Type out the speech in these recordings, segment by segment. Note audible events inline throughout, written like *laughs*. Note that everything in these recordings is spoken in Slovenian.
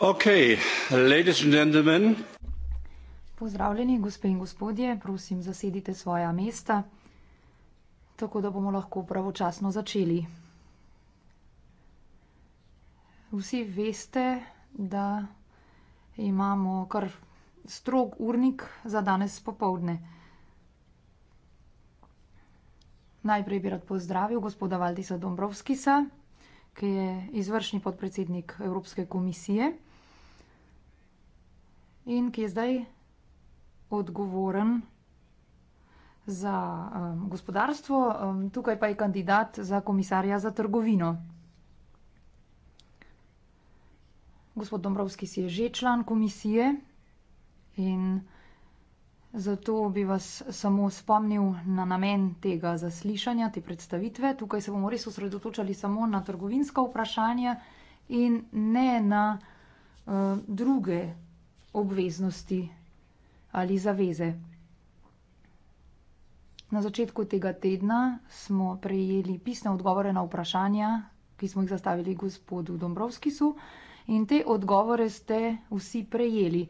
Okay, ladies and gentlemen. Pozdravljeni, gospe in gospodje, prosim, zasedite svoja mesta, tako da bomo lahko pravočasno začeli. Vsi veste, da imamo kar strog urnik za danes popovdne. Najprej bi rad pozdravil gospoda Valdisa Dombrovskisa, ki je izvršni podpredsednik Evropske komisije in ki je zdaj odgovoren za um, gospodarstvo, um, tukaj pa je kandidat za komisarja za trgovino. Gospod Dombrovski si je že član komisije in zato bi vas samo spomnil na namen tega zaslišanja, te predstavitve. Tukaj se bomo res osredotočali samo na trgovinska vprašanja in ne na uh, druge obveznosti ali zaveze. Na začetku tega tedna smo prejeli pisne odgovore na vprašanja, ki smo jih zastavili gospodu Dombrovskisu in te odgovore ste vsi prejeli.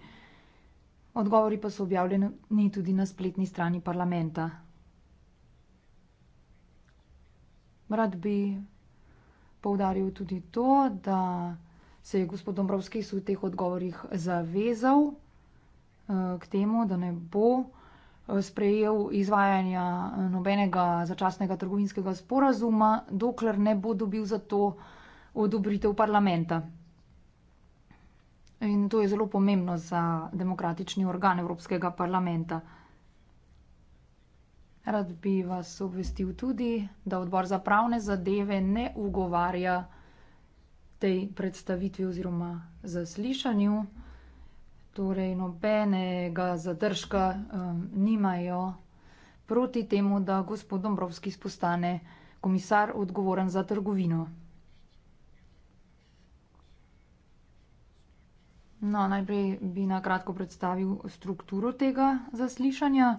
Odgovori pa so objavljeni tudi na spletni strani parlamenta. Rad bi poudaril tudi to, da se je gospod Dombrovski v teh odgovorih zavezal eh, k temu, da ne bo eh, sprejel izvajanja eh, nobenega začasnega trgovinskega sporazuma, dokler ne bo dobil za to odobritev parlamenta. In to je zelo pomembno za demokratični organ Evropskega parlamenta. Rad bi vas obvestil tudi, da odbor za pravne zadeve ne ugovarja tej predstavitvi oziroma zaslišanju. Torej, nobenega zadržka um, nimajo proti temu, da gospod Dombrovski spostane komisar odgovoren za trgovino. No, najprej bi na kratko predstavil strukturo tega zaslišanja.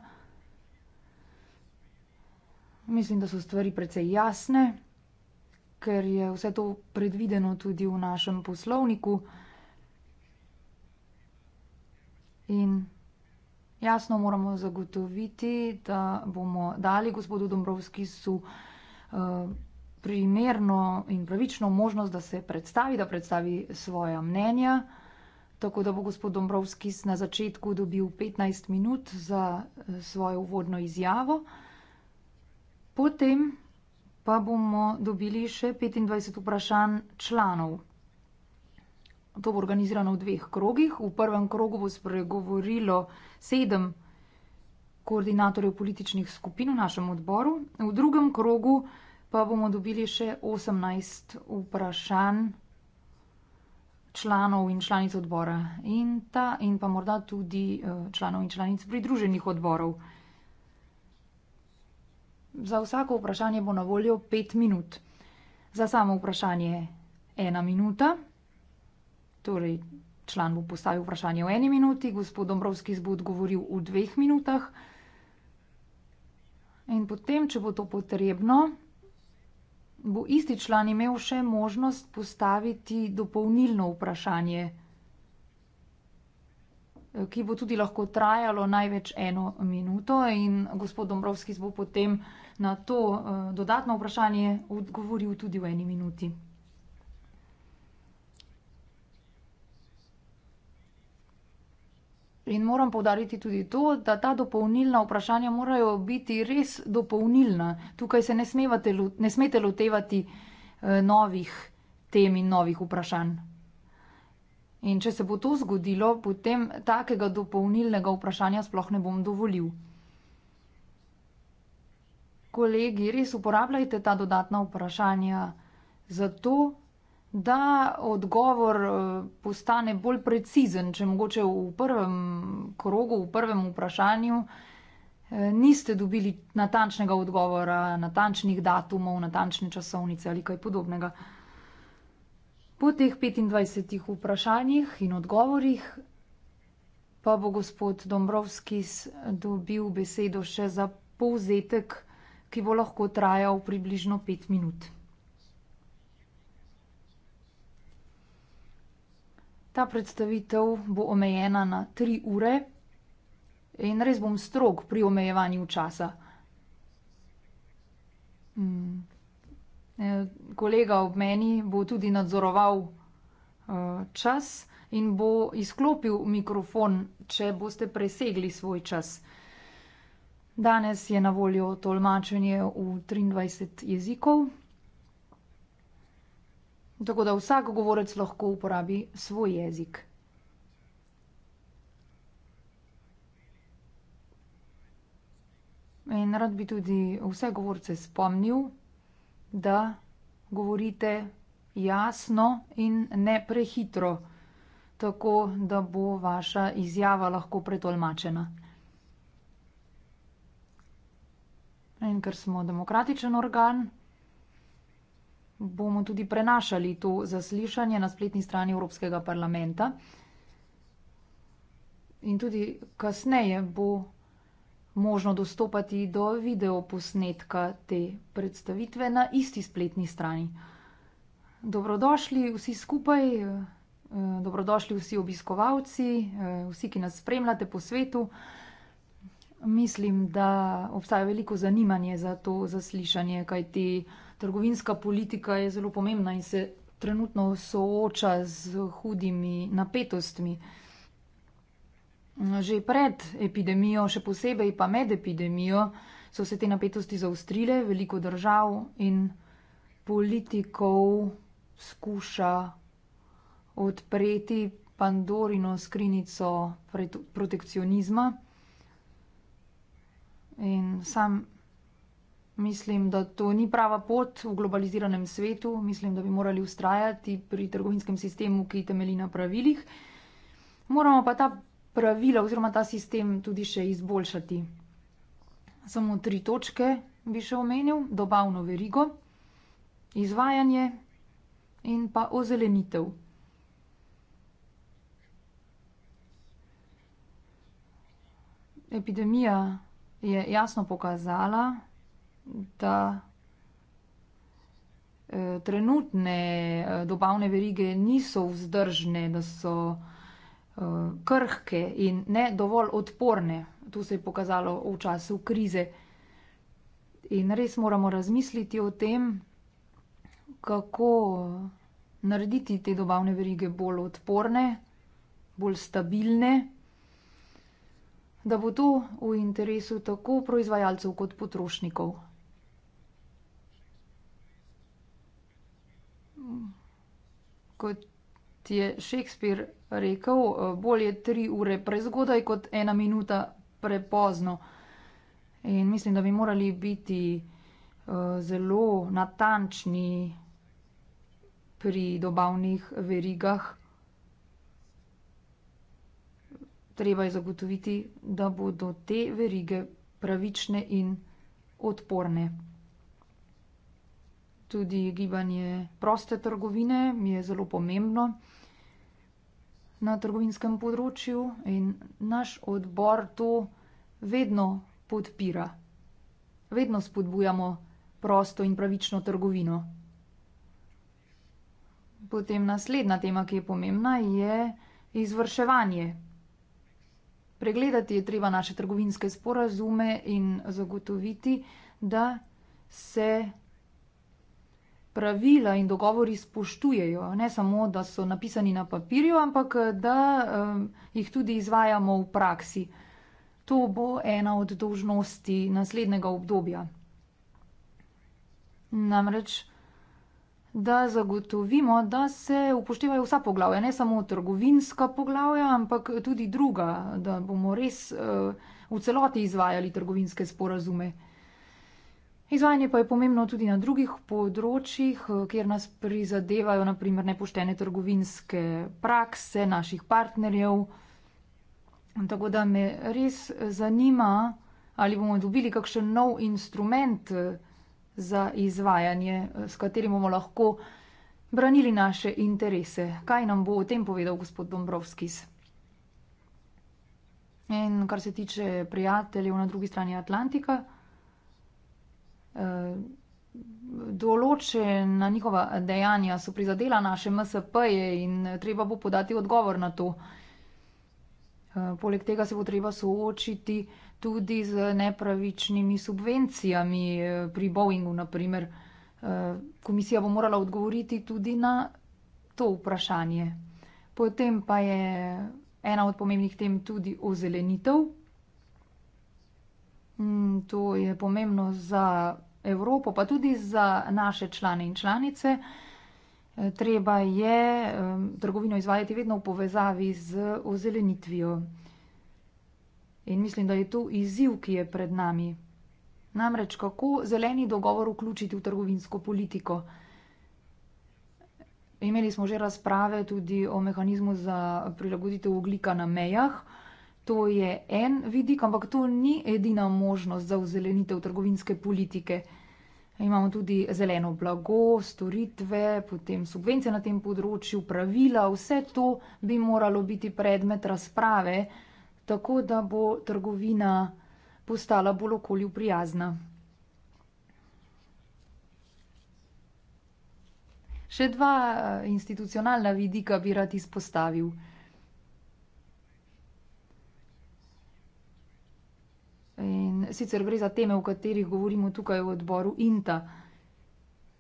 Mislim, da so stvari precej jasne ker je vse to predvideno tudi v našem poslovniku. In jasno moramo zagotoviti, da bomo dali gospodu Dombrovskisu eh, primerno in pravično možnost, da se predstavi, da predstavi svoja mnenja. Tako da bo gospod Dombrovskis na začetku dobil 15 minut za eh, svojo uvodno izjavo. Potem pa bomo dobili še 25 vprašanj članov. To bo organizirano v dveh krogih. V prvem krogu bo spregovorilo sedem koordinatorjev političnih skupin v našem odboru, v drugem krogu pa bomo dobili še 18 vprašanj članov in članic odbora in, ta, in pa morda tudi eh, članov in članic pridruženih odborov. Za vsako vprašanje bo na voljo pet minut. Za samo vprašanje ena minuta, torej član bo postavil vprašanje v eni minuti, gospod Dombrovski bo odgovoril v dveh minutah. In potem, če bo to potrebno, bo isti član imel še možnost postaviti dopolnilno vprašanje. Eh, ki bo tudi lahko trajalo največ eno minuto in gospod Dombrovski bo potem na to eh, dodatno vprašanje odgovoril tudi v eni minuti. In moram povdariti tudi to, da ta dopolnilna vprašanja morajo biti res dopolnilna. Tukaj se ne, smevate, ne smete lotevati eh, novih tem in novih vprašanj. In če se bo to zgodilo, potem takega dopolnilnega vprašanja sploh ne bom dovolil. Kolegi, res uporabljajte ta dodatna vprašanja zato, da odgovor eh, postane bolj precizen, če mogoče v prvem krogu, v prvem vprašanju eh, niste dobili natančnega odgovora, natančnih datumov, natančne časovnice ali kaj podobnega. Po teh 25 vprašanjih in odgovorih pa bo gospod Dombrovski dobil besedo še za povzetek, ki bo lahko trajal približno 5 minut. Ta predstavitev bo omejena na 3 ure in res bom strog pri omejevanju časa. Hmm. Eh, kolega ob meni bo tudi nadzoroval eh, čas in bo izklopil mikrofon, če boste presegli svoj čas. Danes je na voljo tolmačenje v 23 jezikov, tako da vsak govorec lahko uporabi svoj jezik. In rad bi tudi vse govorce spomnil, da govorite jasno in ne prehitro, tako da bo vaša izjava lahko pretolmačena. In ker smo demokratičen organ, bomo tudi prenašali to zaslišanje na spletni strani Evropskega parlamenta. In tudi kasneje bo možno dostopati do videoposnetka te predstavitve na isti spletni strani. Dobrodošli vsi skupaj, eh, dobrodošli vsi obiskovalci, eh, vsi, ki nas spremljate po svetu. Mislim, da obstaja veliko zanimanje za to zaslišanje, kajti trgovinska politika je zelo pomembna in se trenutno sooča z hudimi napetostmi. Že pred epidemijo, še posebej pa med epidemijo, so se te napetosti zaustrile, veliko držav in politikov skuša odpreti Pandorino skrinico protekcionizma. In sam mislim, da to ni prava pot v globaliziranem svetu. Mislim, da bi morali ustrajati pri trgovinskem sistemu, ki temelji na pravilih. Moramo pa ta pravila oziroma ta sistem tudi še izboljšati. Samo tri točke bi še omenil, dobavno verigo, izvajanje in pa ozelenitev. Epidemija je jasno pokazala, da eh, trenutne eh, dobavne verige niso vzdržne, da so Eh, krhke in ne dovolj odporne. To se je pokazalo v času krize. In res moramo razmisliti o tem, kako narediti te dobavne verige bolj odporne, bolj stabilne, da bo to v interesu tako proizvajalcev kot potrošnikov. Kot ti je Shakespeare rekel, eh, bolje tri ure prezgodaj kot ena minuta prepozno. In mislim, da bi morali biti eh, zelo natančni pri dobavnih verigah. Treba je zagotoviti, da bodo te verige pravične in odporne. Tudi gibanje proste trgovine mi je zelo pomembno na trgovinskem področju in naš odbor to vedno podpira. Vedno spodbujamo prosto in pravično trgovino. Potem naslednja tema, ki je pomembna, je izvrševanje. Pregledati je treba naše trgovinske sporazume in zagotoviti, da se pravila in dogovori spoštujejo. Ne samo, da so napisani na papirju, ampak da um, jih tudi izvajamo v praksi. To bo ena od dožnosti naslednjega obdobja. Namreč, da zagotovimo, da se upoštevajo vsa poglavja, ne samo trgovinska poglavja, ampak tudi druga, da bomo res uh, v celoti izvajali trgovinske sporazume. Izvajanje pa je pomembno tudi na drugih področjih, eh, kjer nas prizadevajo naprimer nepoštene trgovinske prakse naših partnerjev. Tako da me res zanima, ali bomo dobili kakšen nov instrument eh, za izvajanje, eh, s katerim bomo lahko branili naše interese. Kaj nam bo o tem povedal gospod Dombrovskis? In kar se tiče prijateljev na drugi strani Atlantika. Eh, določena njihova dejanja so prizadela naše MSP-je in treba bo podati odgovor na to. Eh, poleg tega se bo treba soočiti tudi z nepravičnimi subvencijami eh, pri Boeingu, naprimer. Komisija bo morala odgovoriti tudi na to vprašanje. Potem pa je ena od pomembnih tem tudi ozelenitev. Mm, to je pomembno za Evropo, pa tudi za naše člane in članice. Eh, treba je trgovino izvajati vedno v povezavi z ozelenitvijo. In mislim, da je to izziv, ki je pred nami. Namreč, kako zeleni dogovor vključiti v trgovinsko politiko? Imeli smo že razprave tudi o mehanizmu za prilagoditev oglika na mejah. To je en vidik, ampak to ni edina možnost za ozelenitev trgovinske politike. Imamo tudi zeleno blago, storitve, potem subvencije na tem področju, pravila, vse to bi moralo biti predmet razprave, tako da bo trgovina postala bolj okolju prijazna. Še dva eh, institucionalna vidika bi rad izpostavil. In sicer gre za teme, o katerih govorimo tukaj v odboru INTA.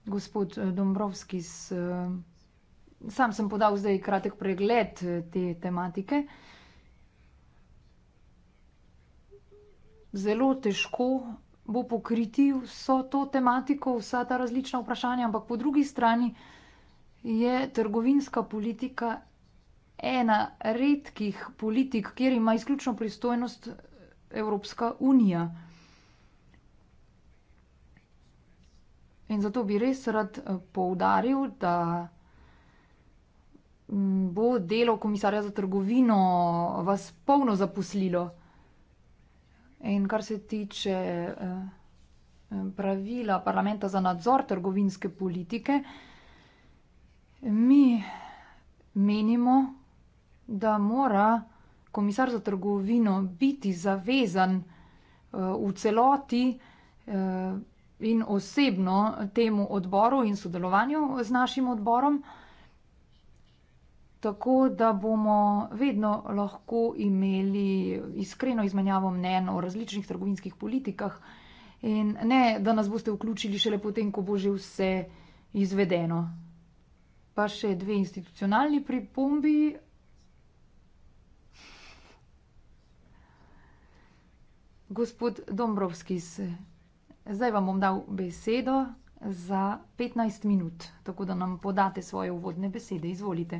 Gospod eh, Dombrovski, s, eh, sam sem podal zdaj kratek pregled eh, te tematike. Zelo težko bo pokriti vso to tematiko, vsa ta različna vprašanja, ampak po drugi strani je trgovinska politika ena redkih politik, kjer ima izključno pristojnost Evropska unija. In zato bi res rad eh, poudaril, da mm, bo delo komisarja za trgovino vas polno zaposlilo. In kar se tiče eh, eh, pravila parlamenta za nadzor trgovinske politike, mi menimo, da mora komisar za trgovino biti zavezan eh, v celoti eh, in osebno temu odboru in sodelovanju z našim odborom, tako da bomo vedno lahko imeli iskreno izmenjavo mnen o različnih trgovinskih politikah in ne, da nas boste vključili šele potem, ko bo že vse izvedeno. Pa še dve institucionalni pripombi. Gospod Dombrovskis, zdaj vam bom dal besedo za 15 minut, tako da nam podate svoje uvodne besede. Izvolite.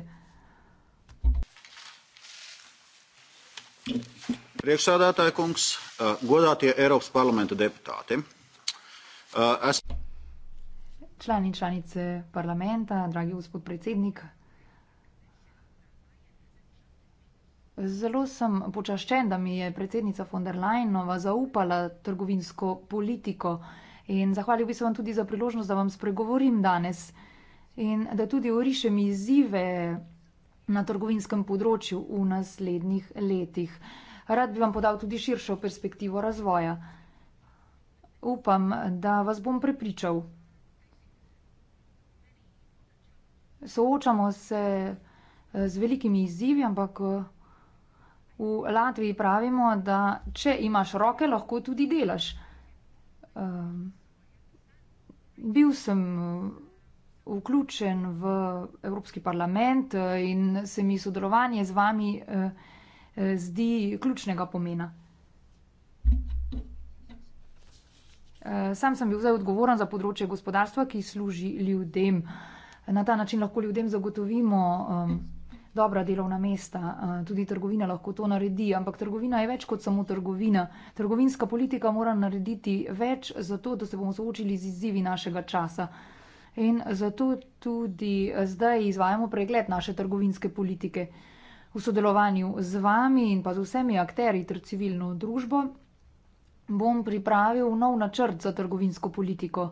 Člani in članice parlamenta, dragi gospod predsednik, Zelo sem počaščen, da mi je predsednica von der Leyenova zaupala trgovinsko politiko in zahvalil bi se vam tudi za priložnost, da vam spregovorim danes in da tudi orišem izzive na trgovinskem področju v naslednjih letih. Rad bi vam podal tudi širšo perspektivo razvoja. Upam, da vas bom prepričal. Soočamo se eh, z velikimi izzivi, ampak eh, V Latviji pravimo, da če imaš roke, lahko tudi delaš. Um, bil sem eh, vključen v Evropski parlament eh, in se mi sodelovanje z vami uh, zdi ključnega pomena. Sam sem bil zdaj odgovoren za področje gospodarstva, ki služi ljudem. Na ta način lahko ljudem zagotovimo um, dobra delovna mesta, tudi trgovina lahko to naredi, ampak trgovina je več kot samo trgovina. Trgovinska politika mora narediti več za to, da se bomo soočili z izzivi našega časa. In zato tudi zdaj izvajamo pregled naše trgovinske politike v sodelovanju z vami in pa z vsemi akteri ter civilno družbo. Bom pripravil nov načrt za trgovinsko politiko.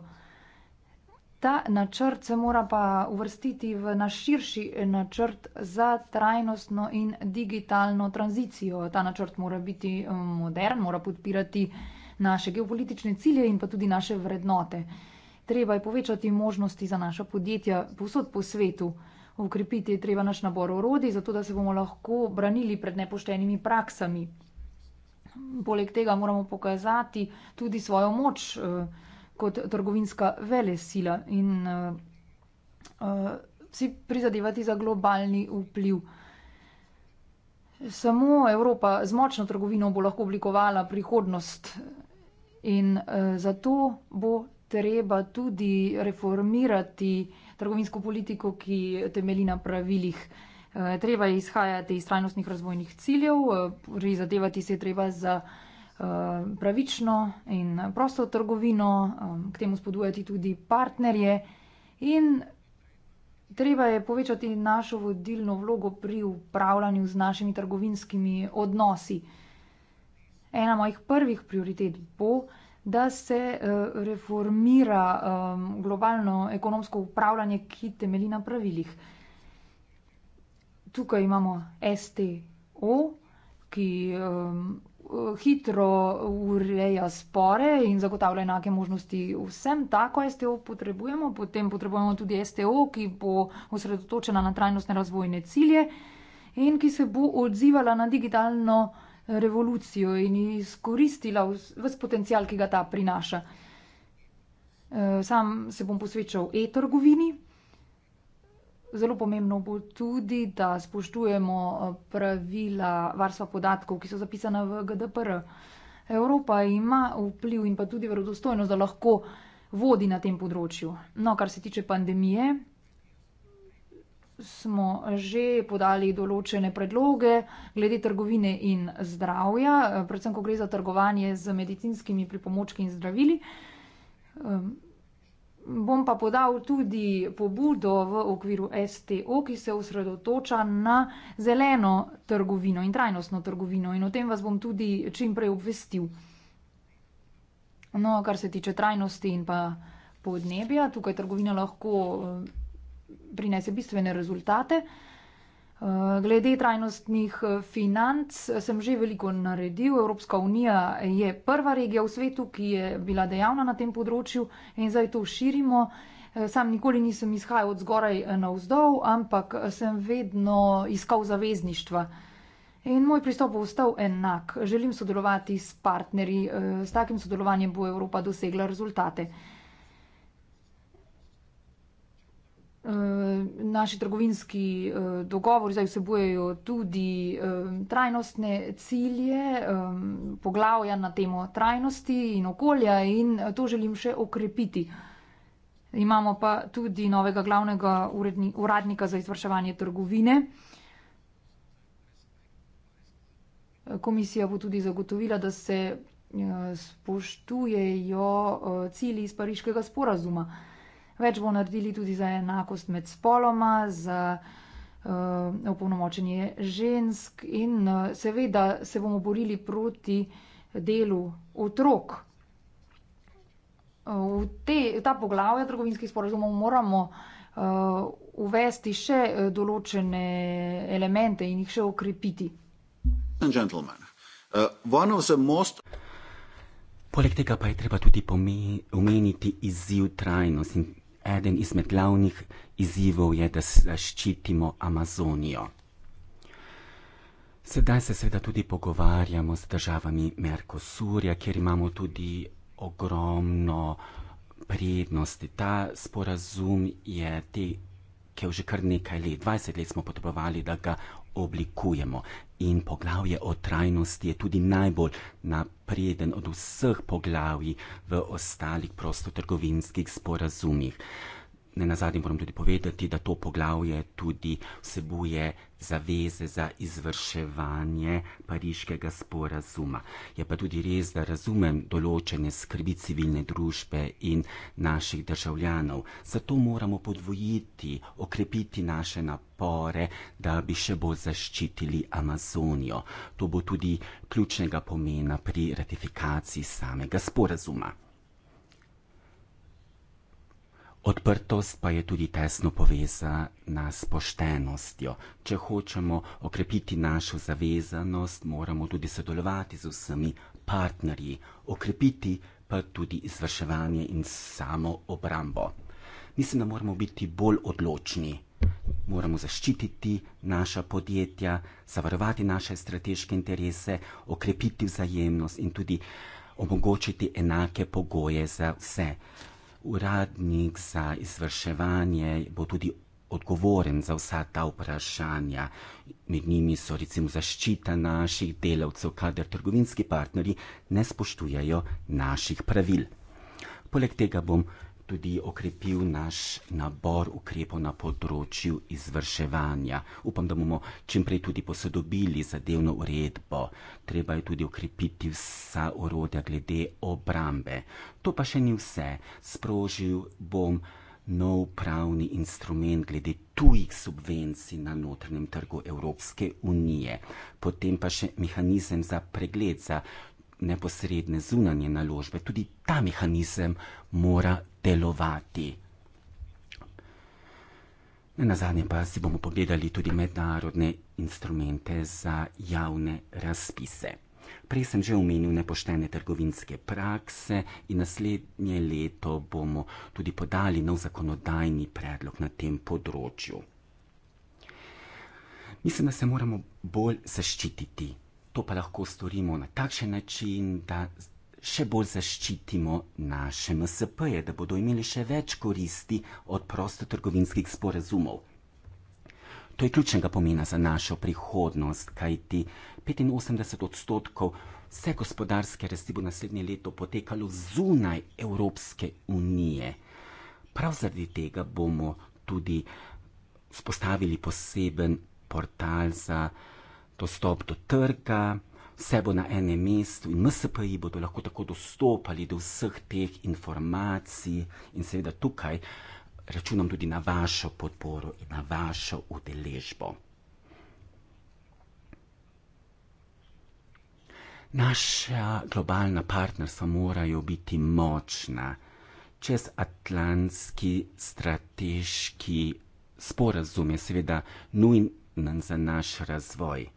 Ta načrt se mora pa uvrstiti v naš širši načrt za trajnostno in digitalno tranzicijo. Ta načrt mora biti um, modern, mora podpirati naše geopolitične cilje in pa tudi naše vrednote. Treba je povečati možnosti za naša podjetja povsod po svetu. Ukrepiti je treba naš nabor orodij, zato da se bomo lahko branili pred nepoštenimi praksami. Poleg tega moramo pokazati tudi svojo moč. Eh, kot trgovinska velesila in uh, uh, si prizadevati za globalni vpliv. Samo Evropa z močno trgovino bo lahko oblikovala prihodnost in uh, zato bo treba tudi reformirati trgovinsko politiko, ki temeli na pravilih. Uh, treba je izhajati iz trajnostnih razvojnih ciljev, uh, prizadevati se je treba za. Eh, pravično in prosto trgovino, eh, k temu spodbujati tudi partnerje in treba je povečati našo vodilno vlogo pri upravljanju z našimi trgovinskimi odnosi. Ena mojih prvih prioritet bo, da se eh, reformira globalno ekonomsko upravljanje, ki temelji na pravilih. Tukaj imamo STO, ki hitro ureja spore in zagotavlja enake možnosti vsem. Tako STO potrebujemo, potem potrebujemo tudi STO, ki bo osredotočena na trajnostne razvojne cilje in ki se bo odzivala na digitalno revolucijo in izkoristila vse potencial, ki ga ta prinaša. Eh, sam se bom posvečal e-trgovini. Zelo pomembno bo tudi, da spoštujemo eh, pravila varstva podatkov, ki so zapisana v GDPR. Evropa ima vpliv in pa tudi verodostojnost, da lahko vodi na tem področju. No, kar se tiče pandemije, smo že podali določene predloge glede trgovine in zdravja, eh, predvsem, ko gre za trgovanje z medicinskimi pripomočki in zdravili. Ehm, Bom pa podal tudi pobudo v okviru STO, ki se osredotoča na zeleno trgovino in trajnostno trgovino in o tem vas bom tudi čim prej obvestil. No, kar se tiče trajnosti in pa podnebja, tukaj trgovina lahko eh, prinese bistvene rezultate. Glede trajnostnih eh, financ eh, sem že veliko naredil. Evropska unija je prva regija v svetu, ki je bila dejavna na tem področju in zdaj to širimo. Eh, sam nikoli nisem izhajal od zgoraj na vzdolj, ampak sem vedno iskal zavezništva. In moj pristop bo ostal enak. Želim sodelovati s partnerji. S takim sodelovanjem bo Evropa dosegla rezultate. Eh, naši trgovinski eh, dogovori zdaj vsebujejo tudi eh, trajnostne cilje, poglavja na temo trajnosti in okolja in to želim še okrepiti. Imamo pa tudi novega glavnega uradnika za izvrševanje trgovine. Komisija bo tudi zagotovila, da se spoštujejo cilji iz pariškega sporazuma. Več bomo naredili tudi za enakost med spoloma, za eh, opolnomočenje žensk in eh, seveda se bomo borili proti delu otrok. Eh, v te, ta poglavja trgovinskih sporazumov moramo uvesti še določene elemente in jih še okrepiti. Poleg tega pa je treba tudi omeniti izziv trajnosti in eden izmed glavnih izzivov je, da zaščitimo Amazonijo. Sedaj se seveda tudi pogovarjamo z državami Merkosurja, kjer imamo tudi ogromno prednosti. Ta sporazum je te, ki je že kar nekaj let, 20 let smo potrebovali, da ga oblikujemo. In poglavje o trajnosti je tudi najbolj napreden od vseh poglavij v ostalih prostotrgovinskih sporazumih. Ne na zadnje moram tudi povedati, da to poglavje tudi vsebuje zaveze za izvrševanje pariškega sporazuma. Je pa tudi res, da razumem določene skrbi civilne družbe in naših državljanov. Zato moramo podvojiti, okrepiti naše napore, da bi še bolj zaščitili Amazonijo. To bo tudi ključnega pomena pri ratifikaciji samega sporazuma. Odprtost pa je tudi tesno povezana s poštenostjo. Če hočemo okrepiti našo zavezanost, moramo tudi sodelovati z vsemi partnerji, okrepiti pa tudi izvrševanje in samo obrambo. Mislim, da moramo biti bolj odločni. Moramo zaščititi naša podjetja, zavarovati naše strateške interese, okrepiti vzajemnost in tudi omogočiti enake pogoje za vse uradnik za izvrševanje bo tudi odgovoren za vsa ta vprašanja. Med njimi so recimo zaščita naših delavcev, kadar trgovinski partnerji ne spoštujajo naših pravil. Poleg tega bom tudi okrepil naš nabor ukrepov na področju izvrševanja. Upam, da bomo čimprej tudi posodobili zadevno uredbo. Treba je tudi okrepiti vsa orodja glede obrambe. To pa še ni vse. Sprožil bom nov pravni instrument glede tujih subvencij na notranjem trgu Evropske unije. Potem pa še mehanizem za pregled za neposredne zunanje naložbe, tudi ta mehanizem mora delovati. Ne na zadnje pa si bomo pogledali tudi mednarodne instrumente za javne razpise. Prej sem že omenil nepoštene trgovinske prakse in naslednje leto bomo tudi podali nov zakonodajni predlog na tem področju. Mislim, da se moramo bolj zaščititi to pa lahko storimo na takšen način, da še bolj zaščitimo naše MSP-je, da bodo imeli še več koristi od prostotrgovinskih sporazumov. To je ključnega pomena za našo prihodnost, kajti 85 odstotkov vse gospodarske rasti bo naslednje leto potekalo zunaj Evropske unije. Prav zaradi tega bomo tudi spostavili poseben portal za dostop do trga, vse bo na enem mestu in MSP-ji bodo lahko tako dostopali do vseh teh informacij in seveda tukaj računam tudi na vašo podporo in na vašo udeležbo. Naša globalna partnerstva morajo biti močna čez atlantski strateški sporazum je seveda nujen za naš razvoj.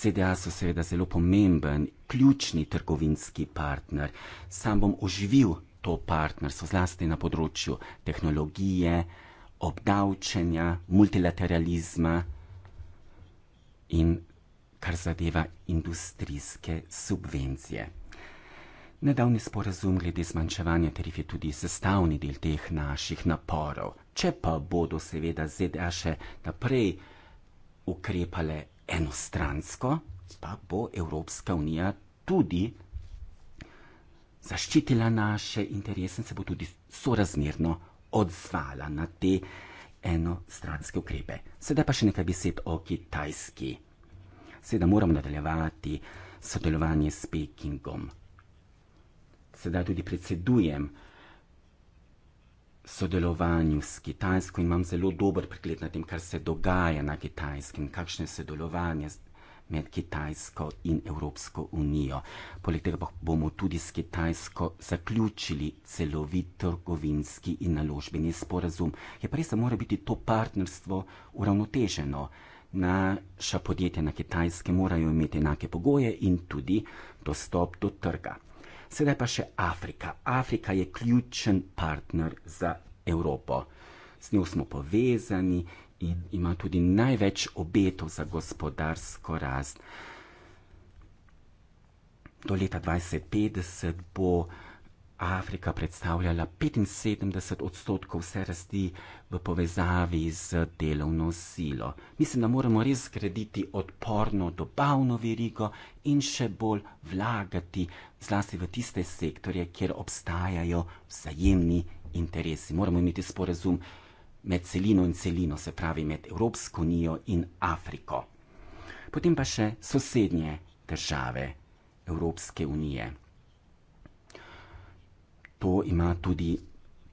ZDA so seveda zelo pomemben, ključni trgovinski partner. Sam bom oživil to partnerstvo, zlasti na področju tehnologije, obdavčenja, multilateralizma in kar zadeva industrijske subvencije. Nedavni sporazum glede zmanjševanja tarif je tudi sestavni del teh naših naporov. Če pa bodo seveda ZDA še naprej ukrepale enostransko, pa bo Evropska unija tudi zaščitila naše interese in se bo tudi sorazmerno odzvala na te enostranske ukrepe. Sedaj pa še nekaj besed o Kitajski. Sedaj moramo nadaljevati sodelovanje s Pekingom. Sedaj tudi predsedujem sodelovanju s Kitajsko in imam zelo dober pregled na tem, kar se dogaja na Kitajskem, kakšno je sodelovanje med Kitajsko in Evropsko unijo. Poleg tega pa bomo tudi s Kitajsko zaključili celovit trgovinski in naložbeni sporazum. Je pa res, da mora biti to partnerstvo uravnoteženo. Naša podjetja na Kitajske morajo imeti enake pogoje in tudi dostop do trga sedaj pa še Afrika. Afrika je ključen partner za Evropo. Z njo smo povezani in ima tudi največ obetov za gospodarsko rast. Do leta 2050 bo. Afrika predstavljala 75 odstotkov vse rasti v povezavi z delovno silo. Mislim, da moramo res zgraditi odporno dobavno verigo in še bolj vlagati zlasti v tiste sektorje, kjer obstajajo vzajemni interesi. Moramo imeti sporazum med celino in celino, se pravi med Evropsko unijo in Afriko. Potem pa še sosednje države Evropske unije to ima tudi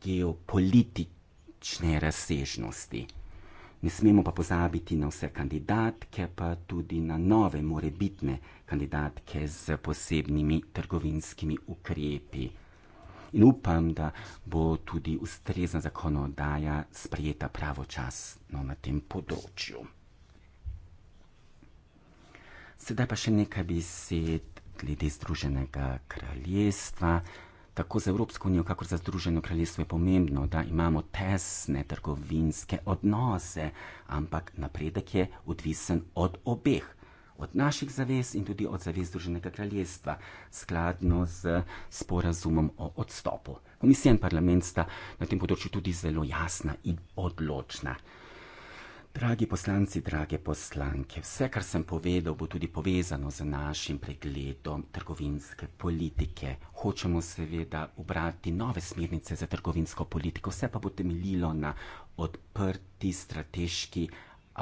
geopolitične razsežnosti. Ne smemo pa pozabiti na vse kandidatke, pa tudi na nove, morebitne kandidatke z posebnimi trgovinskimi ukrepi. In upam, da bo tudi ustrezna zakonodaja sprejeta pravočasno na tem področju. Sedaj pa še nekaj besed glede Združenega kraljestva tako za Evropsko unijo, kako za Združeno kraljestvo je pomembno, da imamo tesne trgovinske odnose, ampak napredek je odvisen od obeh. Od naših zavez in tudi od zavez Združenega kraljestva, skladno z sporazumom o odstopu. Komisija in parlament sta na tem področju tudi zelo jasna in odločna. Dragi poslanci, drage poslanke, vse, kar sem povedal, bo tudi povezano z našim pregledom trgovinske politike. Hočemo seveda ubrati nove smernice za trgovinsko politiko, vse pa bo temeljilo na odprti strateški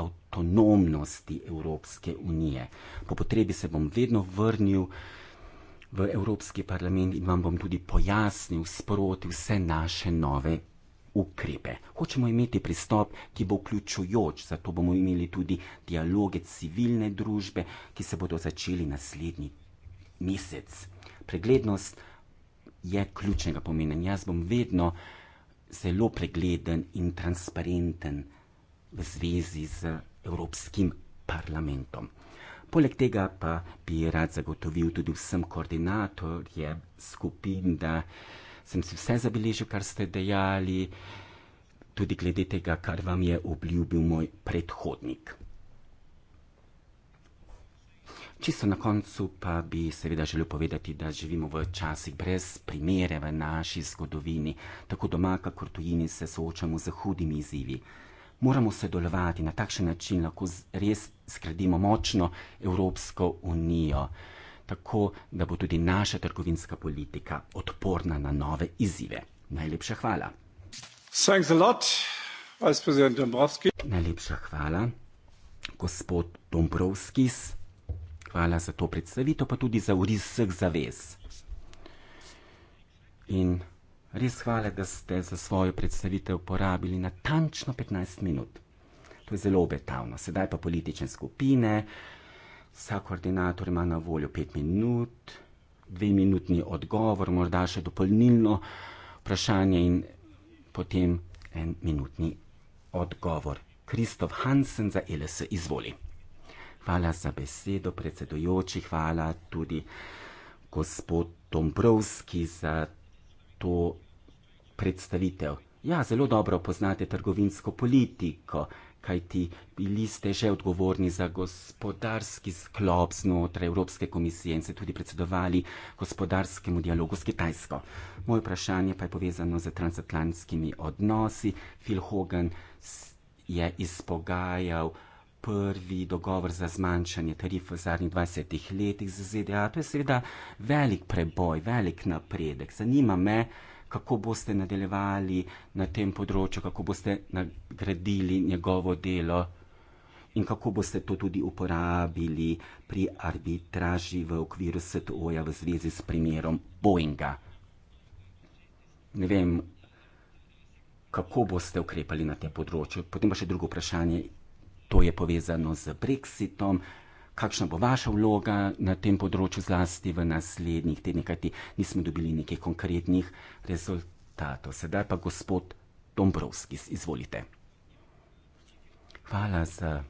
avtonomnosti Evropske unije. Po potrebi se bom vedno vrnil v Evropski parlament in vam bom tudi pojasnil sproti vse naše nove ukrepe. Hočemo imeti pristop, ki bo vključujoč, zato bomo imeli tudi dialoge civilne družbe, ki se bodo začeli naslednji mesec. Preglednost je ključnega pomena. Jaz bom vedno zelo pregleden in transparenten v zvezi z Evropskim parlamentom. Poleg tega pa bi rad zagotovil tudi vsem koordinatorjem skupin, da sem si vse zabeležil, kar ste dejali, tudi glede tega, kar vam je obljubil moj predhodnik. Čisto na koncu pa bi seveda želel povedati, da živimo v časih brez primere v naši zgodovini, tako doma, kakor tujini se soočamo z hudimi izzivi. Moramo sodelovati na takšen način, lahko res skredimo močno Evropsko unijo tako, da bo tudi naša trgovinska politika odporna na nove izzive. Najlepša hvala. Najlepša hvala, gospod Dombrovskis. Hvala za to predstavitev, pa tudi za uri vseh zavez. In res hvala, da ste za svojo predstavitev porabili natančno 15 minut. To je zelo obetavno. Sedaj pa politične skupine vsak koordinator ima na voljo pet minut, dve minutni odgovor, morda še dopolnilno vprašanje in potem en minutni odgovor. Kristof Hansen za LS izvoli. Hvala za besedo, predsedojoči, hvala tudi gospod Dombrovski za to predstavitev. Ja, zelo dobro poznate trgovinsko politiko, kajti bili ste že odgovorni za gospodarski sklop znotraj Evropske komisije in se tudi predsedovali gospodarskemu dialogu s Kitajsko. Moje vprašanje pa je povezano z transatlantskimi odnosi. Phil Hogan je izpogajal prvi dogovor za zmanjšanje tarif v zadnjih 20 letih z ZDA. To je seveda velik preboj, velik napredek. Zanima me, kako boste nadaljevali na tem področju, kako boste nagradili njegovo delo in kako boste to tudi uporabili pri arbitraži v okviru SWO-ja v zvezi s primerom Boeinga. Ne vem, kako boste ukrepali na tem področju. Potem pa še drugo vprašanje, to je povezano z Brexitom kakšna bo vaša vloga na tem področju, zlasti v naslednjih tednih, kajti nismo dobili nekaj konkretnih rezultatov. Sedaj pa gospod Dombrovski, izvolite. Hvala za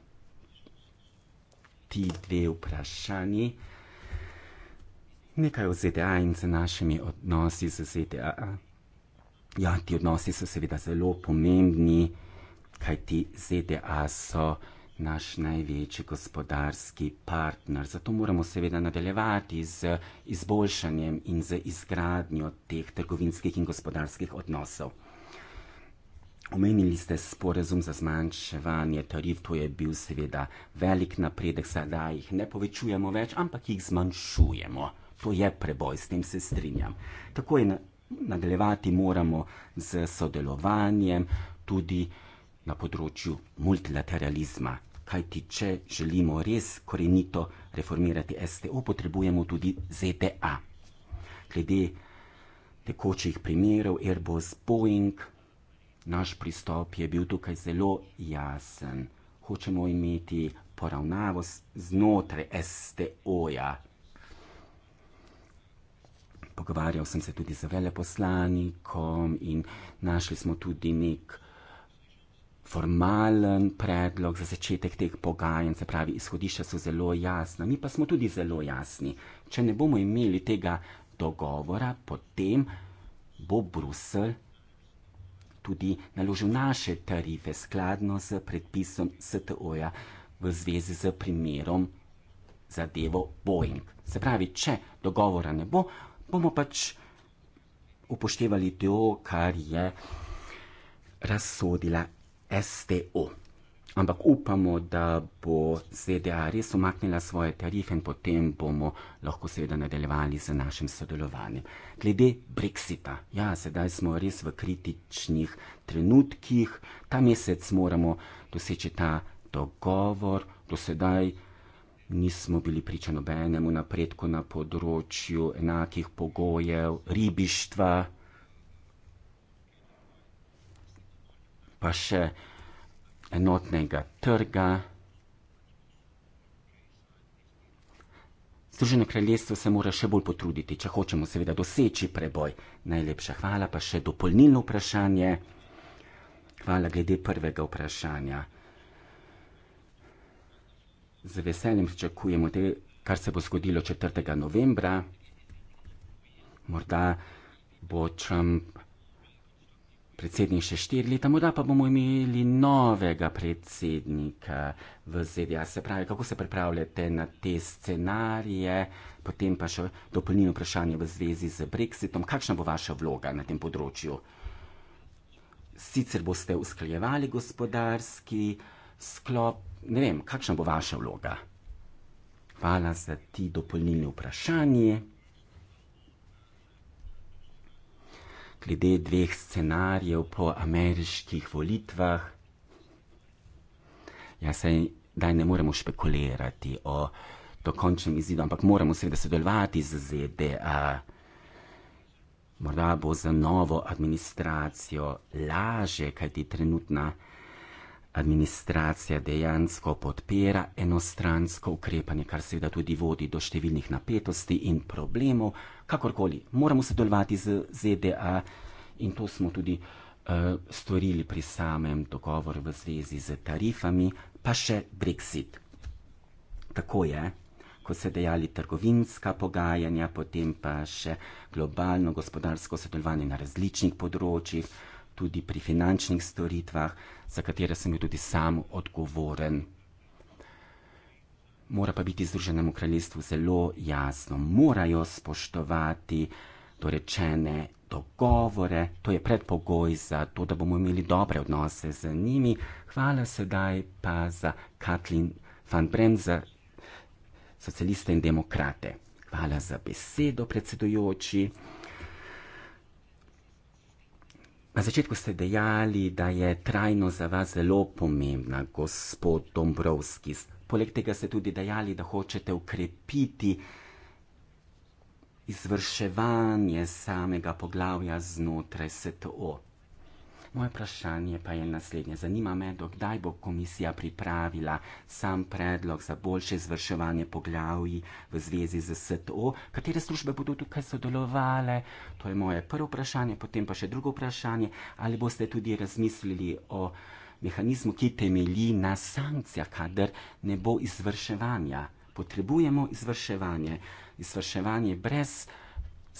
ti dve vprašanji. Nekaj o ZDA in za našimi odnosi z ZDA. Ja, ti odnosi so seveda zelo pomembni, kajti ZDA so naš največji gospodarski partner. Zato moramo seveda nadaljevati z izboljšanjem in z izgradnjo teh trgovinskih in gospodarskih odnosov. Omenili ste sporazum za zmanjševanje tarif, to je bil seveda velik napredek, sedaj jih ne povečujemo več, ampak jih zmanjšujemo. To je preboj, s tem se strinjam. Tako je nadaljevati moramo z sodelovanjem, tudi uh, na področju multilateralizma. Kajti, če želimo res korenito reformirati STO, potrebujemo tudi ZDA. Glede tekočih primerov, Airbus, Boeing, naš pristop je bil tukaj zelo jasen. Hočemo imeti poravnavo znotraj STO-ja. Pogovarjal sem se tudi z veleposlanikom in našli smo tudi nekaj formalen predlog za začetek teh pogajanj, se pravi, izhodišča so zelo jasna, mi pa smo tudi zelo jasni. Če ne bomo imeli tega dogovora, potem bo Brusel tudi naložil naše tarife skladno z predpisom STO-ja v zvezi z primerom zadevo Boeing. Se pravi, če dogovora ne bo, bomo pač upoštevali to, kar je razsodila STO. Ampak upamo, da bo ZDA res omaknila svoje tarife in potem bomo lahko seveda nadaljevali z našim sodelovanjem. Glede Brexita, ja, sedaj smo res v kritičnih trenutkih, ta mesec moramo doseči ta dogovor, do sedaj nismo bili priča nobenemu napredku na področju enakih pogojev ribištva. pa še enotnega trga. Združeno kraljestvo se mora še bolj potruditi, če hočemo seveda doseči preboj. Najlepša hvala, pa še dopolnilno vprašanje. Hvala glede prvega vprašanja. Z veseljem pričakujemo te, kar se bo zgodilo 4. novembra. Morda bo Trump predsednik še štiri leta, morda pa bomo imeli novega predsednika v ZDA. Se pravi, kako se pripravljate na te scenarije, potem pa še dopolnilno vprašanje v zvezi z Brexitom, kakšna bo vaša vloga na tem področju? Sicer boste usklajevali gospodarski sklop, ne vem, kakšna bo vaša vloga. Hvala za ti dopolnilni vprašanje. glede dveh scenarijev po ameriških volitvah. Ja, saj daj ne moremo špekulirati o dokončnem izidu, ampak moramo seveda sodelovati z ZDA. Morda bo za novo administracijo laže, kajti trenutna administracija administracija dejansko podpira enostransko ukrepanje, kar seveda tudi vodi do številnih napetosti in problemov. Kakorkoli, moramo sodelovati z ZDA in to smo tudi uh, storili pri samem dogovoru v zvezi z tarifami, pa še Brexit. Tako je, ko se dejali trgovinska pogajanja, potem pa še globalno gospodarsko sodelovanje na različnih področjih, tudi pri finančnih storitvah, za katere sem bil tudi sam odgovoren. Mora pa biti Združenemu kraljestvu zelo jasno, morajo spoštovati dorečene dogovore, to je predpogoj za to, da bomo imeli dobre odnose z njimi. Hvala sedaj pa za Katlin van Bren za socialiste in demokrate. Hvala za besedo, predsedujoči. Na začetku ste dejali, da je trajno za vas zelo pomembna, gospod Dombrovski. Poleg tega ste tudi dejali, da hočete ukrepiti izvrševanje samega poglavja znotraj SETO. Moje vprašanje pa je naslednje. Zanima me, dokdaj bo komisija pripravila sam predlog za boljše izvrševanje poglavji v zvezi z SDO, katere službe bodo tukaj sodelovale. To je moje prvo vprašanje, potem pa še drugo vprašanje. Ali boste tudi razmislili o mehanizmu, ki temelji na sankcijah, kadar ne bo izvrševanja. Potrebujemo izvrševanje. Izvrševanje brez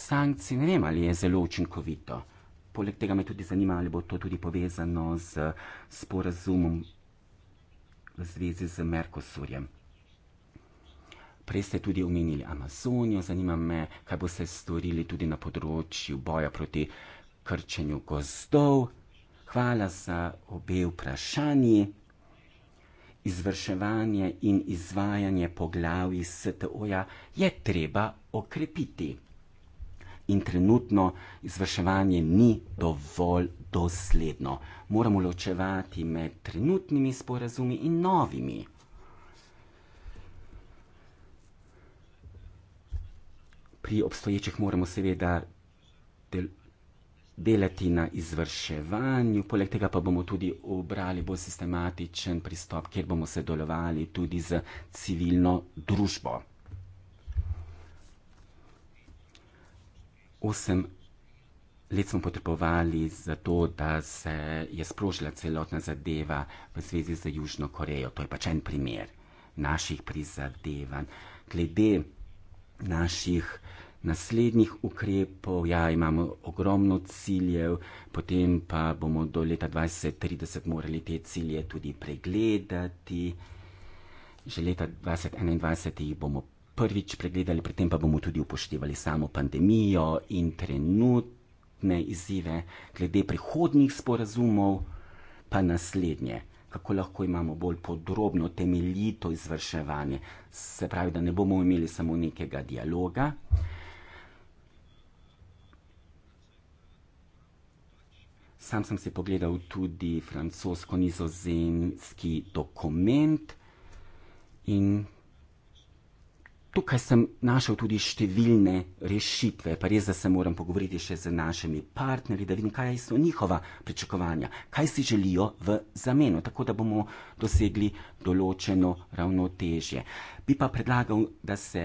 sankcij, ne vem, ali je zelo učinkovito. Poleg tega me tudi zanima, ali bo to tudi povezano z sporazumom v zvezi z Merkosurjem. Prej ste tudi omenili Amazonijo, zanima me, kaj boste storili tudi na področju boja proti krčenju gozdov. Hvala za obe vprašanji. Izvrševanje in izvajanje poglavi STO-ja je treba okrepiti in trenutno izvrševanje ni dovolj dosledno. Moramo ločevati med trenutnimi sporazumi in novimi. Pri obstoječih moramo seveda del delati na izvrševanju, poleg tega pa bomo tudi obrali bolj sistematičen pristop, kjer bomo sodelovali tudi z civilno družbo. osem let smo potrebovali za to, da se je sprožila celotna zadeva v zvezi z Južno Korejo. To je pač en primer naših prizadevanj. Glede naših naslednjih ukrepov, ja, imamo ogromno ciljev, potem pa bomo do leta 2030 morali te cilje tudi pregledati. Že leta 2021 jih bomo prvič pregledali, predtem pa bomo tudi upoštevali samo pandemijo in trenutne izzive glede prihodnjih sporazumov, pa naslednje, kako lahko imamo bolj podrobno, temeljito izvrševanje. Se pravi, da ne bomo imeli samo nekega dialoga. Sam sem si pogledal tudi francosko-nizozemski dokument in tukaj sem našel tudi številne rešitve, pa res, da se moram pogovoriti še z našimi partnerji, da vidim, kaj so njihova pričakovanja, kaj si želijo v zameno, tako da bomo dosegli določeno ravnotežje. Bi pa predlagal, da se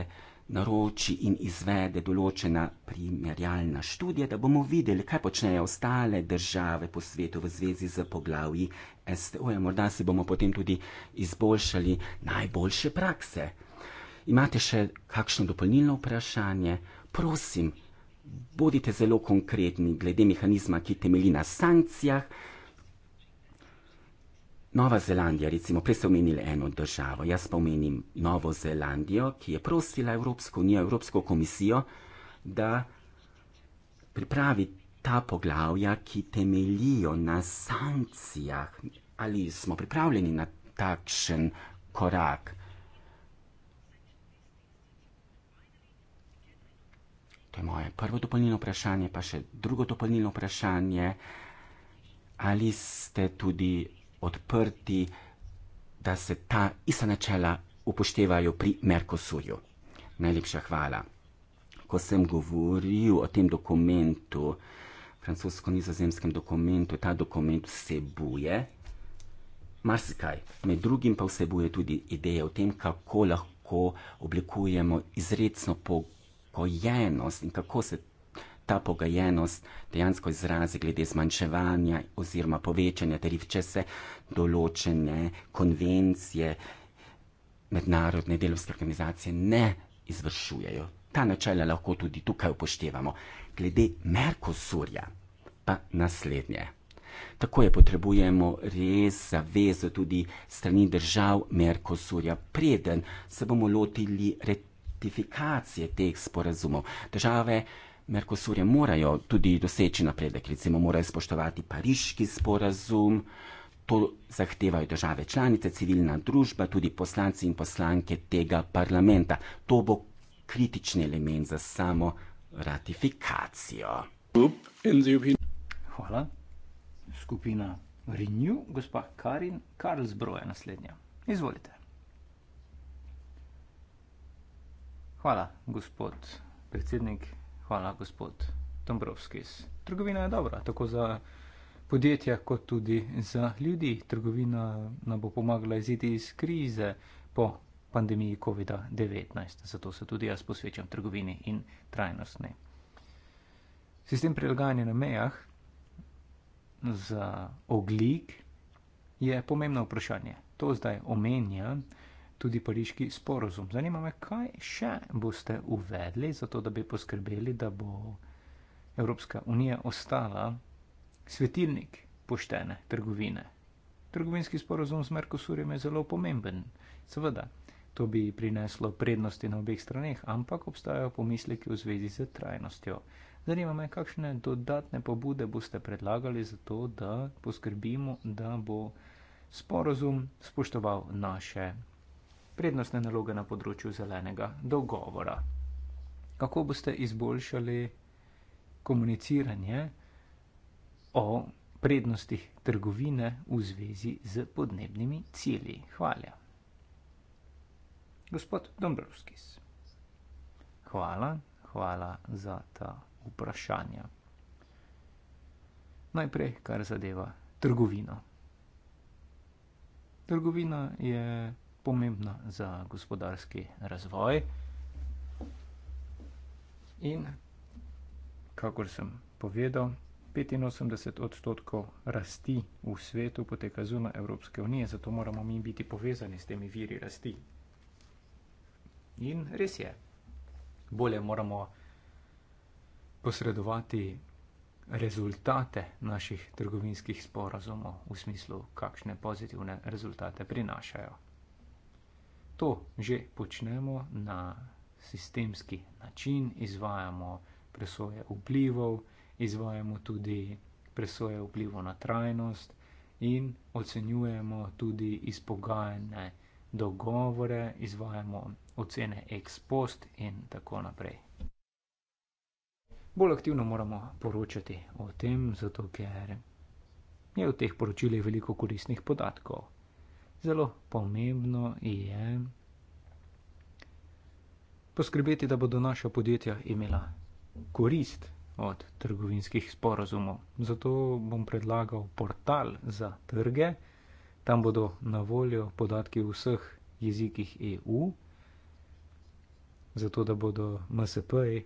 naroči in izvede določena primerjalna študija, da bomo videli, kaj počnejo ostale države po svetu v zvezi z poglavji STO-ja. E. Morda si bomo potem tudi izboljšali najboljše prakse imate še kakšno dopolnilno vprašanje, prosim, bodite zelo konkretni glede mehanizma, ki temelji na sankcijah. Nova Zelandija, recimo, prej ste omenili eno državo, jaz pa omenim Novo Zelandijo, ki je prosila Evropsko unijo, Evropsko komisijo, da pripravi ta poglavja, ki temelijo na sankcijah. Ali smo pripravljeni na takšen korak? je moje prvo dopolnilno vprašanje, pa še drugo dopolnilno vprašanje. Ali ste tudi odprti, da se ta ista načela upoštevajo pri Merkosurju? Najlepša hvala. Ko sem govoril o tem dokumentu, francosko-nizozemskem dokumentu, ta dokument vsebuje marsikaj. Med drugim pa vsebuje tudi ideje o tem, kako lahko oblikujemo izredno pogodbo pogojenost in kako se ta pogojenost dejansko izrazi glede zmanjševanja oziroma povečanja tarif, če se določene konvencije mednarodne delovske organizacije ne izvršujejo. Ta načela lahko tudi tukaj upoštevamo. Glede Merkosurja pa naslednje. Tako je potrebujemo res zavezo tudi strani držav Merkosurja, preden se bomo lotili retorike ratifikacije teh sporazumov. Države Merkosurje morajo tudi doseči napredek, recimo morajo spoštovati pariški sporazum, to zahtevajo države članice, civilna družba, tudi poslanci in poslanke tega parlamenta. To bo kritični element za samo ratifikacijo. Hvala. Skupina Renew, gospa Karin Karlsbro je naslednja. Izvolite. Hvala, gospod predsednik, hvala, gospod Dombrovski. Trgovina je dobra, tako za podjetja, kot tudi za ljudi. Trgovina nam bo pomagala iziti iz krize po pandemiji COVID-19, zato se tudi jaz posvečam trgovini in trajnostni. Sistem prilagajanja na mejah za oglik je pomembno vprašanje. To zdaj omenjam tudi pariški sporozum. Zanima me, kaj še boste uvedli, zato da bi poskrbeli, da bo Evropska unija ostala svetilnik poštene trgovine. Trgovinski sporozum z Merkosurjem je zelo pomemben. Seveda, to bi prineslo prednosti na obeh straneh, ampak obstajajo pomisleki v zvezi z trajnostjo. Zanima me, kakšne dodatne pobude boste predlagali za to, da poskrbimo, da bo sporozum spoštoval naše prednostne naloge na področju zelenega dogovora. Kako boste izboljšali komuniciranje o prednostih trgovine v zvezi z podnebnimi cilji? Hvala. Gospod Dombrovskis. Hvala, hvala za ta vprašanja. Najprej, kar zadeva trgovino. Trgovina je pomembna za gospodarski razvoj. In, kakor sem povedal, 85 odstotkov rasti v svetu poteka zunaj Evropske unije, zato moramo mi biti povezani s temi viri rasti. In res je, bolje moramo posredovati rezultate naših trgovinskih sporazumov v smislu, kakšne pozitivne rezultate prinašajo to že počnemo na sistemski način, izvajamo presoje vplivov, izvajamo tudi presoje vplivov na trajnost in ocenjujemo tudi izpogajene dogovore, izvajamo ocene ex post in tako naprej. Bolj aktivno moramo poročati o tem, zato ker je v teh poročilih veliko koristnih podatkov zelo pomembno je poskrbeti, da bodo naša podjetja imela korist od trgovinskih sporazumov. Zato bom predlagal portal za trge, tam bodo na voljo podatki v vseh jezikih EU, zato da bodo MSP-ji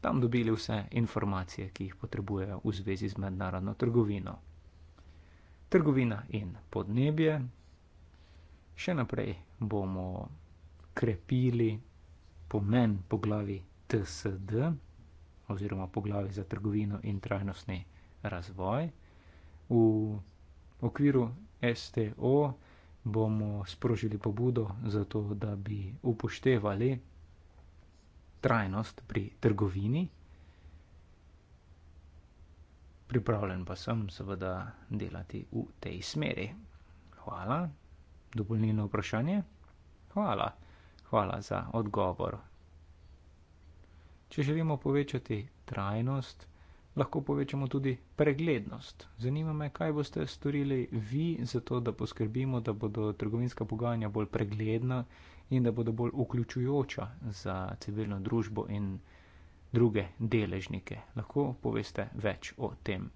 tam dobili vse informacije, ki jih potrebujejo v zvezi z mednarodno trgovino trgovina in podnebje. Še naprej bomo krepili pomen poglavi TSD oziroma poglavi za trgovino in trajnostni razvoj. V okviru STO bomo sprožili pobudo za to, da bi upoštevali trajnost pri trgovini pripravljen pa sem seveda delati v tej smeri. Hvala. Dopolnilno vprašanje? Hvala. Hvala za odgovor. Če želimo povečati trajnost, lahko povečamo tudi preglednost. Zanima me, kaj boste storili vi za to, da poskrbimo, da bodo trgovinska pogajanja bolj pregledna in da bodo bolj vključujoča za civilno družbo in družbo druge deležnike. Lahko poveste več o tem.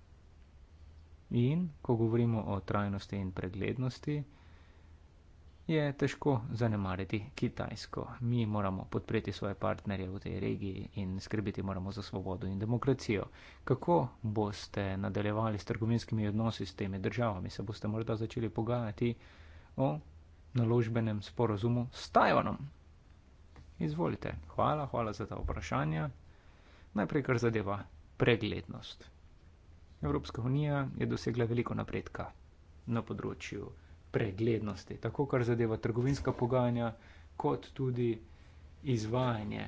In ko govorimo o trajnosti in preglednosti, je težko zanemariti Kitajsko. Mi moramo podpreti svoje partnerje v tej regiji in skrbiti moramo za svobodo in demokracijo. Kako boste nadaljevali s trgovinskimi odnosi s temi državami? Se boste morda začeli pogajati o naložbenem sporozumu s Tajvanom? Izvolite. Hvala, hvala za ta vprašanja najprej kar zadeva preglednost. Evropska unija je dosegla veliko napredka na področju preglednosti, tako kar zadeva trgovinska pogajanja, kot tudi izvajanje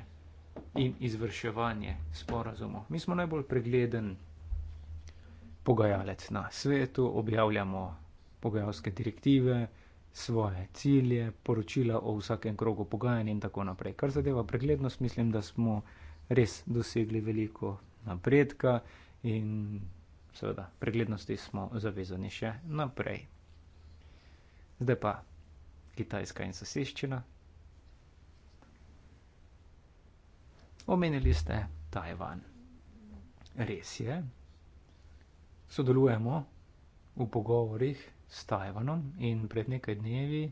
in izvrševanje sporazumov. Mi smo najbolj pregleden pogajalec na svetu, objavljamo pogajalske direktive, svoje cilje, poročila o vsakem krogu pogajanja in tako naprej. Kar zadeva preglednost, mislim, da smo res dosegli veliko napredka in seveda preglednosti smo zavezani še naprej. Zdaj pa Kitajska in soseščina. Omenili ste Tajvan. Res je, sodelujemo v pogovorih s Tajvanom in pred nekaj dnevi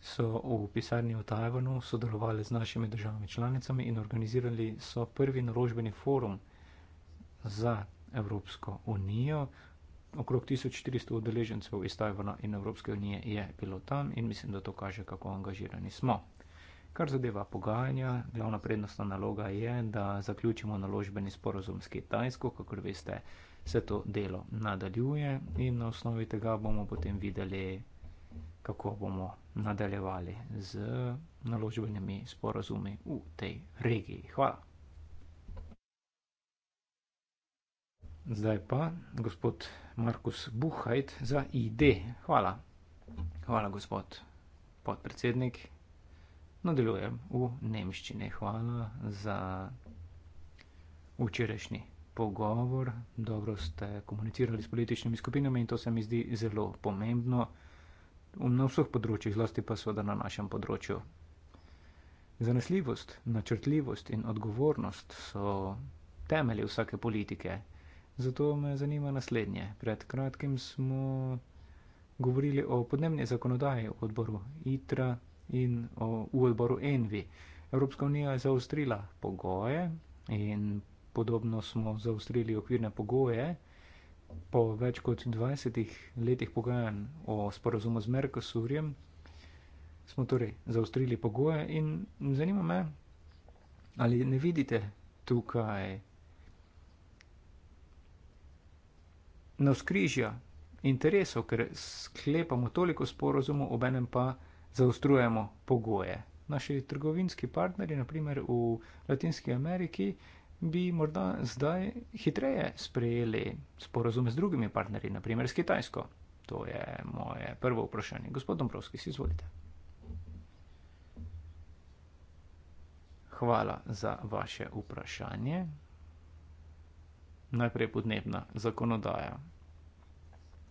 so v pisarni v Tajvanu sodelovali z našimi državami članicami in organizirali so prvi naložbeni forum za Evropsko unijo. Okrog 1400 udeležencev iz Tajvana in Evropske unije je bilo tam in mislim, da to kaže, kako angažirani smo. Kar zadeva pogajanja, glavna prednostna naloga je, da zaključimo naložbeni sporozum s Kitajsko, kako veste, se to delo nadaljuje in na osnovi tega bomo potem videli kako bomo nadaljevali z naložbenimi sporazumi v tej regiji. Hvala. Zdaj pa gospod Markus Buhajt za ID. Hvala. Hvala, gospod podpredsednik. Nadaljujem v nemščini. Hvala za včerajšnji pogovor. Dobro ste komunicirali s političnimi skupinami in to se mi zdi zelo pomembno na vseh področjih, zlasti pa seveda na našem področju. Zanesljivost, načrtljivost in odgovornost so temelji vsake politike. Zato me zanima naslednje. Pred kratkim smo govorili o podnebni zakonodaji v odboru ITRA in o, v odboru ENVI. Evropska unija je zaostrila pogoje in podobno smo zaostrili okvirne pogoje po več kot 20 letih pogajanj o sporazumu z Merkosurjem, smo torej zaustrili pogoje in zanima me, ali ne vidite tukaj navskrižja interesov, ker sklepamo toliko sporazumu, ob enem pa zaustrujemo pogoje. Naši trgovinski partneri, naprimer v Latinski Ameriki, bi morda zdaj hitreje sprejeli sporozume z drugimi partnerji, naprimer s Kitajsko? To je moje prvo vprašanje. Gospod Dombrovski, si izvolite. Hvala za vaše vprašanje. Najprej podnebna zakonodaja.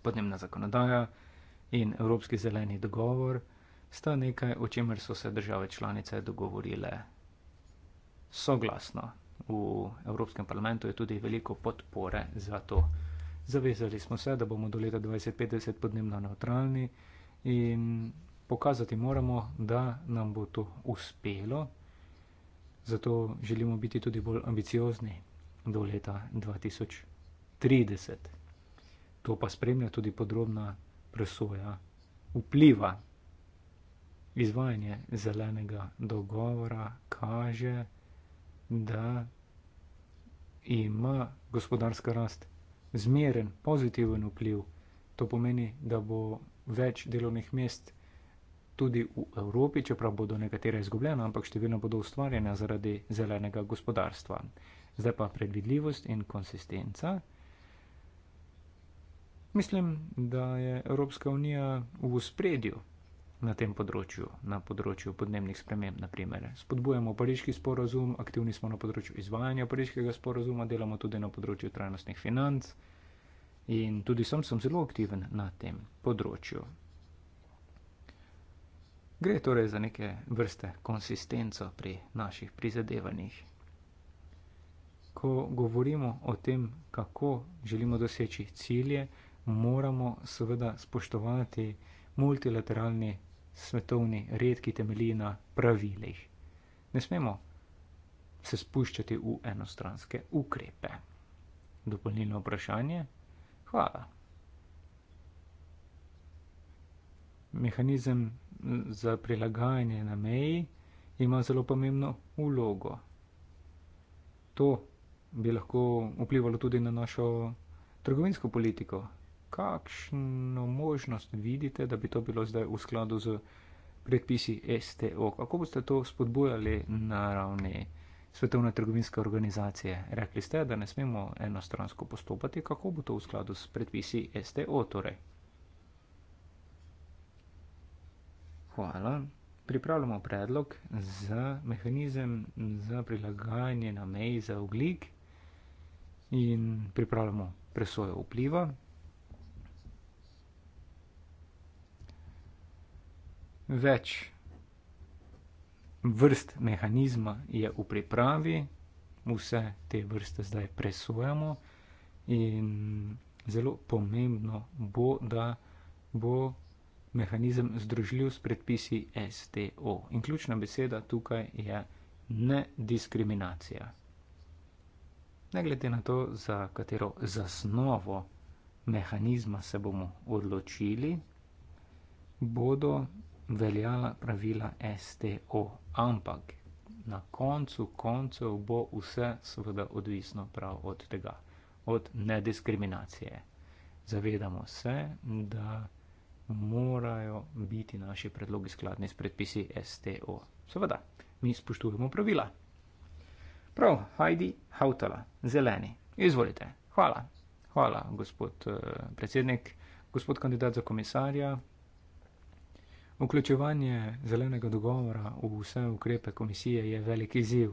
Podnebna zakonodaja in Evropski zeleni dogovor sta nekaj, o čemer so se države članice dogovorile soglasno v Evropskem parlamentu je tudi veliko podpore za to. Zavezali smo se, da bomo do leta 2050 podnebno neutralni in pokazati moramo, da nam bo to uspelo. Zato želimo biti tudi bolj ambiciozni do leta 2030. To pa spremlja tudi podrobna presoja vpliva. Izvajanje zelenega dogovora kaže, da ima gospodarska rast zmeren, pozitiven vpliv. To pomeni, da bo več delovnih mest tudi v Evropi, čeprav bodo nekatere izgubljene, ampak številno bodo ustvarjene zaradi zelenega gospodarstva. Zdaj pa predvidljivost in konsistenca. Mislim, da je Evropska unija v spredju na tem področju, na področju podnebnih sprememb, naprimer. Spodbujamo pariški sporozum, aktivni smo na področju izvajanja pariškega sporozuma, delamo tudi na področju trajnostnih financ in tudi sam sem zelo aktiven na tem področju. Gre torej za neke vrste konsistenco pri naših prizadevanjih. Ko govorimo o tem, kako želimo doseči cilje, moramo seveda spoštovati multilateralni svetovni red, ki temelji na pravilih. Ne smemo se spuščati v enostranske ukrepe. Dopolnilno vprašanje? Hvala. Mehanizem za prilagajanje na meji ima zelo pomembno ulogo. To bi lahko vplivalo tudi na našo trgovinsko politiko, kakšno možnost vidite, da bi to bilo zdaj v skladu z predpisi STO? Kako boste to spodbujali na ravni Svetovne trgovinske organizacije? Rekli ste, da ne smemo enostransko postopati. Kako bo to v skladu s predpisi STO? Torej? Hvala. Pripravljamo predlog za mehanizem za prilagajanje na meji za oglik in pripravljamo presojo vpliva, več vrst mehanizma je v pripravi, vse te vrste zdaj presujemo in zelo pomembno bo, da bo mehanizem združljiv s predpisi STO. In ključna beseda tukaj je nediskriminacija. Ne glede na to, za katero zasnovo mehanizma se bomo odločili, bodo veljala pravila STO, ampak na koncu koncev bo vse seveda odvisno prav od tega, od nediskriminacije. Zavedamo se, da morajo biti naši predlogi skladni s predpisi STO. Seveda, mi spoštujemo pravila. Prav, Heidi Hautala, zeleni, izvolite. Hvala. Hvala, gospod eh, predsednik, gospod kandidat za komisarja, Vključevanje zelenega dogovora v vse ukrepe komisije je velik izziv.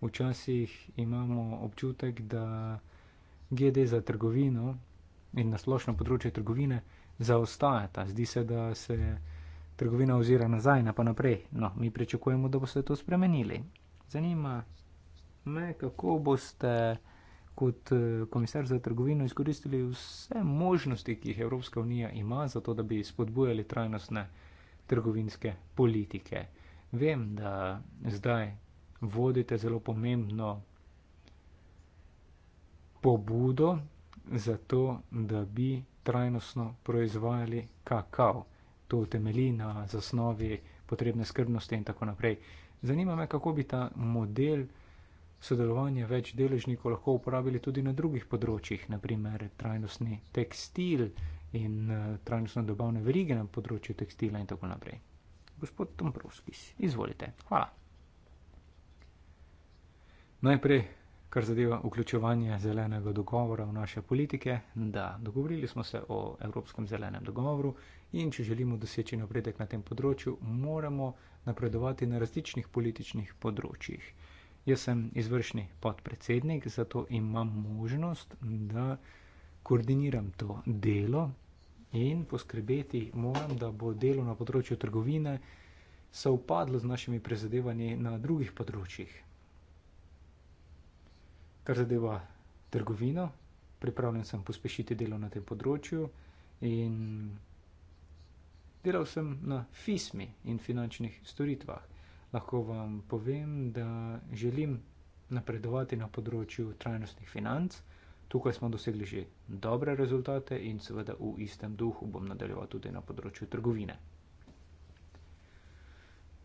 Včasih imamo občutek, da GD za trgovino in na splošno področje trgovine zaostajata. Zdi se, da se trgovina ozira nazaj, na pa naprej. No, mi pričakujemo, da boste to spremenili. Zanima me, kako boste kot eh, komisar za trgovino izkoristili vse možnosti, ki jih Evropska unija ima, zato da bi spodbujali trajnostne trgovinske politike. Vem, da zdaj vodite zelo pomembno pobudo za to, da bi trajnostno proizvajali kakav. To temelji na zasnovi potrebne skrbnosti in tako naprej. Zanima me, kako bi ta model sodelovanja več deležnikov lahko uporabili tudi na drugih področjih, naprimer trajnostni tekstil, in eh, trajnostno dobavne verige na področju tekstila in tako naprej. Gospod Tombrovski, izvolite. Hvala. Najprej, kar zadeva vključevanje zelenega dogovora v naše politike, da dogovorili smo se o Evropskem zelenem dogovoru in če želimo doseči napredek na tem področju, moramo napredovati na različnih političnih področjih. Jaz sem izvršni podpredsednik, zato imam možnost, da koordiniram to delo in poskrbeti moram, da bo delo na področju trgovine soupadlo z našimi prizadevanji na drugih področjih. Kar zadeva trgovino, pripravljen sem pospešiti delo na tem področju in delal sem na fismi in finančnih storitvah. Lahko vam povem, da želim napredovati na področju trajnostnih financ. Tukaj smo dosegli že dobre rezultate in seveda v istem duhu bom nadaljeval tudi na področju trgovine.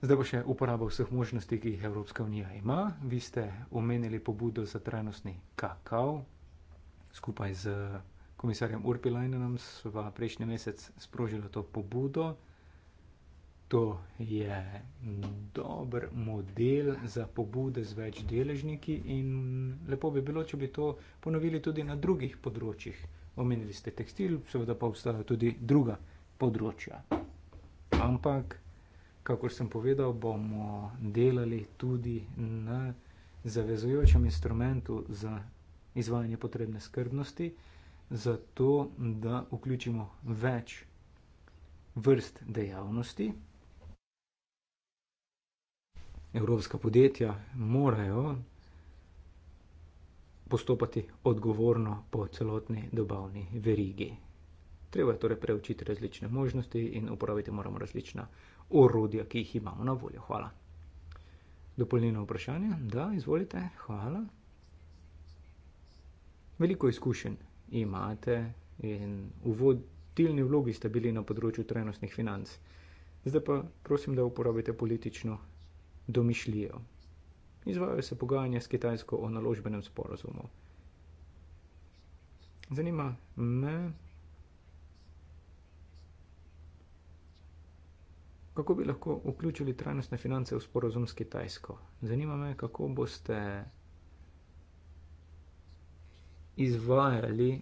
Zdaj pa še uporaba vseh možnosti, ki jih Evropska unija ima. Vi ste omenili pobudo za trajnostni kakav. Skupaj z komisarjem Urpilajnenom sva prejšnji mesec sprožila to pobudo to je dober model za pobude z več deležniki in lepo bi bilo, če bi to ponovili tudi na drugih področjih. Omenili ste tekstil, seveda pa obstajajo tudi druga področja. Ampak, kako sem povedal, bomo delali tudi na zavezujočem instrumentu za izvajanje potrebne skrbnosti, zato da vključimo več vrst dejavnosti evropska podjetja morajo postopati odgovorno po celotni dobavni verigi. Treba je torej preučiti različne možnosti in uporabiti moramo različna orodja, ki jih imamo na voljo. Hvala. Dopolnjeno vprašanje? Da, izvolite. Hvala. Veliko izkušenj imate in v vodilni vlogi ste bili na področju trenostnih financ. Zdaj pa prosim, da uporabite politično domišljijo. Izvajo se pogajanja s Kitajsko o naložbenem sporozumu. Zanima me, kako bi lahko vključili trajnostne finance v sporozum s Kitajsko. Zanima me, kako boste izvajali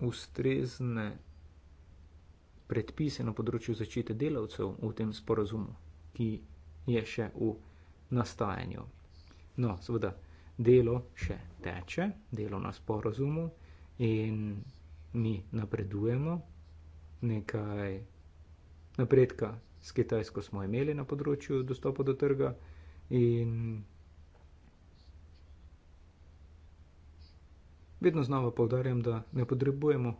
ustrezne predpise na področju zaščite delavcev v tem sporozumu, ki je še v nastajanju. No, seveda, delo še teče, delo na sporozumu in mi napredujemo. Nekaj napredka s Kitajsko smo imeli na področju dostopa do trga in vedno znova povdarjam, da ne potrebujemo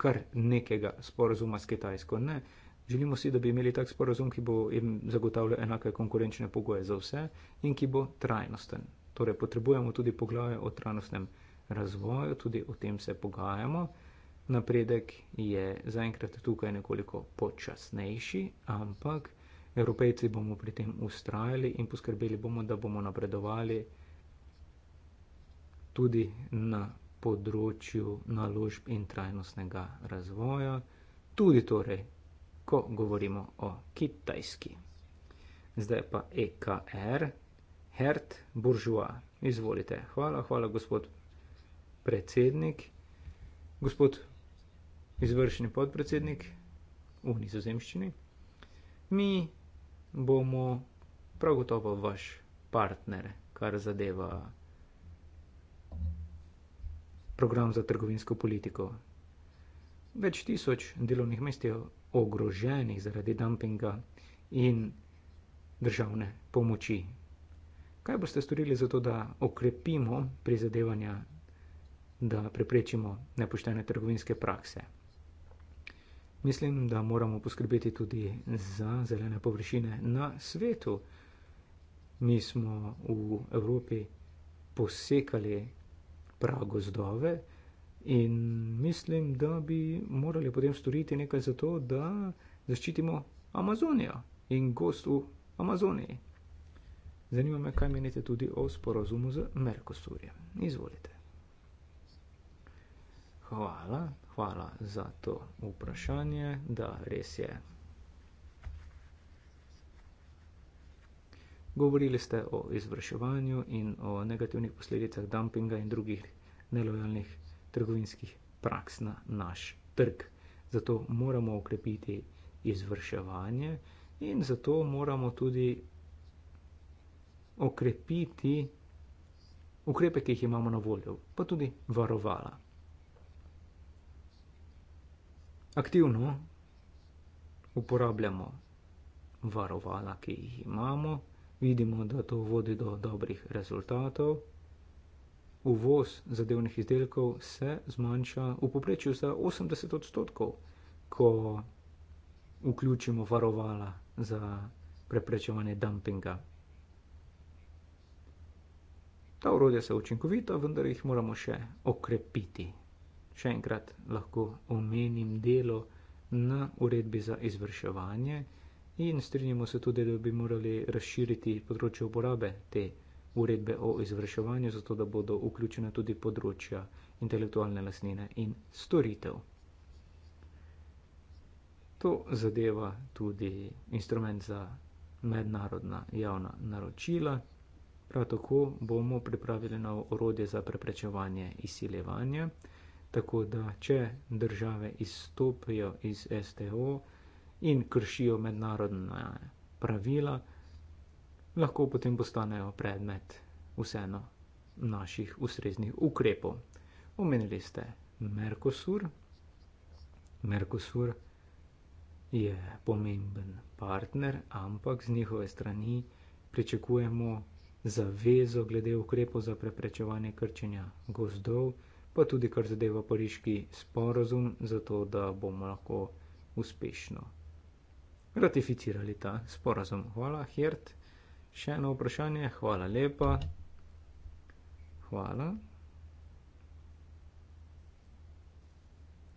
kar nekega sporozuma s Kitajsko. Ne, Želimo si, da bi imeli tak sporozum, ki bo jim zagotavljal enake konkurenčne pogoje za vse in ki bo trajnosten. Torej, potrebujemo tudi poglavje o trajnostnem razvoju, tudi o tem se pogajamo. Napredek je zaenkrat tukaj nekoliko počasnejši, ampak evropejci bomo pri tem ustrajali in poskrbeli bomo, da bomo napredovali tudi na področju naložb in trajnostnega razvoja, tudi torej ko govorimo o kitajski. Zdaj pa EKR, Hert Buržua. Izvolite. Hvala, hvala, gospod predsednik. Gospod izvršni podpredsednik v nizozemščini. Mi bomo prav gotovo vaš partner, kar zadeva program za trgovinsko politiko. Več tisoč delovnih mest je ogroženih zaradi dumpinga in državne pomoči. Kaj boste storili za to, da okrepimo prizadevanja, da preprečimo nepoštene trgovinske prakse? Mislim, da moramo poskrbeti tudi za zelene površine na svetu. Mi smo v Evropi posekali pragozdove, In mislim, da bi morali potem storiti nekaj za to, da zaščitimo Amazonijo in gost v Amazoniji. Zanima me, kaj menite tudi o sporozumu z Merkosurjem. Izvolite. Hvala, hvala za to vprašanje, da res je. Govorili ste o izvrševanju in o negativnih posledicah dumpinga in drugih nelojalnih trgovinskih praks na naš trg. Zato moramo ukrepiti izvrševanje in zato moramo tudi okrepiti ukrepe, ki jih imamo na voljo, pa tudi varovala. Aktivno uporabljamo varovala, ki jih imamo, vidimo, da to vodi do dobrih rezultatov uvoz zadevnih izdelkov se zmanjša v poprečju za 80 odstotkov, ko vključimo varovala za preprečevanje dumpinga. Ta urodja so učinkovita, vendar jih moramo še okrepiti. Še enkrat lahko omenim delo na uredbi za izvrševanje in strinjamo se tudi, da bi morali razširiti področje uporabe te urodje uredbe o izvrševanju, zato da bodo vključene tudi področja intelektualne lasnine in storitev. To zadeva tudi instrument za mednarodna javna naročila. Prav tako bomo pripravili novo orodje za preprečevanje izsilevanja, tako da če države izstopijo iz STO in kršijo mednarodna pravila, lahko potem postanejo predmet vseeno naših ustreznih ukrepov. Omenili ste Merkosur. Merkosur je pomemben partner, ampak z njihove strani pričakujemo zavezo glede ukrepov za preprečevanje krčenja gozdov, pa tudi kar zadeva pariški sporozum, zato da bomo lahko uspešno ratificirali ta sporozum. Hvala, Hirt. Še eno vprašanje, hvala lepa. Hvala.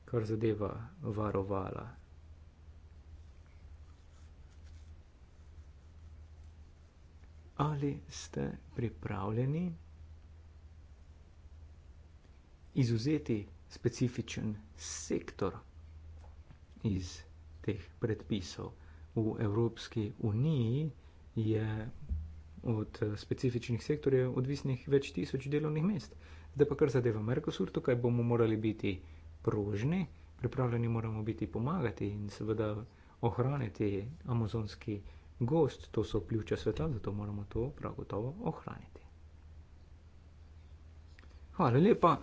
Kar zadeva varovala. Ali ste pripravljeni izuzeti specifičen sektor iz teh predpisov? V Evropski uniji je od eh, specifičnih sektorjev odvisnih več tisoč delovnih mest. Zdaj pa kar zadeva Merkosur, tukaj bomo morali biti prožni, pripravljeni moramo biti pomagati in seveda ohraniti amazonski gost, to so ključa sveta, zato moramo to prav gotovo ohraniti. Hvala lepa,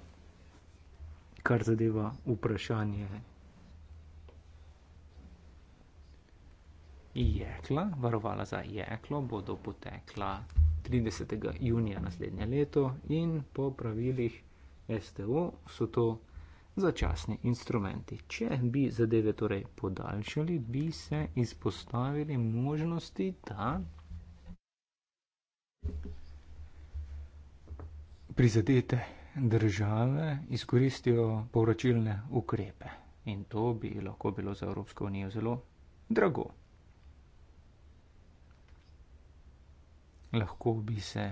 kar zadeva vprašanje. jekla, varovala za jeklo, bodo potekla 30. junija naslednje leto in po pravilih STO so to začasni instrumenti. Če bi zadeve torej podaljšali, bi se izpostavili možnosti, da prizadete države izkoristijo povračilne ukrepe. In to bi lahko bilo za Evropsko unijo zelo drago. lahko bi se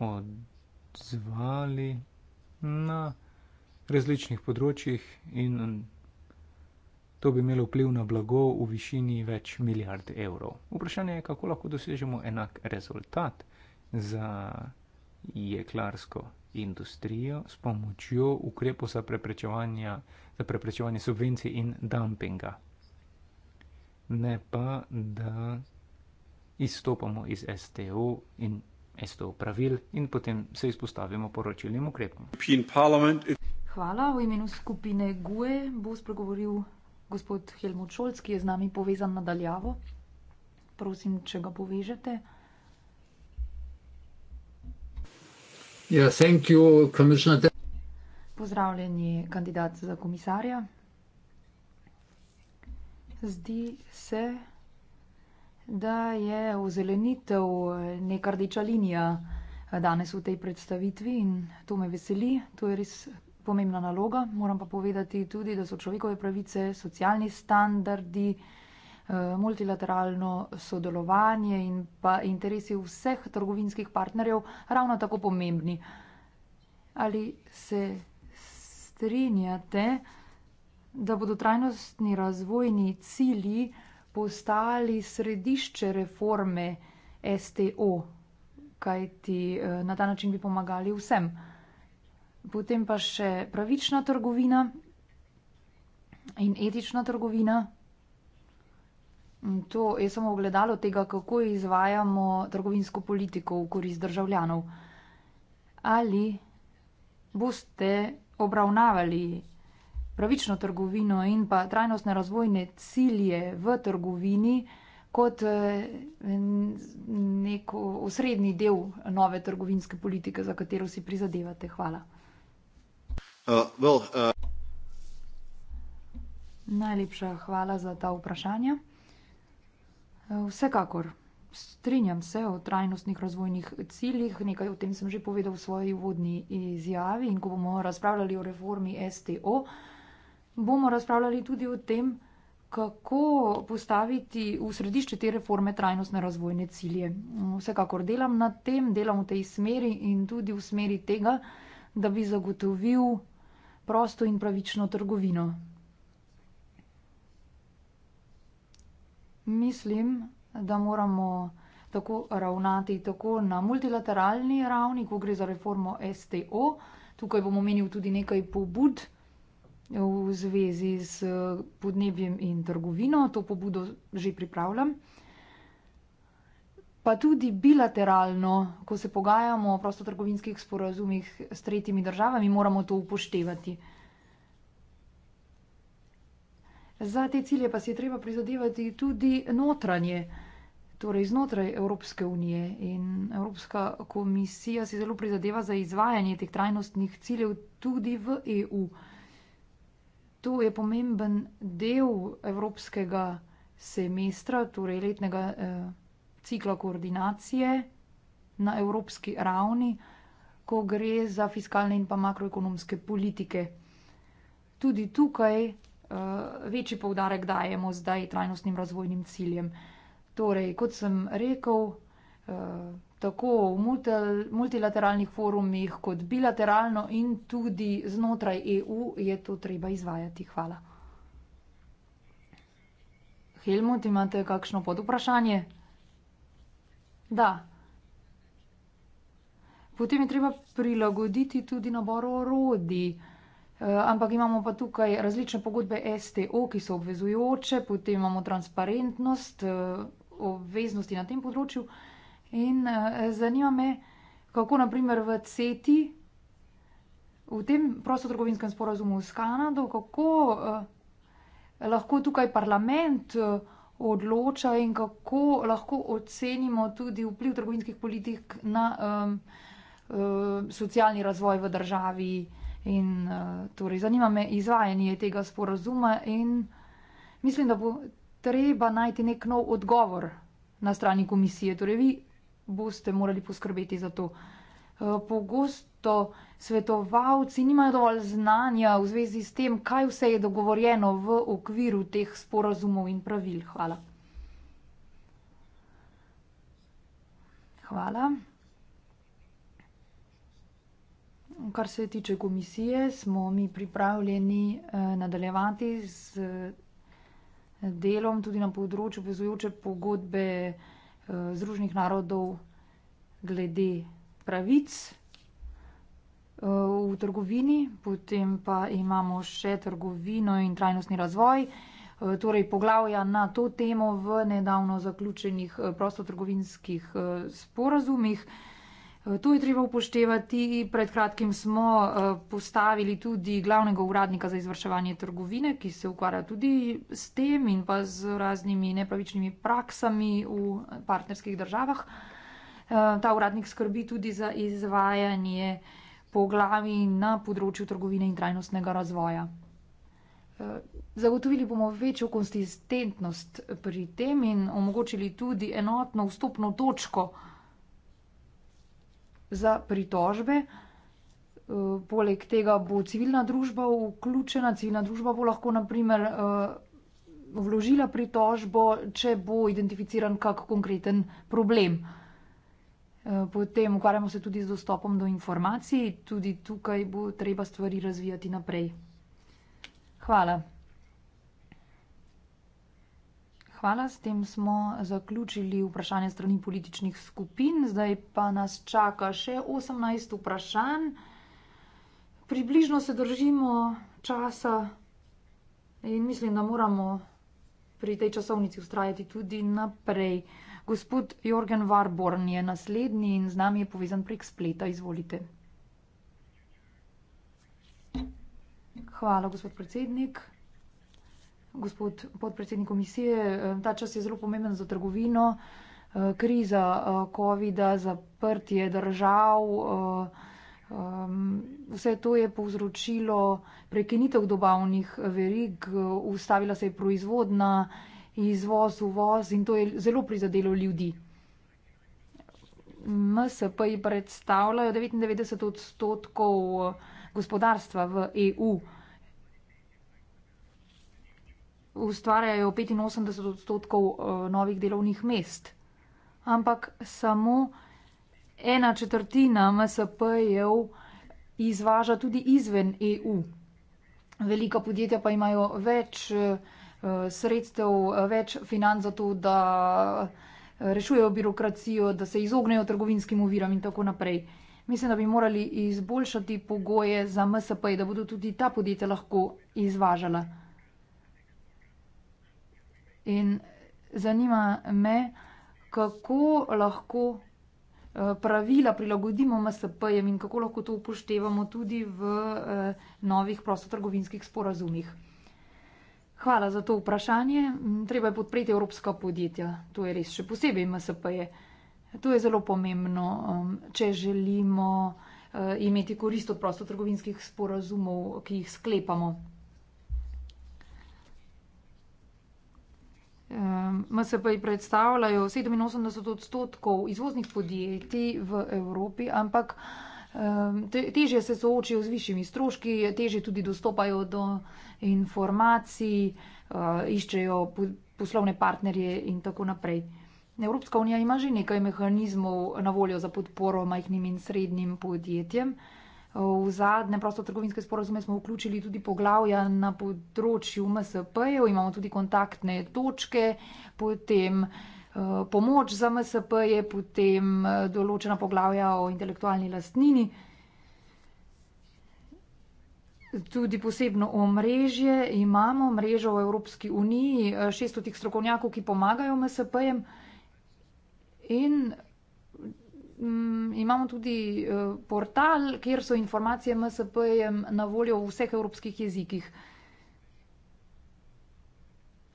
odzvali na različnih področjih in to bi imelo vpliv na blago v višini več milijard evrov. Vprašanje je, kako lahko dosežemo enak rezultat za jeklarsko industrijo s pomočjo ukrepov za, za preprečevanje subvencij in dumpinga. Ne pa, da izstopamo iz STO in STO pravil in potem se izpostavimo poročilnim ukrepom. Hvala. V imenu skupine GUE bo spregovoril gospod Helmut Šolc, ki je z nami povezan nadaljavo. Prosim, če ga povežete. Yeah, ja, you, Pozdravljeni, kandidat za komisarja. Zdi se, da je ozelenitev neka rdeča linija danes v tej predstavitvi in to me veseli. To je res pomembna naloga. Moram pa povedati tudi, da so človekove pravice, socialni standardi, eh, multilateralno sodelovanje in pa interesi vseh trgovinskih partnerjev ravno tako pomembni. Ali se strinjate, da bodo trajnostni razvojni cilji postali središče reforme STO, kajti eh, na ta način bi pomagali vsem. Potem pa še pravična trgovina in etična trgovina. To je samo ogledalo tega, kako izvajamo trgovinsko politiko v korist državljanov. Ali boste obravnavali pravično trgovino in pa trajnostne razvojne cilje v trgovini kot eh, neko osrednji del nove trgovinske politike, za katero si prizadevate. Hvala. Uh, well, uh... Najlepša hvala za ta vprašanja. Eh, vsekakor strinjam se o trajnostnih razvojnih ciljih, nekaj o tem sem že povedal v svoji uvodni izjavi in ko bomo razpravljali o reformi STO, uh, bomo razpravljali tudi o tem, kako postaviti v središče te reforme trajnostne razvojne cilje. Vsekakor delam na tem, delam v tej smeri in tudi v smeri tega, da bi zagotovil prosto in pravično trgovino. Mislim, da moramo tako ravnati tako na multilateralni ravni, ko gre za reformo STO. Tukaj bom omenil tudi nekaj pobud v zvezi z eh, podnebjem in trgovino, to pobudo že pripravljam. Pa tudi bilateralno, ko se pogajamo o prostotrgovinskih sporazumih s tretjimi državami, moramo to upoštevati. Za te cilje pa si je treba prizadevati tudi notranje, torej znotraj Evropske unije. In Evropska komisija si zelo prizadeva za izvajanje teh trajnostnih ciljev tudi v EU to je pomemben del evropskega semestra, torej letnega eh, cikla koordinacije na evropski ravni, ko gre za fiskalne in pa makroekonomske politike. Tudi tukaj eh, večji povdarek dajemo zdaj trajnostnim razvojnim ciljem. Torej, kot sem rekel, eh, tako v multilateralnih forumih kot bilateralno in tudi znotraj EU je to treba izvajati. Hvala. Helmut, imate kakšno podvprašanje? Da. Potem je treba prilagoditi tudi nabor orodij, e, ampak imamo pa tukaj različne pogodbe STO, ki so obvezujoče, potem imamo transparentnost, e, obveznosti na tem področju. In uh, zanima me, kako naprimer v CETI, v tem prostotrgovinskem sporazumu s Kanado, kako uh, lahko tukaj parlament uh, odloča in kako lahko ocenimo tudi vpliv trgovinskih politik na um, uh, socialni razvoj v državi. In uh, torej zanima me izvajanje tega sporazuma in mislim, da bo treba najti nek nov odgovor na strani komisije. Torej, vi boste morali poskrbeti za to. Eh, pogosto svetovalci nimajo dovolj znanja v zvezi s tem, kaj vse je dogovorjeno v okviru teh sporazumov in pravil. Hvala. Hvala. Kar se tiče komisije, smo mi pripravljeni eh, nadaljevati z eh, delom tudi na področju obvezujoče pogodbe. Eh, Združenih narodov glede pravic eh, v trgovini, potem pa imamo še trgovino in trajnostni razvoj, eh, torej poglavja na to temo v nedavno zaključenih prostotrgovinskih sporazumih. Eh, to je treba upoštevati. Pred kratkim smo eh, postavili tudi glavnega uradnika za izvrševanje trgovine, ki se ukvarja tudi s tem in pa z raznimi nepravičnimi praksami v partnerskih državah. Eh, ta uradnik skrbi tudi za izvajanje poglavi na področju trgovine in trajnostnega razvoja. Zagotovili bomo večjo konsistentnost pri tem in omogočili tudi enotno vstopno točko za pritožbe. Eh, poleg tega bo civilna družba vključena. Civilna družba bo lahko naprimer eh, vložila pritožbo, če bo identificiran kak konkreten problem. Eh, potem ukvarjamo se tudi z dostopom do informacij. Tudi tukaj bo treba stvari razvijati naprej. Hvala. Hvala, s tem smo zaključili vprašanje strani političnih skupin, zdaj pa nas čaka še 18 vprašanj. Približno se držimo časa in mislim, da moramo pri tej časovnici ustrajati tudi naprej. Gospod Jorgen Varborn je naslednji in z nami je povezan prek spleta. Izvolite. Hvala, gospod predsednik gospod podpredsednik komisije, eh, ta čas je zelo pomemben za trgovino, eh, kriza eh, COVID-a, zaprtje držav. Vse to je povzročilo prekinitev dobavnih verig, ustavila se je proizvodna, izvoz, uvoz in to je zelo prizadelo ljudi. MSP predstavljajo 99 odstotkov gospodarstva v EU ustvarjajo 85 odstotkov eh, novih delovnih mest. Ampak samo ena četrtina MSP-jev izvaža tudi izven EU. Velika podjetja pa imajo več eh, sredstev, več financ za to, da eh, rešujejo birokracijo, da se izognejo trgovinskim uviram in tako naprej. Mislim, da bi morali izboljšati pogoje za MSP, da bodo tudi ta podjetja lahko izvažala. In zanima me, kako lahko eh, pravila prilagodimo MSP-jem in kako lahko to upoštevamo tudi v eh, novih prostotrgovinskih sporazumih. Hvala za to vprašanje. Treba je podpreti evropska podjetja, to je res, še posebej MSP-je. To je zelo pomembno, um, če želimo eh, imeti korist od prostotrgovinskih sporazumov, ki jih sklepamo. MSP predstavljajo 87 odstotkov izvoznih podjetij v Evropi, ampak težje se soočijo z višjimi stroški, težje tudi dostopajo do informacij, eh, iščejo poslovne partnerje in tako naprej. Evropska unija ima že nekaj mehanizmov na voljo za podporo majhnim in srednjim podjetjem. V zadnje prostotrgovinske sporozume smo vključili tudi poglavja na področju MSP-jev, imamo tudi kontaktne točke, potem eh, pomoč za MSP-je, potem eh, določena poglavja o intelektualni lastnini, tudi posebno o mrežje. Imamo mrežo v Evropski uniji 600 eh, strokovnjakov, ki pomagajo MSP-jem in Mm, imamo tudi eh, portal, kjer so informacije MSP-jem na voljo v vseh evropskih jezikih.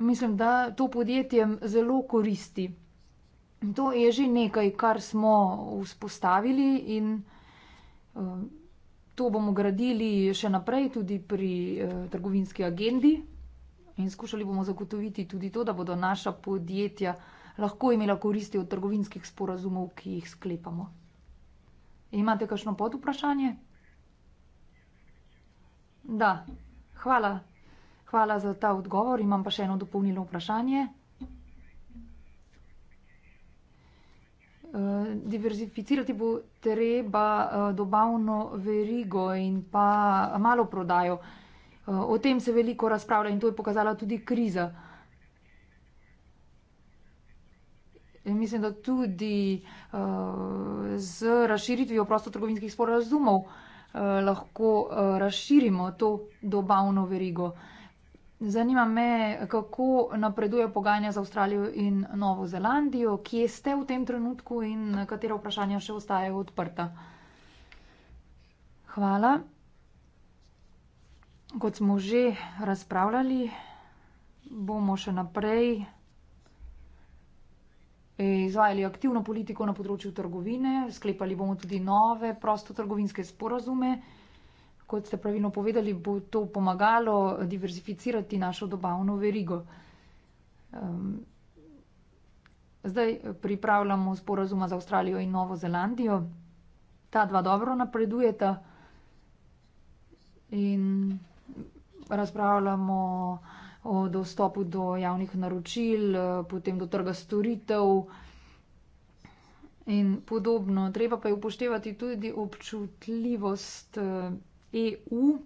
Mislim, da to podjetjem zelo koristi. To je že nekaj, kar smo vzpostavili in eh, to bomo gradili še naprej tudi pri eh, trgovinski agendi in skušali bomo zagotoviti tudi to, da bodo naša podjetja lahko imela koristi od trgovinskih sporazumov, ki jih sklepamo. Imate kakšno pod vprašanje? Da, hvala. Hvala za ta odgovor. Imam pa še eno dopolnilno vprašanje. Eh, diverzificirati bo treba eh, dobavno verigo in pa malo prodajo. Eh, o tem se veliko razpravlja in to je pokazala tudi kriza. mislim, da tudi uh, z razširitvijo prostotrgovinskih sporazumov uh, lahko uh, razširimo to dobavno verigo. Zanima me, kako napreduje pogajanja z Avstralijo in Novo Zelandijo, kje ste v tem trenutku in katera vprašanja še ostajajo odprta. Hvala. Kot smo že razpravljali, bomo še naprej izvajali aktivno politiko na področju trgovine, sklepali bomo tudi nove prostotrgovinske sporazume. Kot ste pravilno povedali, bo to pomagalo diverzificirati našo dobavno verigo. Zdaj pripravljamo sporazuma za Avstralijo in Novo Zelandijo. Ta dva dobro napredujeta in razpravljamo o do vstopu do javnih naročil, eh, potem do trga storitev in podobno. Treba pa je upoštevati tudi občutljivost EU eh,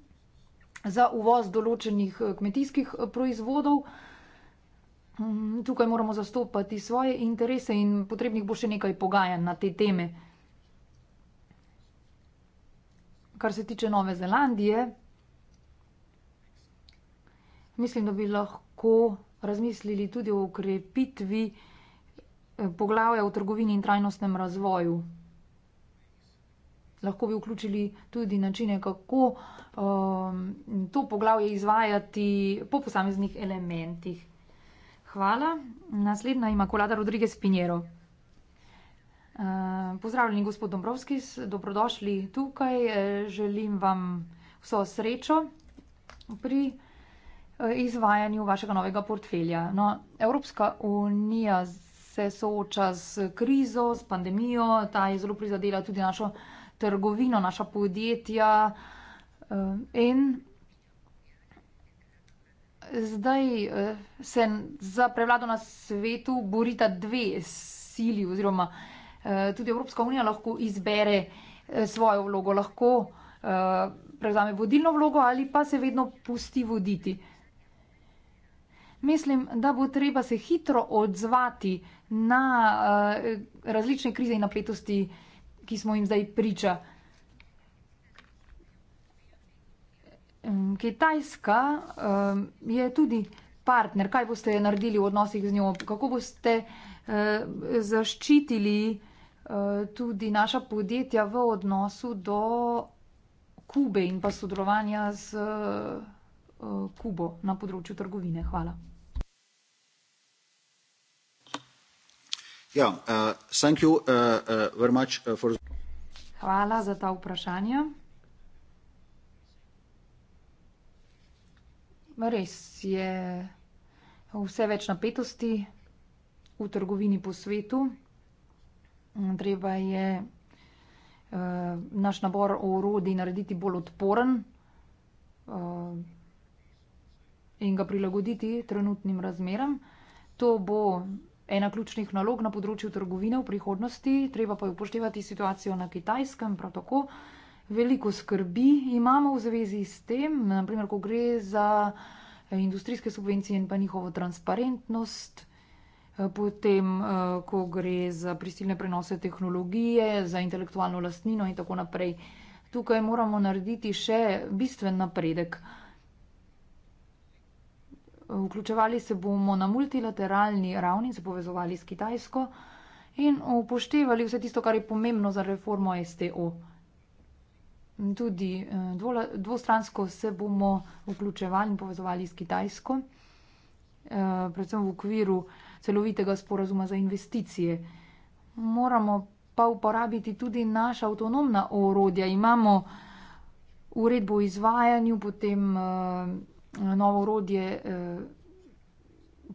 e za uvoz določenih eh, kmetijskih proizvodov. Mm, tukaj moramo zastopati svoje interese in potrebnih bo še nekaj pogajanj na te teme. Kar se tiče Nove Zelandije, mislim, da bi lahko razmislili tudi o ukrepitvi eh, poglavja o trgovini in trajnostnem razvoju. Lahko bi vključili tudi načine, kako um, to poglavje izvajati po posameznih elementih. Hvala. Naslednja ima Kolada Rodriguez Pinjero. Uh, eh, pozdravljeni, gospod Dombrovski, dobrodošli tukaj. Eh, želim vam vso srečo pri. Eh, izvajanju vašega novega portfelja. No, Evropska unija se sooča s krizo, s pandemijo, ta je zelo prizadela tudi našo trgovino, naša podjetja eh, in zdaj eh, se za prevlado na svetu borita dve sili oziroma tudi Evropska unija lahko izbere svojo vlogo, lahko prevzame vodilno vlogo ali pa se vedno pusti voditi. Mislim, da bo treba se hitro odzvati na uh, različne krize in napetosti, ki smo jim zdaj priča. Kitajska uh, je tudi partner. Kaj boste naredili v odnosih z njo? Kako boste uh, zaščitili uh, tudi naša podjetja v odnosu do Kube in pa sodelovanja z. Uh, Eh, Kubo na področju trgovine. Hvala. Ja, uh, thank you, uh, very much for... Hvala za ta vprašanja. Res je vse več napetosti v trgovini po svetu. Mm, treba je uh, naš nabor orodij narediti bolj odporen. Uh, in ga prilagoditi trenutnim razmeram. To bo ena ključnih nalog na področju trgovine v prihodnosti, treba pa je upoštevati situacijo na kitajskem, prav tako veliko skrbi imamo v zvezi s tem, naprimer, ko gre za eh, industrijske subvencije in pa njihovo transparentnost, eh, potem, eh, ko gre za prisilne prenose tehnologije, za intelektualno lastnino in tako naprej. Tukaj moramo narediti še bistven napredek. Vključevali se bomo na multilateralni ravni, se povezovali s Kitajsko in upoštevali vse tisto, kar je pomembno za reformo STO. Tudi eh, dvostransko se bomo vključevali in povezovali s Kitajsko, eh, predvsem v okviru celovitega sporazuma za investicije. Moramo pa uporabiti tudi naša avtonomna orodja. Imamo uredbo o izvajanju, potem. Eh, novo urodje eh,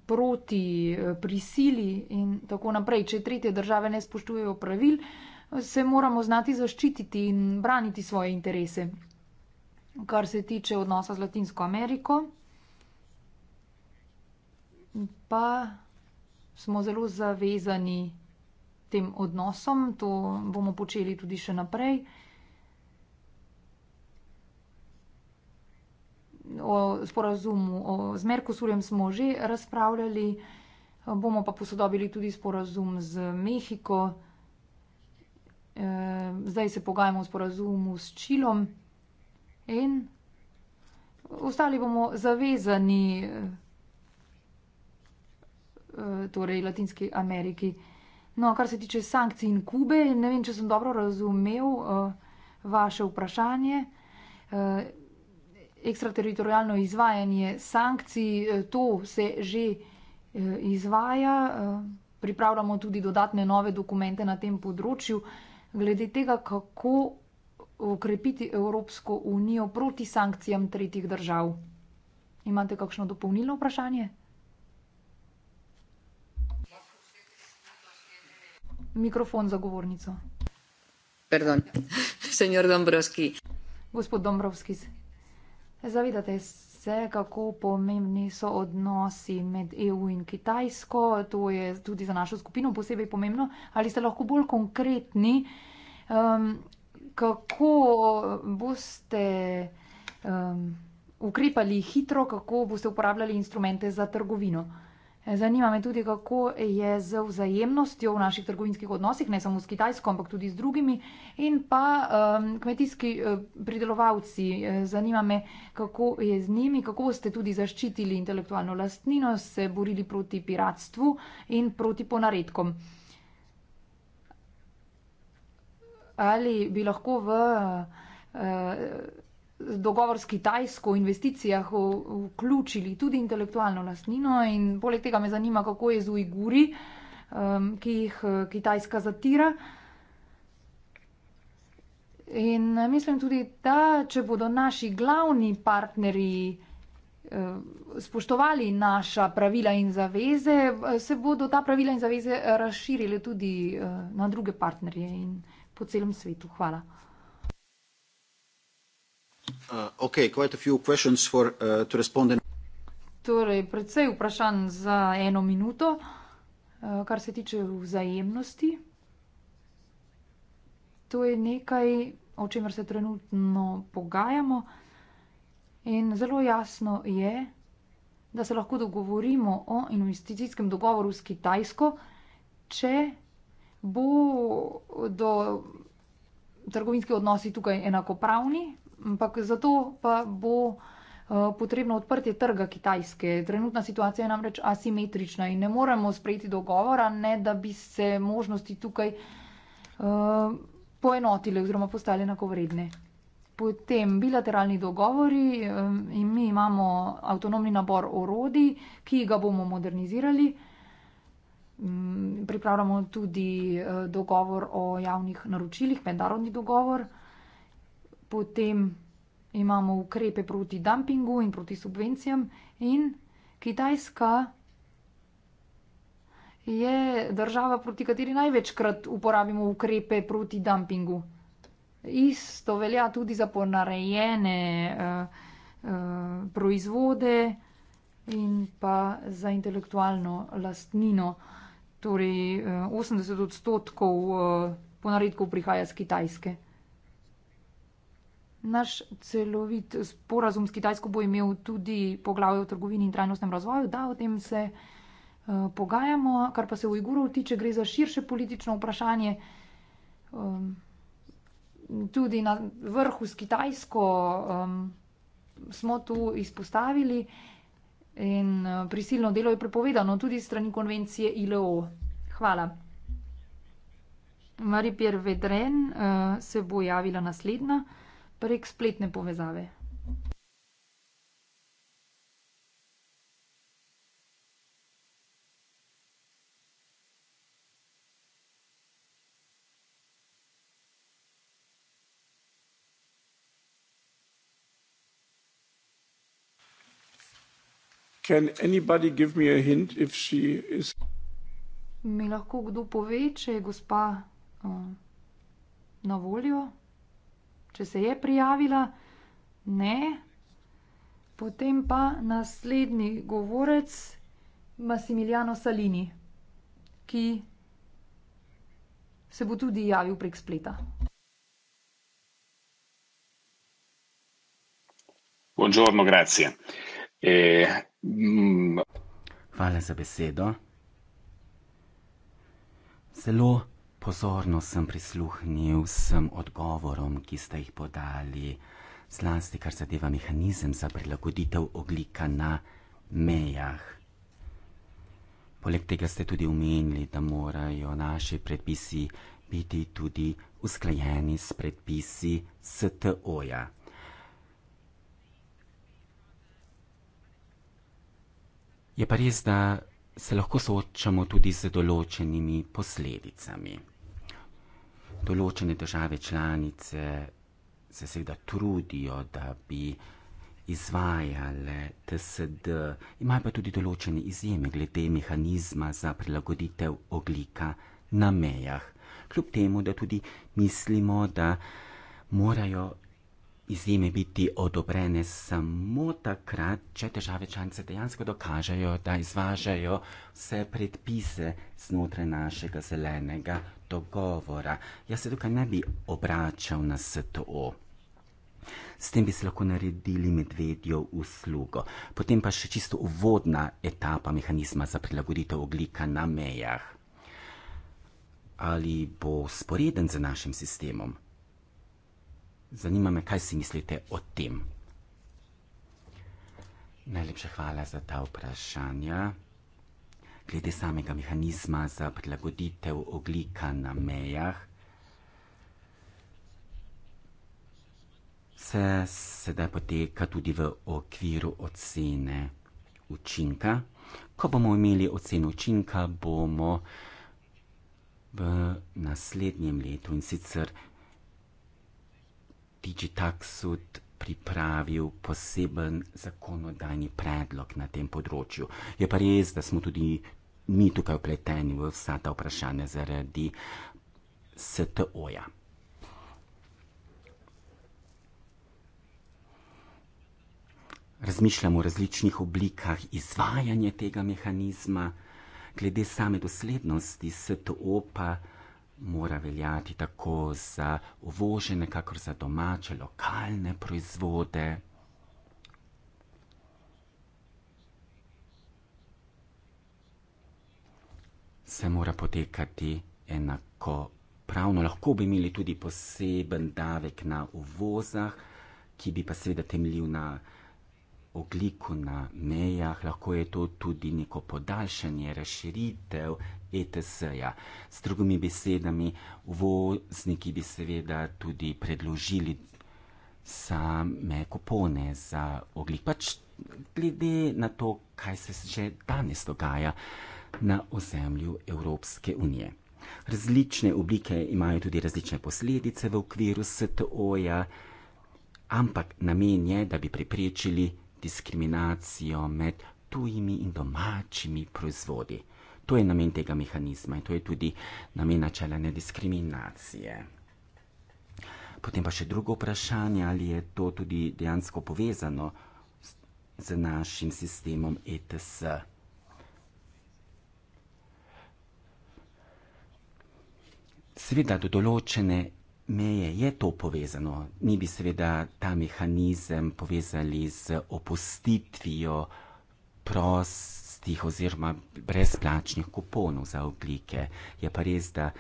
proti eh, prisili in tako naprej. Če tretje države ne spoštujejo pravil, se moramo znati zaščititi in braniti svoje interese. Kar se tiče odnosa z Latinsko Ameriko, pa smo zelo zavezani tem odnosom, to bomo počeli tudi še naprej. o sporazumu o, z Merkosurjem smo že razpravljali, bomo pa posodobili tudi sporazum z Mehiko. E, zdaj se pogajamo o sporazumu s Čilom in ostali bomo zavezani e, torej Latinski Ameriki. No, kar se tiče sankcij in Kube, ne vem, če sem dobro razumel e, vaše vprašanje ekstrateritorijalno izvajanje sankcij, eh, to se že eh, izvaja. Eh, pripravljamo tudi dodatne nove dokumente na tem področju, glede tega, kako ukrepiti Evropsko unijo proti sankcijam tretjih držav. Imate kakšno dopolnilno vprašanje? Mikrofon za govornico. Pardon, *laughs* senor Dombrovski. Gospod Dombrovski. Zavedate se, kako pomembni so odnosi med EU in Kitajsko, to je tudi za našo skupino posebej pomembno. Ali ste lahko bolj konkretni, um, kako boste um, ukrepali hitro, kako boste uporabljali instrumente za trgovino? Zanima me tudi, kako je z vzajemnostjo v naših trgovinskih odnosih, ne samo s Kitajsko, ampak tudi z drugimi, in pa um, kmetijski uh, pridelovalci. Zanima me, kako je z njimi, kako ste tudi zaščitili intelektualno lastnino, se borili proti piratstvu in proti ponaredkom. Ali bi lahko v. Uh, dogovor s Kitajsko o investicijah vključili tudi intelektualno lastnino in poleg tega me zanima, kako je z Ujguri, um, ki jih uh, Kitajska zatira. In uh, mislim tudi, da če bodo naši glavni partnerji uh, spoštovali naša pravila in zaveze, se bodo ta pravila in zaveze razširile tudi na druge partnerje in po celem svetu. Hvala. Uh, okay, quite a few questions for uh, to respond. In... Torej, predvsej vprašanj za eno minuto, uh, kar se tiče vzajemnosti. To je nekaj, o čemer se trenutno pogajamo in zelo jasno je, da se lahko dogovorimo o investicijskem dogovoru s Kitajsko, če bo do trgovinske odnosi tukaj enakopravni, ampak za to pa bo eh, potrebno odprtje trga Kitajske. Trenutna situacija je namreč asimetrična in ne moremo sprejeti dogovora, ne da bi se možnosti tukaj eh, poenotile oziroma postale enakovredne. Potem bilateralni dogovori eh, in mi imamo avtonomni nabor orodij, ki ga bomo modernizirali. Mm, pripravljamo tudi dogovor o javnih naročilih, mednarodni dogovor potem imamo ukrepe proti dumpingu in proti subvencijam. In Kitajska je država, proti kateri največkrat uporabimo ukrepe proti dumpingu. Isto velja tudi za ponarejene uh, uh, proizvode in pa za intelektualno lastnino. Torej, uh, eh, 80 odstotkov uh, ponaredkov prihaja z Kitajske naš celovit sporazum s Kitajsko bo imel tudi poglavje o trgovini in trajnostnem razvoju, da o tem se uh, pogajamo. Kar pa se Ujgurov tiče, gre za širše politično vprašanje. Um, tudi na vrhu s Kitajsko um, smo tu izpostavili in uh, prisilno delo je prepovedano tudi strani konvencije ILO. Hvala. Marie-Pierre Vedren uh, se bo javila naslednja prek spletne povezave. Hint, is... Mi lahko kdo pove, če je gospa uh, na voljo? če se je prijavila, ne. Potem pa naslednji govorec, Massimiliano Salini, ki se bo tudi javil prek spleta. Buongiorno, grazie. E, mm. Hvala za besedo. Zelo pozorno sem prisluhnil vsem odgovorom, ki ste jih podali, zlasti kar zadeva mehanizem za prilagoditev oglika na mejah. Poleg tega ste tudi omenili, da morajo naši predpisi biti tudi usklajeni s predpisi STO-ja. Je pa res, da se lahko soočamo tudi z določenimi posledicami določene države članice se seveda trudijo, da bi izvajale TSD, imajo pa tudi določene izjeme glede mehanizma za prilagoditev oglika na mejah. Kljub temu, da tudi mislimo, da morajo izjeme biti odobrene samo takrat, če države članice dejansko dokažejo, da izvažajo vse predpise znotraj našega zelenega dogovora. Jaz se tukaj ne bi obračal na STO. S tem bi se lahko naredili medvedjo uslugo. Potem pa še čisto uvodna etapa mehanizma za prilagoditev oglika na mejah. Ali bo sporeden z našim sistemom? Zanima me, kaj si mislite o tem. Najlepša hvala za ta vprašanja glede samega mehanizma za prilagoditev oglika na mejah, se sedaj poteka tudi v okviru ocene učinka. Ko bomo imeli oceno učinka, bomo v naslednjem letu in sicer Digitaxud pripravil poseben zakonodajni predlog na tem področju. Je pa res, da smo tudi mi tukaj upleteni v vsa ta vprašanja zaradi STO-ja. Razmišljamo o različnih oblikah izvajanja tega mehanizma, glede same doslednosti STO pa mora veljati tako za uvožene, kakor za domače, lokalne proizvode. Vse mora potekati enako. Pravno lahko bi imeli tudi poseben davek na uvozah, ki bi pa seveda temeljil na ogliku na mejah, lahko je to tudi neko podaljšanje, razširitev ETS-ja. S drugimi besedami, vozniki bi seveda tudi predložili same kupone za oglik. Pač glede na to, kaj se že danes dogaja na ozemlju Evropske unije. Različne oblike imajo tudi različne posledice v okviru STO-ja, ampak namen je, da bi preprečili diskriminacijo med tujimi in domačimi proizvodi. To je namen tega mehanizma in to je tudi namen načela nediskriminacije. Potem pa še drugo vprašanje, ali je to tudi dejansko povezano z, z našim sistemom ETS. Seveda, do določene meje je to povezano. Ni bi seveda ta mehanizem povezali z opustitvijo prost brezplačnih oziroma brezplačnih kuponov za oblike. Je pa res, da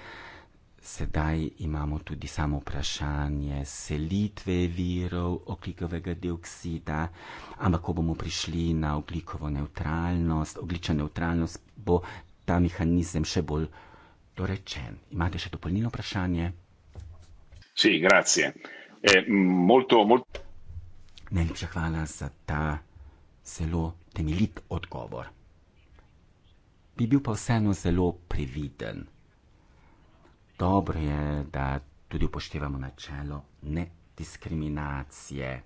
sedaj imamo tudi samo vprašanje selitve virov oklikovega dioksida, ampak ko bomo prišli na oglikovo neutralnost, oglična neutralnost, bo ta mehanizem še bolj dorečen. Imate še dopolnilno vprašanje? Sì, grazie. Eh, molto, molto... Najlepša hvala za ta zelo temeljit odgovor bi bil pa vseeno zelo previden. Dobro je, da tudi upoštevamo načelo nediskriminacije.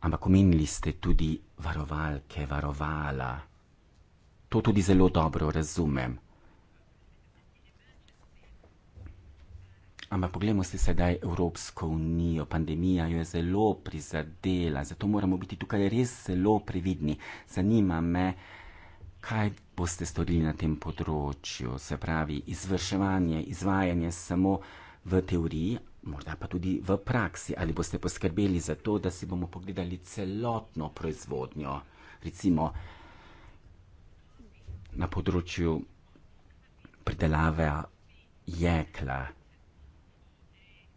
Ampak omenili ste tudi varovalke, varovala. To tudi zelo dobro razumem. Ampak poglejmo si sedaj Evropsko unijo. Pandemija jo je zelo prizadela, zato moramo biti tukaj res zelo previdni. Zanima me, uh, kaj boste storili na tem področju, se pravi izvrševanje, izvajanje samo v teoriji, morda pa tudi v praksi, ali boste poskrbeli za to, da si bomo pogledali celotno proizvodnjo, recimo na področju pridelave jekla.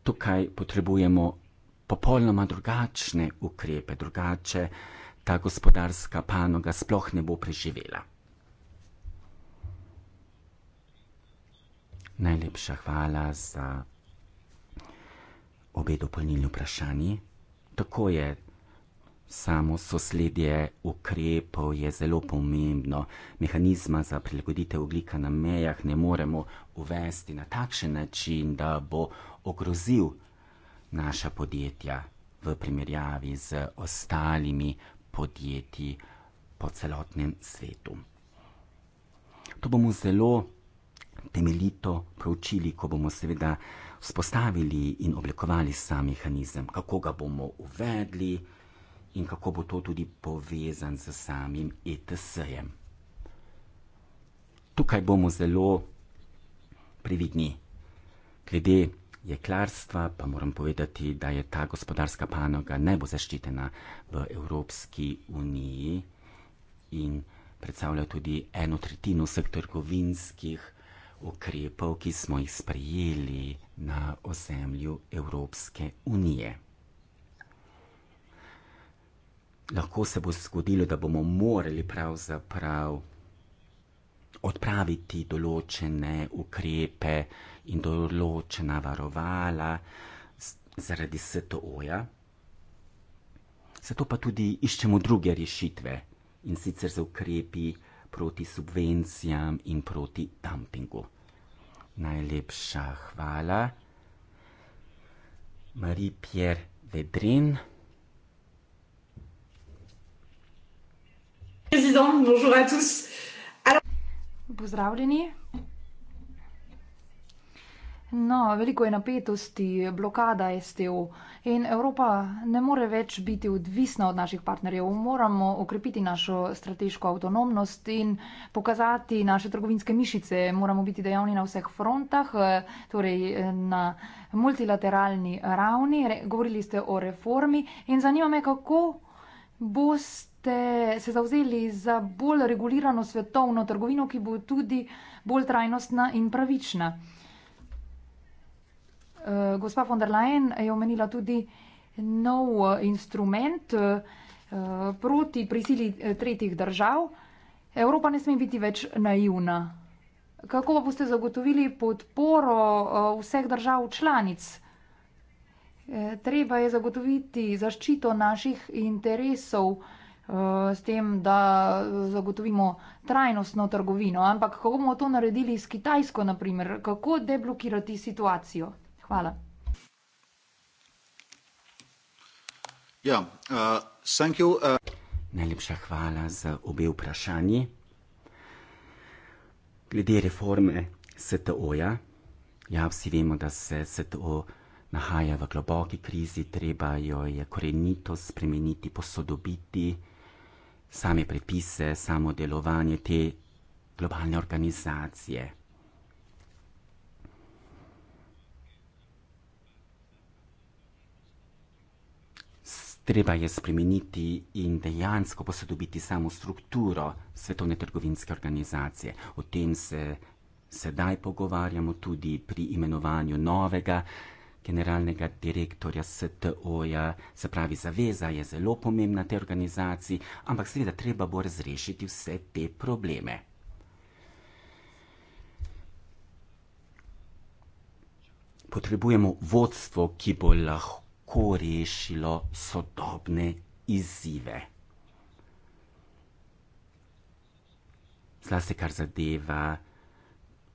Tukaj potrebujemo popolnoma drugačne ukrepe, drugače ta gospodarska panoga sploh ne bo preživela. Najlepša hvala za obe dopolnilni vprašanji. Tako je, samo sosledje ukrepov je zelo pomembno. Mehanizma za prilagoditev oglika na mejah ne moremo uvesti na takšen način, da bo ogrozil naša podjetja v primerjavi z ostalimi podjetji po celotnem svetu. To bomo zelo temeljito proučili, ko bomo seveda spostavili in oblikovali sam mehanizem, kako ga bomo uvedli in kako bo to tudi povezan z samim ETS-jem. Tukaj bomo zelo previdni. Glede jeklarstva pa moram povedati, da je ta gospodarska panoga najbolj zaščitena v Evropski uniji in predstavlja tudi eno tretjino vseh trgovinskih ukrepov, ki smo jih sprejeli na ozemlju Evropske unije. Lahko se bo zgodilo, da bomo morali pravzaprav odpraviti določene ukrepe in določena varovala zaradi STO-ja. Zato pa tudi iščemo druge rešitve in sicer z ukrepi proti subvencijam in proti dumpingu. Najlepša hvala. Marie-Pierre Vedrin. Pozdravljeni. No, veliko je napetosti, blokada STO in Evropa ne more več biti odvisna od naših partnerjev. Moramo okrepiti našo strateško avtonomnost in pokazati naše trgovinske mišice. Moramo biti dejavni na vseh frontah, torej na multilateralni ravni. Re govorili ste o reformi in zanima me, kako boste se zavzeli za bolj regulirano svetovno trgovino, ki bo tudi bolj trajnostna in pravična. Eh, gospa von der Leyen je omenila tudi nov eh, instrument eh, proti prisili tretjih držav. Evropa ne sme biti več naivna. Kako pa boste zagotovili podporo vseh držav članic? Treba je zagotoviti zaščito naših interesov s tem, da zagotovimo trajnostno trgovino. Ampak kako bomo to naredili s Kitajsko, naprimer? Kako deblokirati situacijo? Hvala. Ja, uh, thank you, uh... Najlepša hvala za obe vprašanji. Glede reforme STO-ja, ja, vsi vemo, da se STO nahaja v globoki krizi, treba jo je korenito spremeniti, posodobiti same predpise, samo delovanje te globalne organizacije. Treba je spremeniti in dejansko posodobiti samo strukturo Svetovne trgovinske organizacije. O tem se sedaj pogovarjamo tudi pri imenovanju novega generalnega direktorja STO-ja. Se pravi, zaveza je zelo pomembna te organizaciji, ampak seveda treba bo razrešiti vse te probleme. Potrebujemo vodstvo, ki bo lahko lahko rešilo sodobne izzive. Zlasti kar zadeva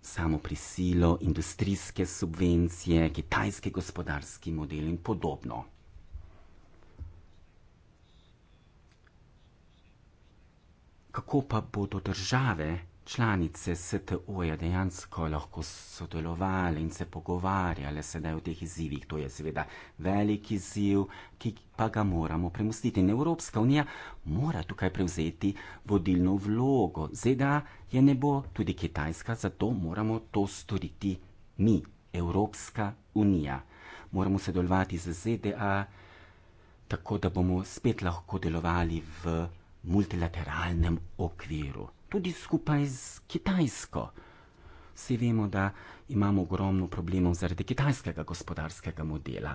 samo prisilo, industrijske subvencije, kitajski gospodarski model in podobno. Kako pa bodo države? članice STO-ja dejansko lahko sodelovali in se pogovarjali sedaj o teh izzivih. To je seveda velik izziv, ki pa ga moramo premustiti. In Evropska unija mora tukaj prevzeti vodilno vlogo. ZDA je ne bo tudi Kitajska, zato moramo to storiti mi, Evropska unija. Moramo sodelovati z ZDA, tako da bomo spet lahko delovali v multilateralnem okviru tudi skupaj z Kitajsko. Vsi vemo, da imamo ogromno problemov zaradi kitajskega gospodarskega modela.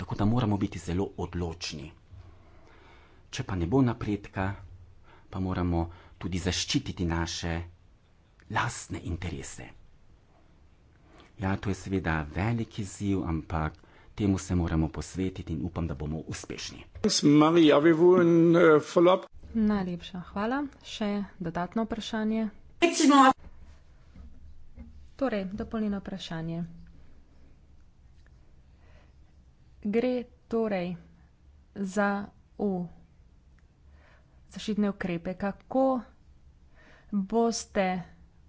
Tako da moramo biti zelo odločni. Če pa ne bo napredka, pa moramo tudi zaščititi naše lastne interese. Ja, to je seveda velik izziv, ampak temu se moramo posvetiti in upam, da bomo uspešni. Najlepša hvala. Še dodatno vprašanje. Recimo. Torej, dopolnjeno vprašanje. Gre torej za U. Zaščitne ukrepe. Kako boste?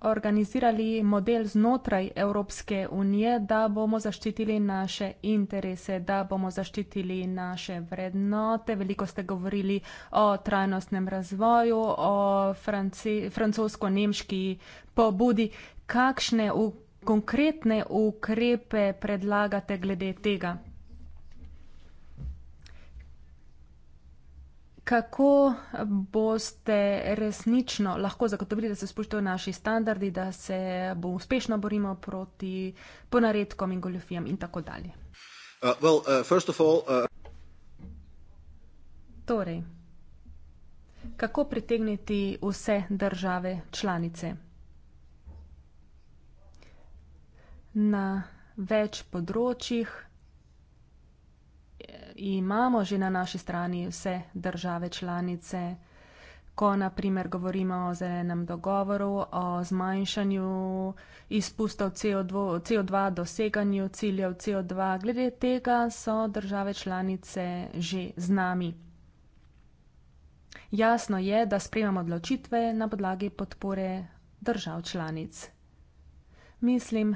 organizirali model znotraj Evropske unije, da bomo zaščitili naše interese, da bomo zaščitili naše vrednote. Veliko ste govorili o trajnostnem razvoju, o francosko-nemški pobudi. Kakšne konkretne ukrepe predlagate glede tega? Kako boste resnično lahko zagotovili, da se spoštujejo naši standardi, da se bo uspešno borimo proti ponaredkom in goljofijam in tako dalje? Uh, well, uh, all, uh... Torej, kako pritegniti vse države članice na več področjih? imamo že na naši strani vse države članice, ko naprimer govorimo o zelenem dogovoru, o zmanjšanju izpustov CO2, doseganju ciljev CO2. Glede tega so države članice že z nami. Jasno je, da sprejemamo odločitve na podlagi podpore držav članic. Mislim,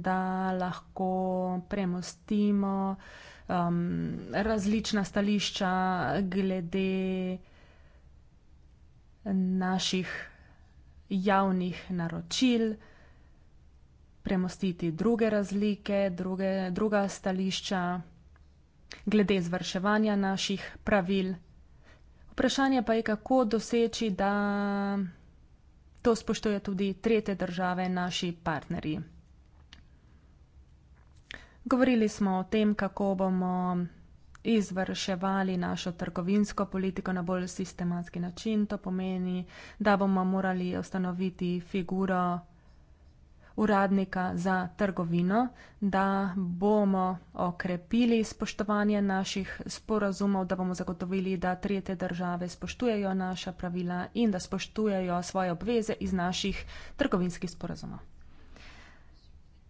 da lahko premostimo uh, um, različna stališča glede naših javnih naročil, premostiti druge razlike, druge, druga stališča glede izvrševanja naših pravil. Vprašanje pa je, kako doseči, da to spoštuje tudi tretje države, naši partnerji. Govorili smo o tem, kako bomo izvrševali našo trgovinsko politiko na bolj sistematski način. To pomeni, da bomo morali ustanoviti figuro uradnika za trgovino, da bomo okrepili spoštovanje naših sporazumov, da bomo zagotovili, da tretje države spoštujejo naša pravila in da spoštujejo svoje obveze iz naših trgovinskih sporazumov.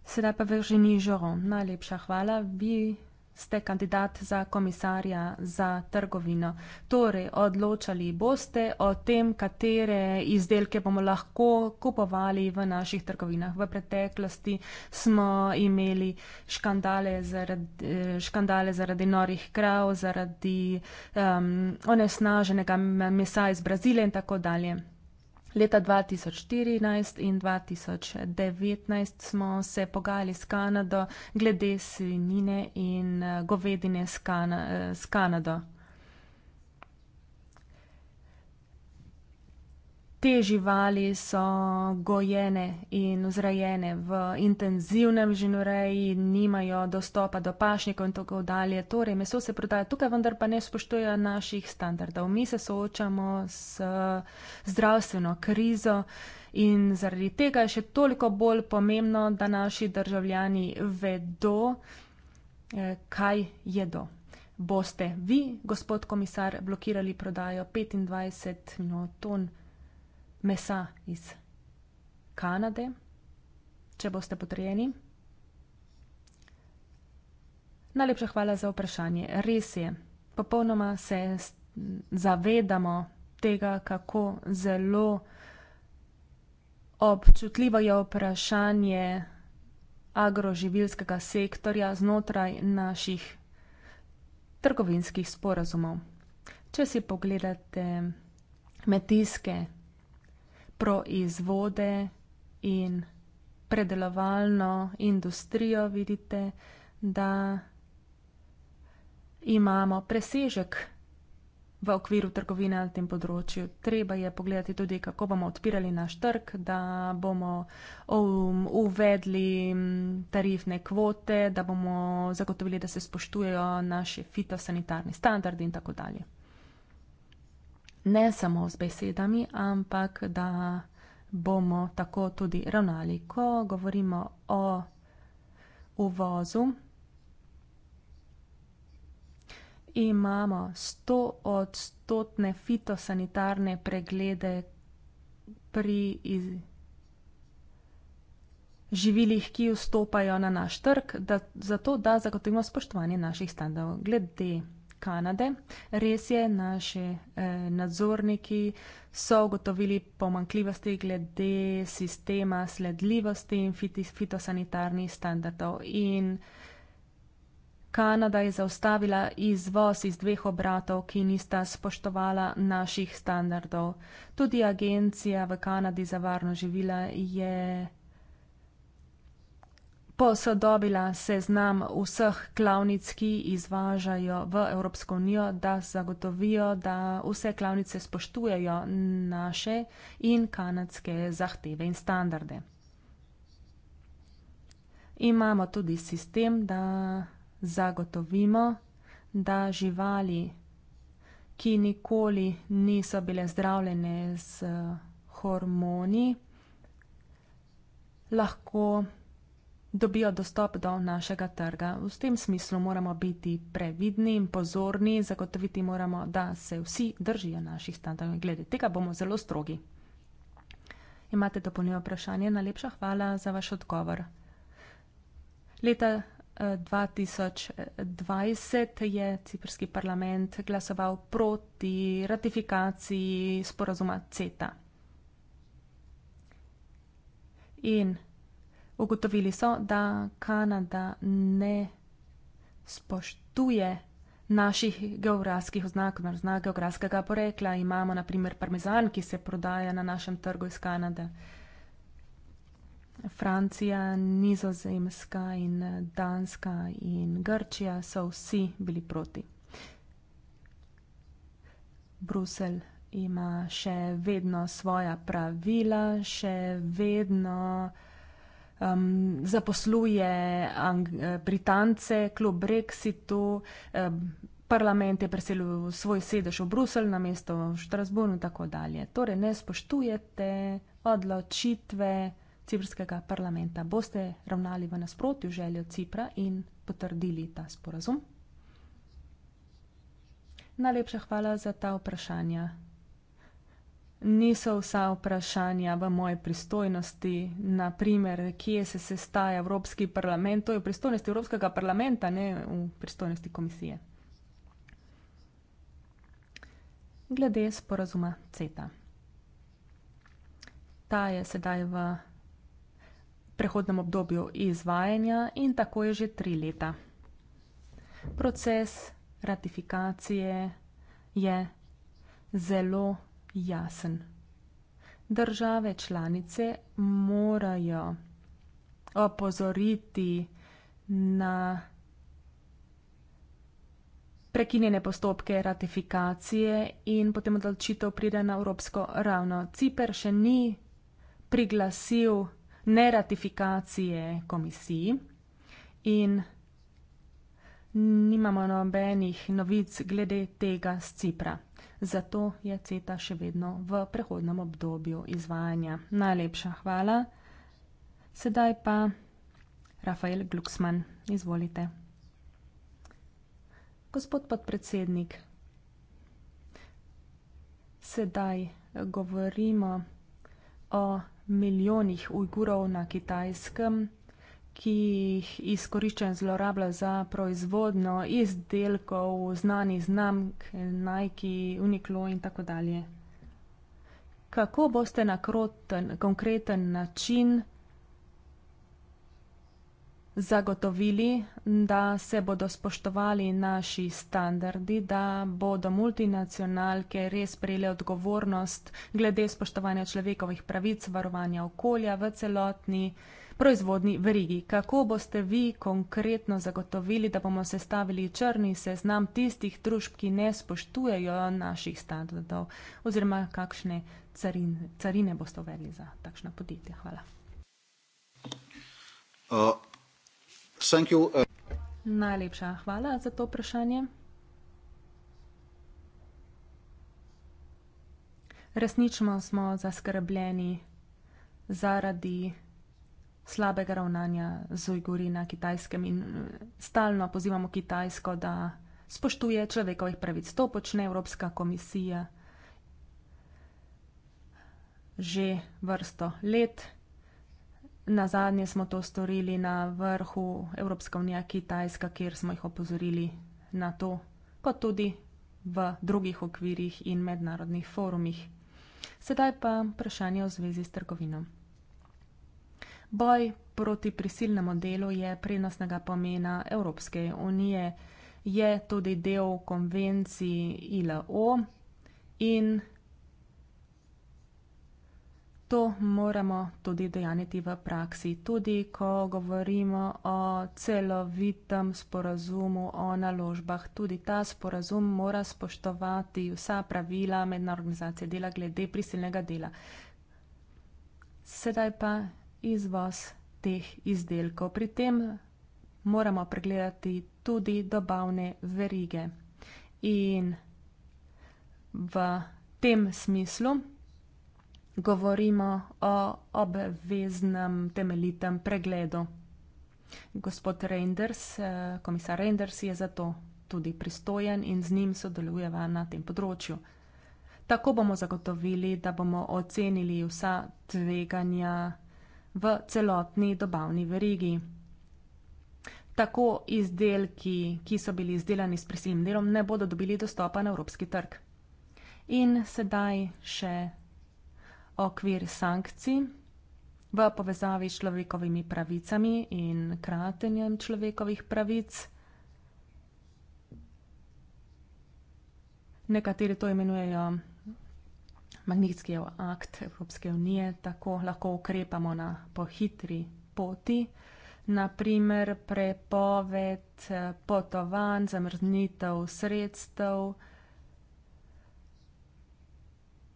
Sedaj pa Virginie Joron, najlepša hvala. Vi ste kandidat za komisarja za trgovino. Torej, odločali boste o tem, katere izdelke bomo lahko kupovali v naših trgovinah. V preteklosti smo imeli škandale zaradi, škandale zaradi norih krav, zaradi um, onesnaženega mesa iz Brazile in tako dalje. Leta 2014 in 2019 smo se pogajali s Kanado glede svinjine in eh, govedine s, kan eh, s Kanado. te živali so gojene in vzrajene v intenzivnem žinoreji, nimajo dostopa do pašnikov in tako dalje. Torej, meso se prodaja tukaj, vendar pa ne spoštujejo naših standardov. Mi se soočamo s zdravstveno krizo in zaradi tega je še toliko bolj pomembno, da naši državljani vedo, eh, kaj jedo. Boste vi, gospod komisar, blokirali prodajo 25 milijonov ton mesa iz Kanade, če boste potrjeni. Najlepša hvala za vprašanje. Res je, popolnoma se zavedamo tega, kako zelo občutljivo je vprašanje agroživilskega sektorja znotraj naših trgovinskih sporazumov. Če si pogledate metijske proizvode in predelovalno industrijo vidite, da imamo presežek v okviru trgovine na tem področju. Treba je pogledati tudi, kako bomo odpirali naš trg, da bomo um, uvedli mm, tarifne kvote, da bomo zagotovili, da se spoštujejo naši fitosanitarni standardi in tako dalje ne samo z besedami, ampak da bomo tako tudi ravnali. Ko govorimo o uvozu, imamo 100 odstotne fitosanitarne preglede pri iz... živilih, ki vstopajo na naš trg, da, zato da zagotovimo spoštovanje naših standardov glede. Kanade. Res je, naši eh, nadzorniki so ugotovili pomankljivosti glede sistema sledljivosti in fitosanitarnih standardov. In Kanada je zaustavila izvoz iz dveh obratov, ki nista spoštovala naših standardov. Tudi agencija v Kanadi za varno živila je posodobila seznam vseh klavnic, ki izvažajo v Evropsko unijo, da zagotovijo, da vse klavnice spoštujejo naše in kanadske zahteve in standarde. Imamo tudi sistem, da zagotovimo, da živali, ki nikoli niso bile zdravljene z eh, hormoni, lahko dobijo dostop do našega trga. V tem smislu moramo biti previdni in pozorni, zagotoviti moramo, da se vsi držijo naših standardov. Glede tega bomo zelo strogi. Imate dopolnjeno vprašanje? Najlepša hvala za vaš odgovor. Leta 2020 eh, je ciprski parlament glasoval proti ratifikaciji sporazuma CETA. In Ugotovili so, da Kanada ne spoštuje naših geografskih oznak, znak geografskega porekla. Imamo naprimer parmezan, ki se prodaja na našem trgu iz Kanade. Francija, Nizozemska in eh, Danska in Grčija so vsi bili proti. Brusel ima še vedno svoja pravila, še vedno um, zaposluje Ang eh, Britance, kljub Brexitu, um, parlament je preselil svoj sedež v Bruselj na mesto v Štrasburu in tako dalje. Torej, ne spoštujete odločitve ciprskega parlamenta. Boste ravnali v nasprotju željo Cipra in potrdili ta sporazum? Najlepša hvala za ta vprašanja niso vsa vprašanja v moji pristojnosti, naprimer, kje se sestaja Evropski parlament, to je v pristojnosti Evropskega parlamenta, ne v pristojnosti komisije. Glede sporazuma CETA. Ta je sedaj v prehodnem obdobju izvajanja in tako je že tri leta. Proces ratifikacije je zelo jasen. Države članice morajo opozoriti na prekinjene postopke ratifikacije in potem odločitev pride na evropsko ravno. Ciper še ni priglasil neratifikacije komisiji in nimamo nobenih novic glede tega z Cipra zato je CETA še vedno v prehodnem obdobju izvajanja. Najlepša hvala. Sedaj pa Rafael Glucksmann, izvolite. Gospod podpredsednik, sedaj govorimo o milijonih ujgurov na kitajskem ki jih izkorišča in zlorablja za proizvodno izdelkov znanih znamk, Nike, Uniqlo in tako dalje. Kako boste na kroten, konkreten način zagotovili, da se bodo spoštovali naši standardi, da bodo multinacionalke res prejele odgovornost glede spoštovanja človekovih pravic, varovanja okolja v celotni proizvodni verigi. Kako boste vi konkretno zagotovili, da bomo sestavili črni seznam tistih družb, ki ne spoštujejo naših standardov oziroma kakšne carine, carine boste uvedli za takšna podjetja? Hvala. Uh, you, uh... Najlepša hvala za to vprašanje. Resnično smo zaskrbljeni zaradi slabega ravnanja z Ujguri na kitajskem in eh, stalno pozivamo Kitajsko, da spoštuje človekovih pravic. To počne Evropska komisija že vrsto let. Na zadnje smo to storili na vrhu Evropska unija Kitajska, kjer smo jih opozorili na to, kot tudi v drugih okvirih in mednarodnih forumih. Sedaj pa vprašanje v zvezi s trgovinom. Boj proti prisilnemu delu je prednostnega pomena Evropske unije, je tudi del konvencij ILO in to moramo tudi dejaniti v praksi, tudi ko govorimo o celovitem sporazumu o naložbah. Tudi ta sporazum mora spoštovati vsa pravila mednarodne organizacije dela glede prisilnega dela. Sedaj pa izvoz teh izdelkov. Pri tem moramo pregledati tudi dobavne verige. In v tem smislu govorimo o obveznem temeljitem pregledu. Gospod Reinders, eh, komisar Reinders je zato tudi pristojen in z njim sodelujeva na tem področju. Tako bomo zagotovili, da bomo ocenili vsa tveganja, v celotni dobavni verigi. Tako izdelki, ki so bili izdelani s prisilnim delom, ne bodo dobili dostopa na evropski trg. In sedaj še okvir sankcij v povezavi s človekovimi pravicami in kratenjem človekovih pravic. Nekateri to imenujejo magnetski akt Evropske unije, tako lahko ukrepamo na pohitri poti, naprimer prepoved potovanj, zamrznitev sredstev,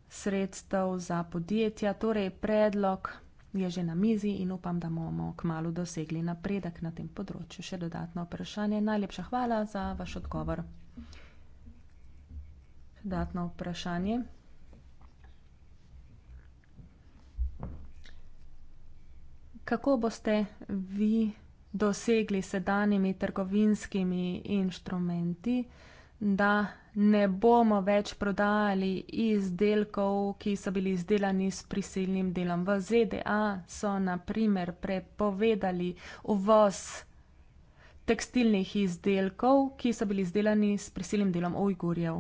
sredstev za podjetja, torej predlog je že na mizi in upam, da bomo k malu dosegli napredek na tem področju. Še dodatno vprašanje. Najlepša hvala za vaš odgovor. Dodatno vprašanje. Kako boste vi dosegli sedanjimi trgovinskimi inštrumenti, da ne bomo več prodajali izdelkov, ki so bili izdelani s prisilnim delom? V ZDA so naprimer prepovedali uvoz tekstilnih izdelkov, ki so bili izdelani s prisilnim delom Ujgurjev.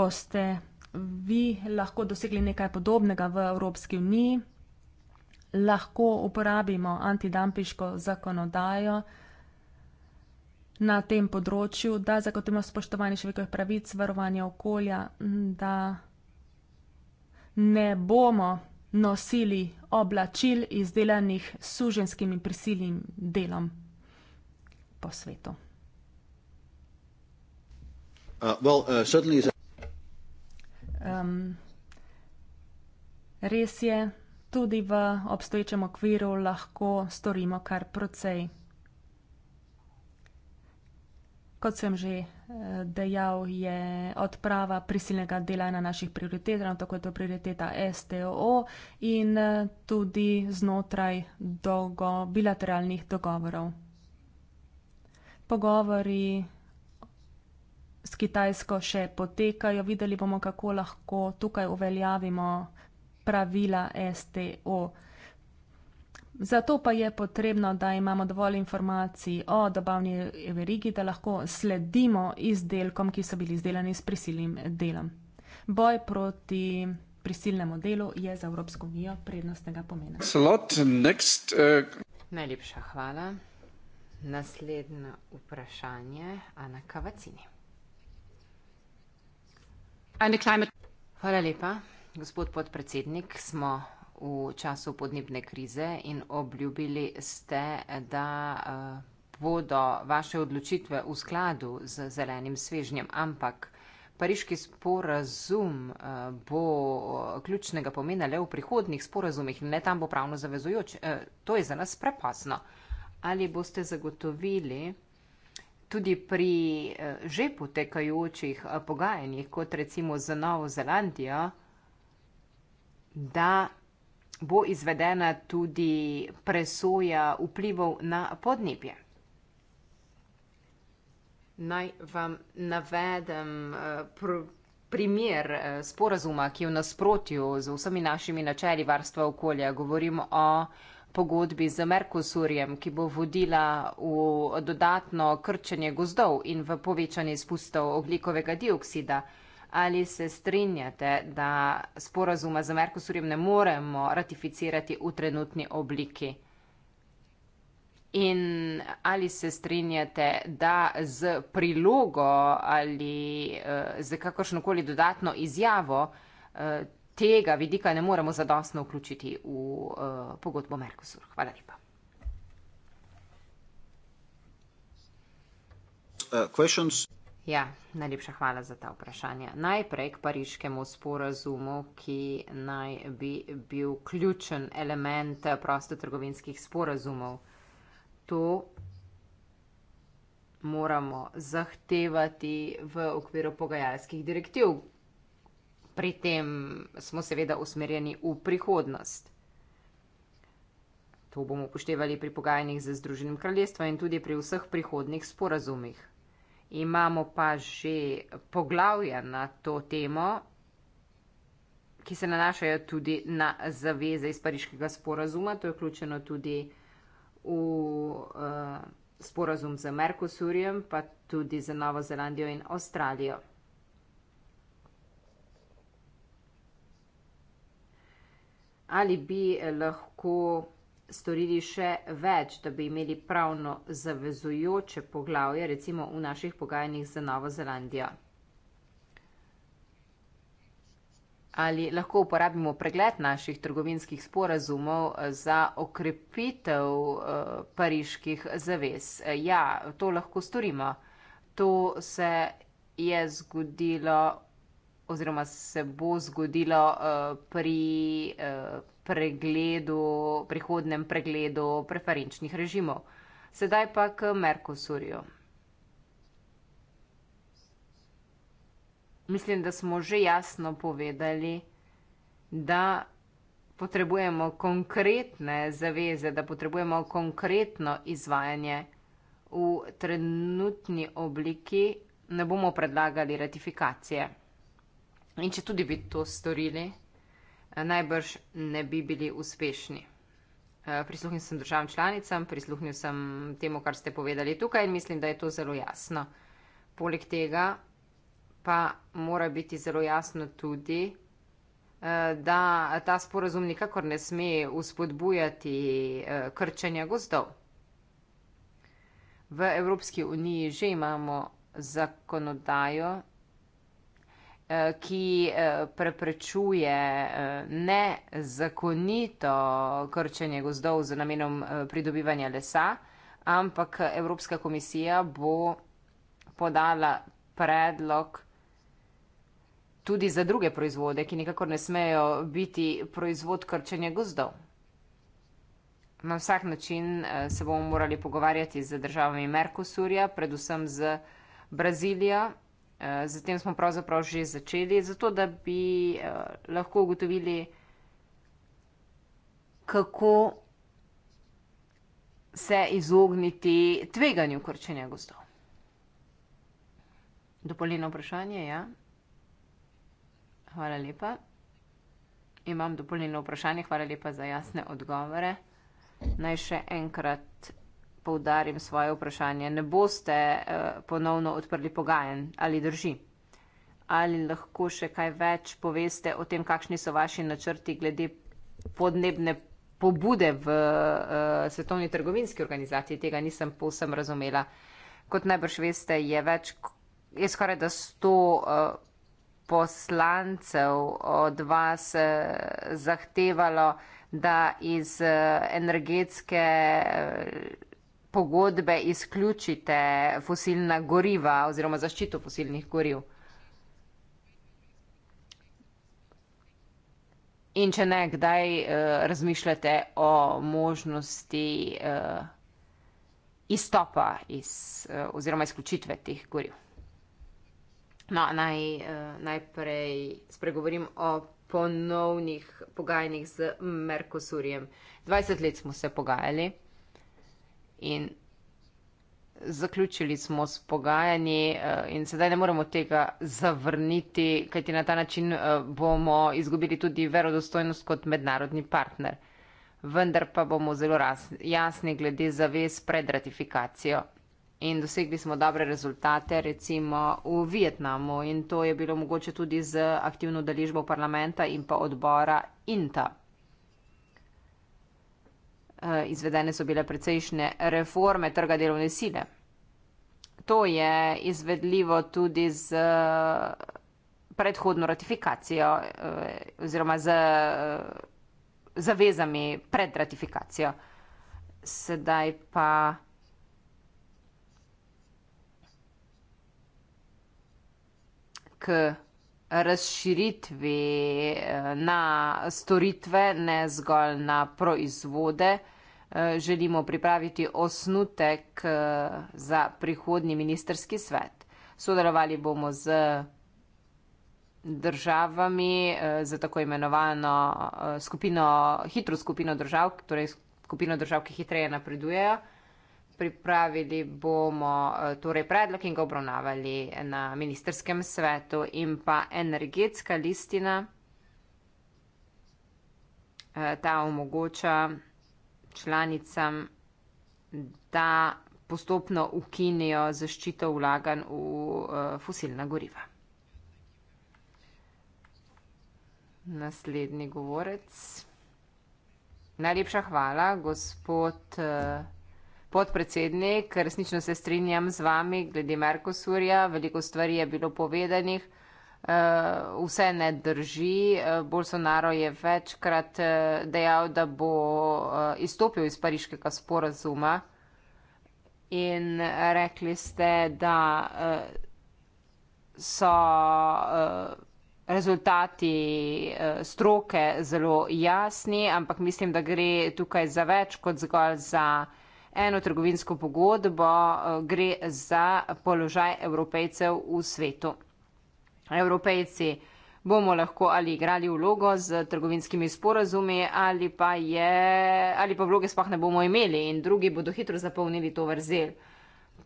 Boste vi lahko dosegli nekaj podobnega v Evropski uniji? lahko uporabimo antidampiško zakonodajo na tem področju, da zagotovimo spoštovanje človekovih pravic, varovanje okolja, da ne bomo nosili oblačil izdelanih s suženskim in prisilnim delom po svetu. Uh, well, uh, um, res je, tudi v obstoječem okviru lahko storimo kar precej. Kot sem že eh, dejal, je odprava prisilnega dela na naših prioritetah, tako je to prioriteta STO in eh, tudi znotraj dolgo bilateralnih dogovorov. Pogovori s Kitajsko še potekajo, videli bomo, kako lahko tukaj uveljavimo pravila STO. Zato pa je potrebno, da imamo dovolj informacij o dobavni verigi, da lahko sledimo izdelkom, ki so bili izdelani s prisilnim delom. Boj proti prisilnemu delu je za Evropsko unijo prednostnega pomena. Next, uh... Najlepša hvala. Naslednje vprašanje, Ana Kavacini. Climate... Hvala lepa. Gospod podpredsednik, smo v času podnebne krize in obljubili ste, da eh, bodo vaše odločitve v skladu z zelenim svežnjem, ampak pariški sporazum eh, bo ključnega pomena le v prihodnih sporazumih in ne tam bo pravno zavezujoč. Eh, to je za nas prepasno. Ali boste zagotovili tudi pri že potekajočih pogajanjih, kot recimo za Novo Zelandijo, da bo izvedena tudi presoja vplivov na podnebje. Naj vam navedem eh, pr primer eh, sporazuma, ki je v nasprotju z vsemi našimi načeli varstva okolja. Govorim o pogodbi z Merkosurjem, ki bo vodila v dodatno krčenje gozdov in v povečanje izpustov oglikovega dioksida. Ali se strinjate, da sporazuma z Merkosurjem ne moremo ratificirati v trenutni obliki? In ali se strinjate, da z prilogo ali eh, z kakršnokoli dodatno izjavo eh, tega vidika ne moremo zadostno vključiti v eh, pogodbo Merkosur? Hvala lepa. Uh, questions? Ja, najlepša hvala za ta vprašanja. Najprej k pariškemu sporazumu, ki naj bi bil ključen element prostotrgovinskih sporazumov. To moramo zahtevati v okviru pogajalskih direktiv. Pri tem smo seveda usmerjeni v prihodnost. To bomo upoštevali pri pogajanjih z Združenim kraljestvom in tudi pri vseh prihodnih sporazumih. Imamo pa že poglavja na to temo, ki se nanašajo tudi na zaveze iz pariškega sporazuma. To je vključeno tudi v uh, sporazum z Merkosurjem, pa tudi za Novo Zelandijo in Avstralijo. Ali bi eh, lahko storili še več, da bi imeli pravno zavezujoče poglavje, recimo v naših pogajanjih za Novo Zelandijo? Ali lahko uporabimo pregled naših trgovinskih sporazumov za okrepitev eh, pariških zavez? Ja, to lahko storimo. To se je zgodilo oziroma se bo zgodilo eh, pri eh, pregledu, prihodnem pregledu preferenčnih režimov. Sedaj pa k Merkosurju. Mislim, da smo že jasno povedali, da potrebujemo konkretne zaveze, da potrebujemo konkretno izvajanje v trenutni obliki, ne bomo predlagali ratifikacije. In če tudi bi to storili, najbrž ne bi bili uspešni. Eh, prisluhnil sem državam članicam, prisluhnil sem temu, kar ste povedali tukaj in mislim, da je to zelo jasno. Poleg tega pa mora biti zelo jasno tudi, eh, da ta sporazum nikakor ne sme uspodbujati eh, krčanja gozdov. V Evropski uniji že imamo zakonodajo Eh, ki eh, preprečuje eh, nezakonito krčenje gozdov z namenom pridobivanja lesa, ampak Evropska komisija bo podala predlog tudi za druge proizvode, ki nikakor ne smejo biti proizvod krčenja gozdov. Na vsak način se bomo morali pogovarjati z državami Merkosurja, predvsem z Brazilijo. Zatem eh, smo pravzaprav že začeli, zato da bi eh, lahko ugotovili, kako se izogniti tveganju krčenja gozdov. Dopoljeno vprašanje, ja. Hvala lepa. Imam dopoljeno vprašanje, hvala lepa za jasne odgovore. Naj še enkrat poudarim svoje vprašanje, ne boste eh, ponovno odprli pogajen, ali drži? Ali lahko še kaj več poveste o tem, kakšni so vaši načrti glede podnebne pobude v eh, Svetovni trgovinski organizaciji? Tega nisem povsem razumela. Kot najbrž veste, je več, je skoraj da sto eh, poslancev od vas zahtevalo, da iz energetske pogodbe izključite fosilna goriva oziroma zaščito fosilnih goriv? In če ne, kdaj eh, razmišljate o možnosti eh, izstopa iz, eh, oziroma izključitve teh goriv? No, naj, eh, najprej spregovorim o ponovnih pogajanjih z Merkosurjem. 20 let smo se pogajali in zaključili smo s pogajanji eh, in sedaj ne moremo tega zavrniti, kajti na ta način eh, bomo izgubili tudi verodostojnost kot mednarodni partner. Vendar pa bomo zelo jasni glede zavez pred ratifikacijo. In dosegli smo dobre rezultate, recimo v Vietnamu, in to je bilo mogoče tudi z aktivno deležbo parlamenta in pa odbora INTA. Eh, izvedene so bile precejšnje reforme trga delovne sile. To je izvedljivo tudi z eh, predhodno ratifikacijo eh, oziroma z zavezami pred ratifikacijo. Sedaj pa. K razširitvi na storitve, ne zgolj na proizvode. Eh, želimo pripraviti osnutek eh, za prihodni ministerski svet. Sodelovali bomo z državami, eh, za tako imenovano skupino, hitro skupino držav, torej skupino držav, ki hitreje napredujejo. Pripravili bomo torej predlog in ga obravnavali na ministerskem svetu in pa energetska listina. Ta omogoča članicam, da postopno ukinijo zaščito vlagan v eh, fosilna goriva. Naslednji govorec. Najlepša hvala, gospod eh, podpredsednik. Resnično se strinjam z vami glede Merkosurja. Veliko stvari je bilo povedanih. Eh, vse ne drži. Eh, Bolsonaro je večkrat eh, dejal, da bo izstopil iz pariškega sporazuma in rekli ste, da so rezultati stroke zelo jasni, ampak mislim, da gre tukaj za več kot zgolj za eno trgovinsko pogodbo, gre za položaj evropejcev v svetu. Evropejci bomo lahko ali igrali vlogo z trgovinskimi sporazumi ali pa, je, ali pa vloge sploh ne bomo imeli in drugi bodo hitro zapolnili to vrzel.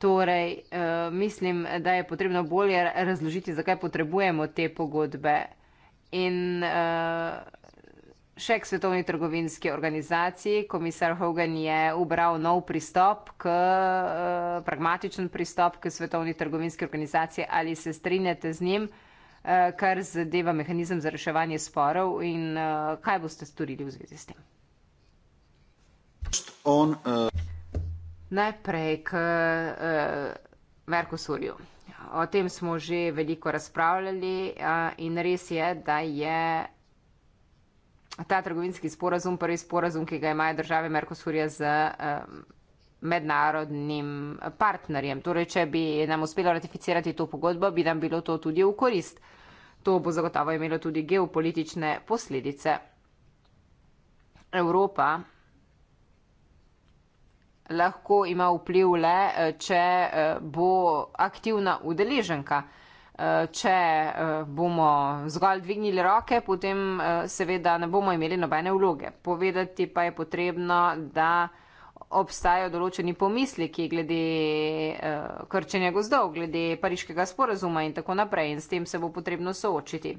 Torej, eh, mislim, da je potrebno bolje razložiti, zakaj potrebujemo te pogodbe. In eh, še k svetovni trgovinski organizaciji, komisar Hogan je ubral nov pristop, k, eh, pragmatičen pristop k svetovni trgovinski organizaciji. Ali se strinjate z njim? Eh, kar zadeva mehanizem za reševanje sporov in eh, kaj boste storili v zvezi s tem? On, uh... Najprej k uh, Merkosurju. O tem smo že veliko razpravljali uh, in res je, da je ta trgovinski sporazum prvi sporazum, ki ga imajo države Merkosurja z. Um, mednarodnim partnerjem. Torej, če bi nam uspelo ratificirati to pogodbo, bi nam bilo to tudi v korist. To bo zagotovo imelo tudi geopolitične posledice. Evropa lahko ima vpliv le, če bo aktivna udeleženka. Če bomo zgolj dvignili roke, potem seveda ne bomo imeli nobene vloge. Povedati pa je potrebno, da obstajajo določeni pomisleki glede uh, krčenja gozdov, glede pariškega sporazuma in tako naprej in s tem se bo potrebno soočiti.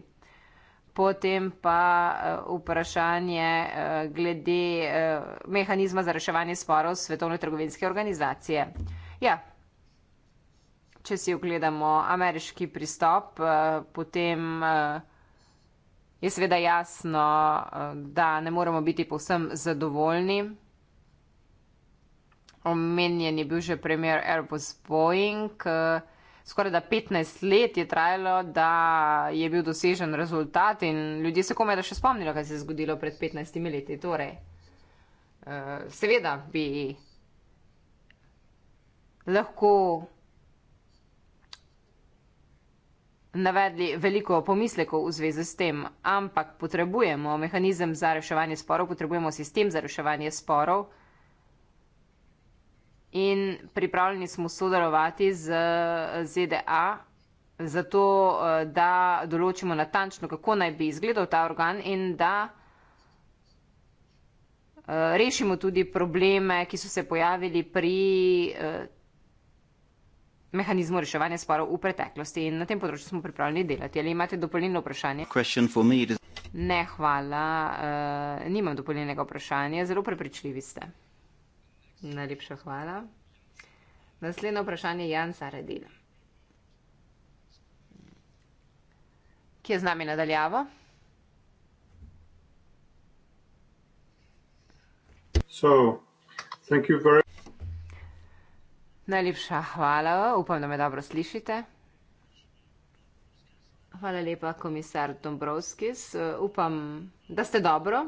Potem pa uh, vprašanje uh, glede uh, mehanizma za reševanje sporov svetovne trgovinske organizacije. Ja, če si ogledamo ameriški pristop, uh, potem. Uh, Je seveda jasno, da ne moremo biti povsem zadovoljni Omenjen je bil že primer Airbus Boeing. Eh, Skoraj da 15 let je trajalo, da je bil dosežen rezultat in ljudje se komaj da še spomnijo, kaj se je zgodilo pred 15 leti. Torej, eh, seveda bi lahko navedli veliko pomislekov v zvezi s tem, ampak potrebujemo mehanizem za reševanje sporov, potrebujemo sistem za reševanje sporov in pripravljeni smo sodelovati z ZDA, zato eh, da določimo natančno, kako naj bi izgledal ta organ in da eh, rešimo tudi probleme, ki so se pojavili pri eh, mehanizmu reševanja sporov v preteklosti in na tem področju smo pripravljeni delati. Ali imate dopolnilno vprašanje? Ne, hvala. Uh, nimam dopolnilnega vprašanja. Zelo prepričljivi ste. Najlepša hvala. Naslednje vprašanje je Jan Saradin. Kje je z nami nadaljavo? So, thank you very... Najlepša hvala, upam, da me dobro slišite. Hvala lepa, komisar Dombrovskis. Upam, da ste dobro.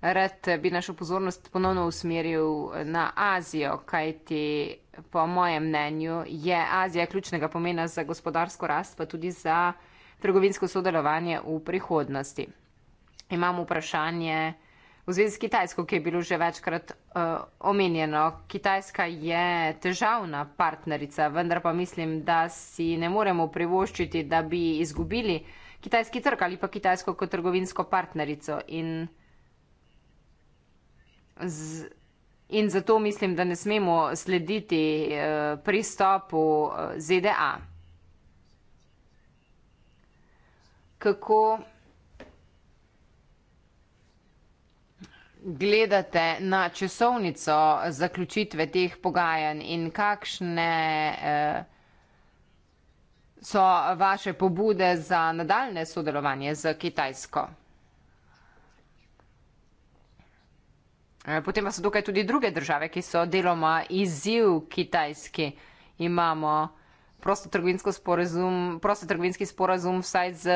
Rad bi našo pozornost ponovno usmeril na Azijo, kajti po mojem mnenju je Azija ključnega pomena za gospodarsko rast, pa tudi za trgovinsko sodelovanje v prihodnosti. Imam vprašanje v zvezi s Kitajsko, ki je bilo že večkrat uh, omenjeno. Kitajska je težavna partnerica, vendar pa mislim, da si ne moremo privoščiti, da bi izgubili kitajski trg ali pa kitajsko kot trgovinsko partnerico. In Z, in zato mislim, da ne smemo slediti uh, pristopu eh, ZDA. Kako gledate na časovnico zaključitve teh pogajanj in kakšne uh, so vaše pobude za nadaljne sodelovanje z Kitajsko? Eh, potem pa so tukaj tudi druge države, ki so deloma izziv Kitajski. Imamo prostotrgovinski sporazum, sporazum vsaj z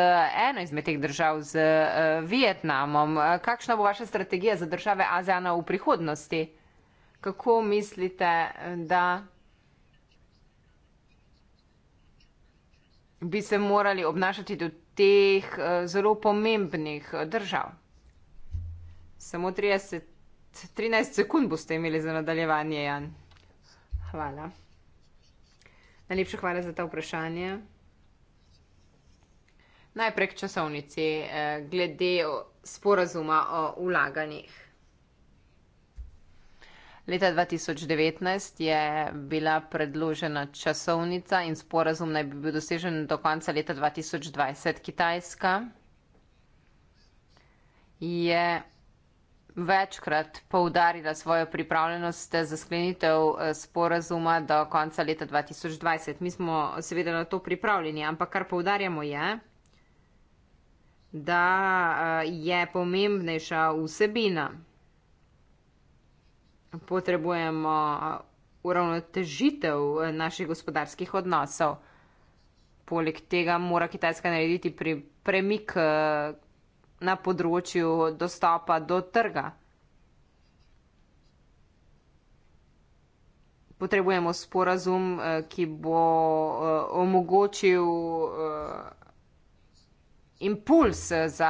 eno izmed teh držav, z eh, Vietnamom. Eh, kakšna bo vaša strategija za države ASEAN v prihodnosti? Kako mislite, da bi se morali obnašati do teh zelo pomembnih držav? Samo 30 13 sekund boste imeli za nadaljevanje, Jan. Hvala. Najlepša hvala za ta vprašanje. Najprej k časovnici, eh, glede sporazuma o ulaganjih. Leta 2019 je bila predložena časovnica in sporazum naj bi bil dosežen do konca leta 2020. Kitajska je večkrat poudarila svojo pripravljenost za sklenitev eh, sporazuma do konca leta 2020. Mi smo seveda na to pripravljeni, ampak kar poudarjamo je, da eh, je pomembnejša vsebina. Potrebujemo eh, uravnotežitev naših gospodarskih odnosov. Poleg tega mora Kitajska narediti premik na področju dostopa do trga. Potrebujemo sporazum, eh, ki bo eh, omogočil eh, impuls za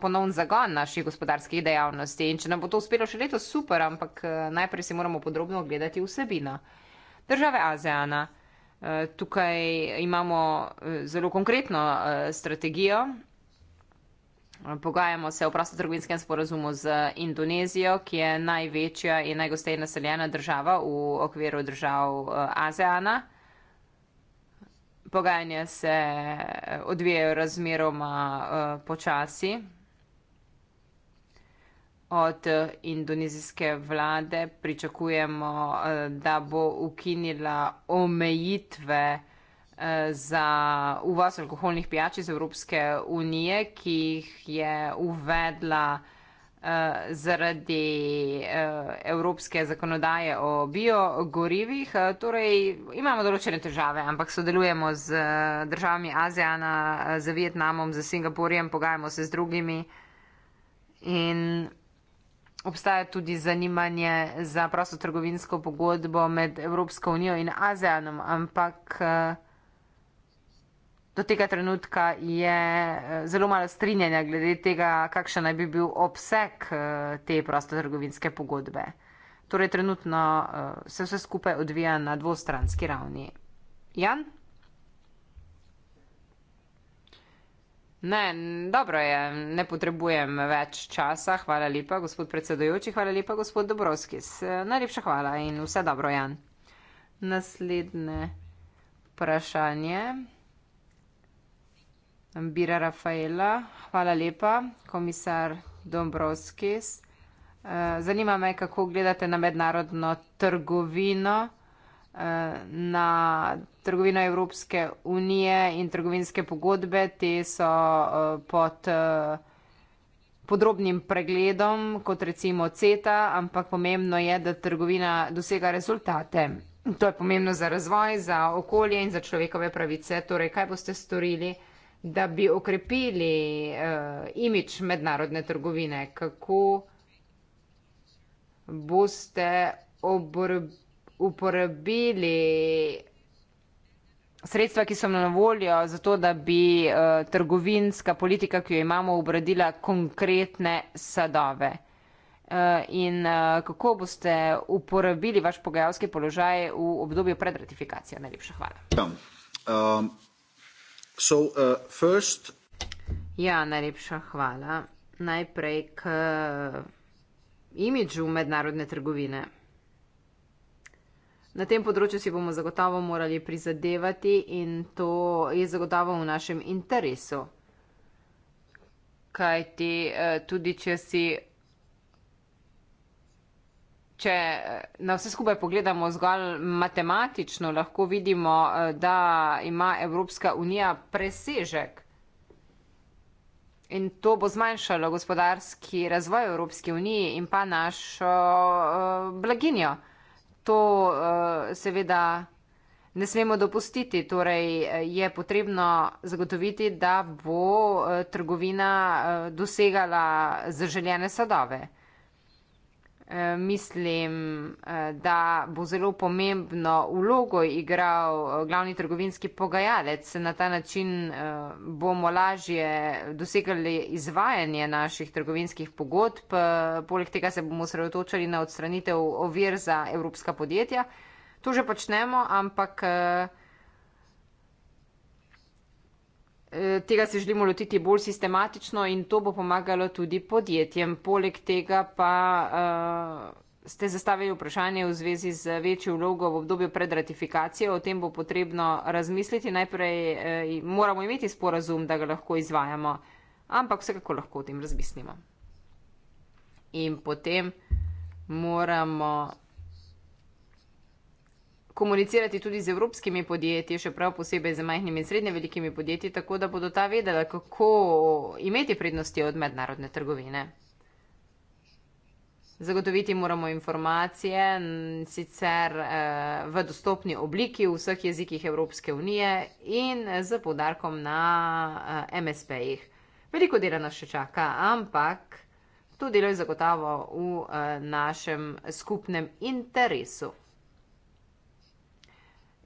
ponovn zagon naših gospodarskih dejavnosti. In če nam bo to uspelo še leto, super, ampak najprej si moramo podrobno ogledati vsebino. Države ASEANA. Tukaj imamo zelo konkretno strategijo, Eh, pogajamo se o prostotrgovinskem sporozumu z Indonezijo, ki je največja in najgosteje naseljena država v okviru držav eh, ASEANA. Pogajanja se eh, odvijajo razmeroma počasi. Od indonezijske vlade pričakujemo, da bo ukinila omejitve za uvoz alkoholnih pijač iz Evropske unije, ki jih je uvedla eh, zaradi eh, evropske zakonodaje o biogorivih. Eh, torej, imamo določene težave, ampak sodelujemo z državami ASEAN-a, z Vietnamom, z Singapurjem, pogajamo se z drugimi in obstaja tudi zanimanje za prosto trgovinsko pogodbo med Evropsko unijo in ASEAN-om, ampak do tega trenutka je eh, zelo malo strinjanja glede tega, kakšen naj bi bil obseg eh, te prostotrgovinske pogodbe. Torej, trenutno eh, se vse skupaj odvija na dvostranski ravni. Jan? Ne, dobro je, ne potrebujem več časa. Hvala lepa, gospod predsedojoči, hvala lepa, gospod Dobrovskis. Najlepša hvala in vse dobro, Jan. Naslednje vprašanje. Bira Rafaela, hvala lepa, komisar Dombrovskis. Eh, zanima me, kako gledate na mednarodno trgovino, eh, na trgovino Evropske unije in trgovinske pogodbe. Te so eh, pod podrobnim pregledom, kot recimo CETA, ampak pomembno je, da trgovina dosega rezultate. To je pomembno za razvoj, za okolje in za človekove pravice. Torej, kaj boste storili? da bi okrepili uh, eh, imič mednarodne trgovine. Kako boste uporabili sredstva, ki so na voljo, zato da bi uh, trgovinska politika, ki jo imamo, obradila konkretne sadove? Uh, in uh, kako boste uporabili vaš pogajalski položaj v obdobju pred ratifikacijo? Najlepša hvala. Ja. Um, um. So, uh, first... Ja, najlepša hvala. Najprej k uh, imidžu mednarodne trgovine. Na tem področju si bomo zagotovo morali prizadevati in to je zagotovo v našem interesu. Kaj ti, uh, tudi če si če eh, na vse skupaj pogledamo zgolj matematično, lahko vidimo, eh, da ima Evropska unija presežek. In to bo zmanjšalo gospodarski razvoj Evropske unije in pa našo eh, blaginjo. To seveda ne smemo dopustiti, torej je potrebno zagotoviti, da bo trgovina dosegala zaželjene sadove. Eh, mislim, eh, da bo zelo pomembno vlogo igral eh, glavni trgovinski pogajalec. Na ta način bomo lažje dosegali izvajanje naših trgovinskih pogodb. Poleg tega se bomo sredotočali na odstranitev ovir za evropska podjetja. To že počnemo, ampak. Eh, tega se želimo lotiti bolj sistematično in to bo pomagalo tudi podjetjem. Poleg tega pa uh, ste zastavili vprašanje v zvezi z večjo vlogo v obdobju pred ratifikacijo. O tem bo potrebno razmisliti. Najprej uh, moramo imeti sporazum, da ga lahko izvajamo, ampak vsekako lahko o tem razmislimo. In potem moramo komunicirati tudi z evropskimi podjetji, še prav posebej z majhnimi in srednje velikimi podjetji, tako da bodo ta vedela, kako imeti prednosti od mednarodne trgovine. Zagotoviti moramo informacije sicer eh, v dostopni obliki v vseh jezikih Evropske unije in z podarkom na eh, MSP-jih. Veliko dela nas še čaka, ampak to delo je zagotavo v eh, našem skupnem interesu.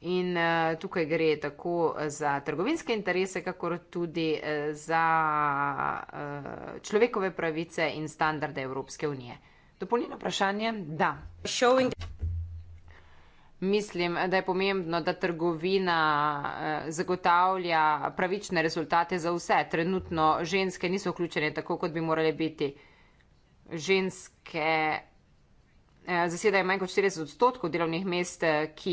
In uh, tukaj gre tako za trgovinske interese, kakor tudi uh, za uh, človekove pravice in standarde Evropske unije. Dopolnilno vprašanje? Da. Showing. Mislim, da je pomembno, da trgovina zagotavlja pravične rezultate za vse. Trenutno ženske niso vključene tako, kot bi morale biti. Ženske Eh, zasedajo manj kot 40 odstotkov delovnih mest, eh, ki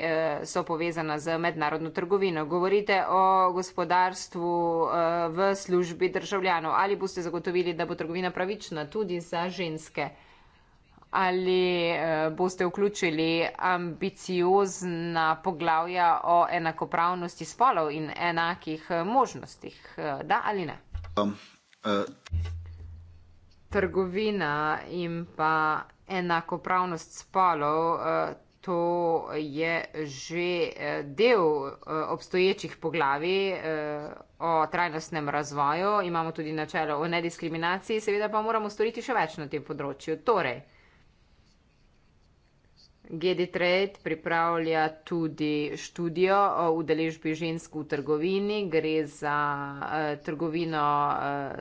eh, so povezana z mednarodno trgovino. Govorite o gospodarstvu v službi državljanov. Ali boste zagotovili, da bo trgovina pravična tudi za ženske? Ali boste vključili ambiciozna poglavja o enakopravnosti spolov in enakih možnostih? Da ali ne? Um, uh... Trgovina in pa enakopravnost spolov. Eh, to je že eh, del eh, obstoječih poglavi o trajnostnem razvoju. Imamo tudi načelo o nediskriminaciji, seveda pa moramo storiti še več na tem področju. Torej, Gedi Trade pripravlja tudi študijo o udeležbi žensk v trgovini. Gre za trgovino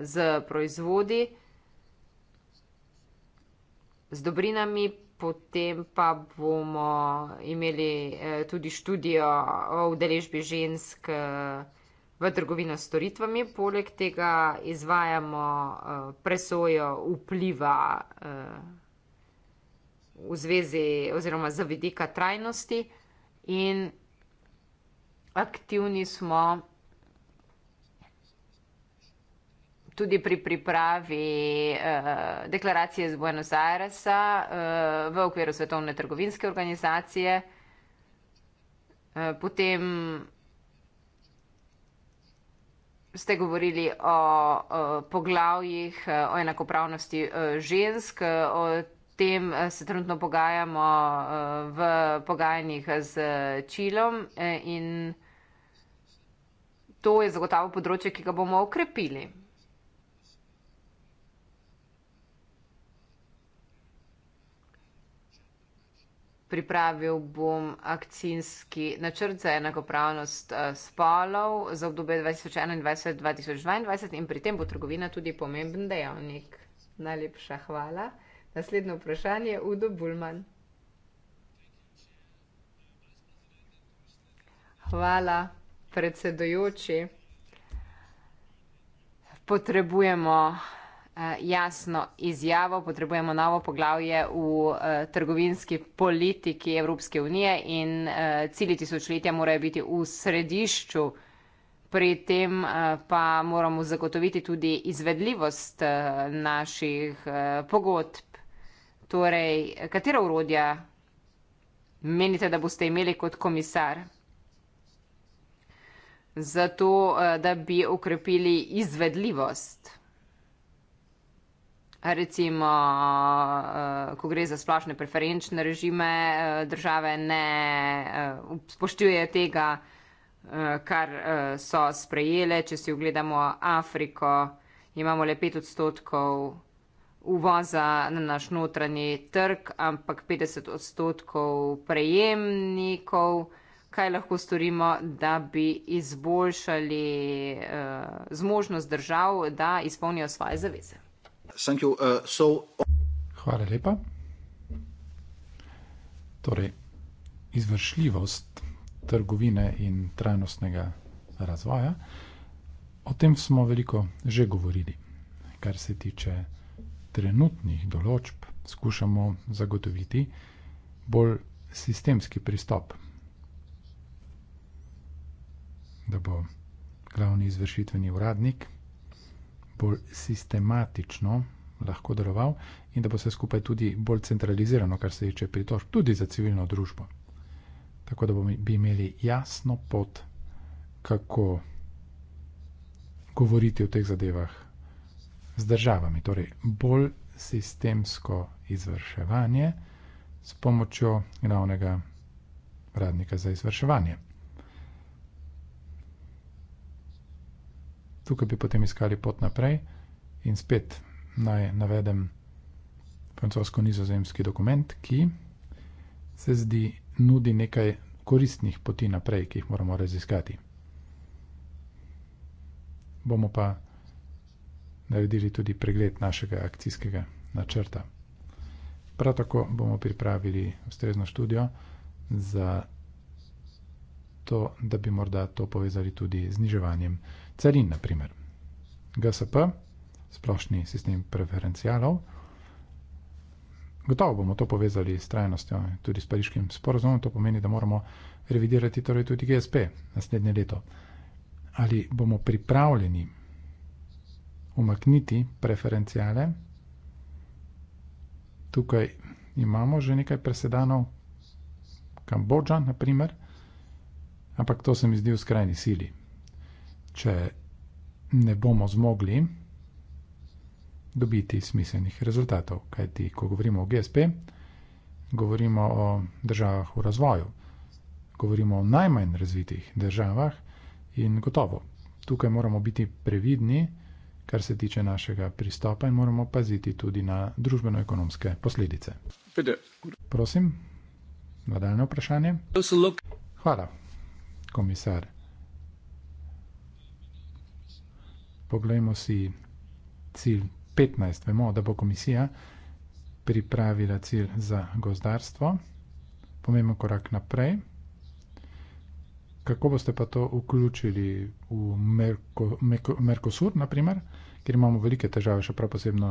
z proizvodi z dobrinami, potem pa bomo imeli eh, tudi študijo o udeležbi žensk eh, v trgovino s storitvami. Poleg tega izvajamo eh, presojo vpliva v zvezi oziroma za vidika trajnosti in aktivni smo. tudi pri pripravi eh, deklaracije iz Buenos Airesa eh, v okviru Svetovne trgovinske organizacije. Eh, potem ste govorili o, o poglavjih, eh, o enakopravnosti eh, žensk, o tem eh, se trenutno pogajamo eh, v pogajanjih z Čilom eh, in. To je zagotavljivo področje, ki ga bomo okrepili. Pripravil bom akcijski načrt za enakopravnost eh, spolov za obdobje 2021-2022 in pri tem bo trgovina tudi pomemben dejavnik. Najlepša hvala. Naslednje vprašanje je Udo Bulman. Hvala, predsedojoči. Potrebujemo Eh, jasno izjavo, potrebujemo novo poglavje v eh, trgovinski politiki Evropske unije in eh, cilji tisočletja morajo biti v središču. Pri tem pa moramo zagotoviti tudi izvedljivost naših pogodb. Torej, katera urodja menite, da boste imeli kot komisar? Zato, da bi ukrepili izvedljivost recimo, eh, ko gre za splošne preferenčne režime, eh, države ne eh, spoštuje tega, kar so sprejele. Če si ogledamo Afriko, imamo le 5 odstotkov uvoza na naš notranji trg, ampak 50 odstotkov prejemnikov. Kaj lahko storimo, da bi izboljšali uh, zmožnost držav, da izpolnijo svoje zaveze? Thank you. Uh, so... Hvala lepa. Torej, izvršljivost trgovine in trajnostnega razvoja. O tem smo veliko že govorili, kar se tiče trenutnih določb, skušamo zagotoviti bolj sistemski pristop, da bo glavni izvršitveni uradnik bolj sistematično lahko deloval in da bo vse skupaj tudi bolj centralizirano, kar se tiče pritožb, tudi za civilno družbo. Tako da bi imeli jasno pot, kako govoriti o teh zadevah z državami. Torej, bolj sistemsko izvrševanje s pomočjo glavnega radnika za izvrševanje. tukaj bi potem iskali pot naprej in spet naj navedem francosko-nizozemski dokument, ki se zdi nudi nekaj koristnih poti naprej, ki jih moramo raziskati. Bomo pa naredili tudi pregled našega akcijskega načrta. Prav tako bomo pripravili ustrezno študijo za to, da bi morda to povezali tudi z niževanjem carin, naprimer. GSP, splošni sistem preferencialov. Gotovo bomo to povezali s trajnostjo, tudi s pariškim sporozumom, to pomeni, da moramo revidirati torej tudi GSP naslednje leto. Ali bomo pripravljeni umakniti preferencijale? Tukaj imamo že nekaj presedanov, Kambodža, naprimer, ampak to se mi zdi v skrajni sili če ne bomo zmogli dobiti smiselnih rezultatov. Kaj ti, ko govorimo o GSP, govorimo o državah v razvoju, govorimo o najmanj razvitih državah in gotovo. Tukaj moramo biti previdni, kar se tiče našega pristopa in moramo paziti tudi na družbeno-ekonomske posledice. Prosim, nadaljne vprašanje. Hvala, komisar. Poglejmo si cilj 15. Vemo, da bo komisija pripravila cilj za gozdarstvo. Pomembno korak naprej. Kako boste pa to vključili v Merko, Merko, Merkosur, naprimer, kjer imamo velike težave, še prav posebno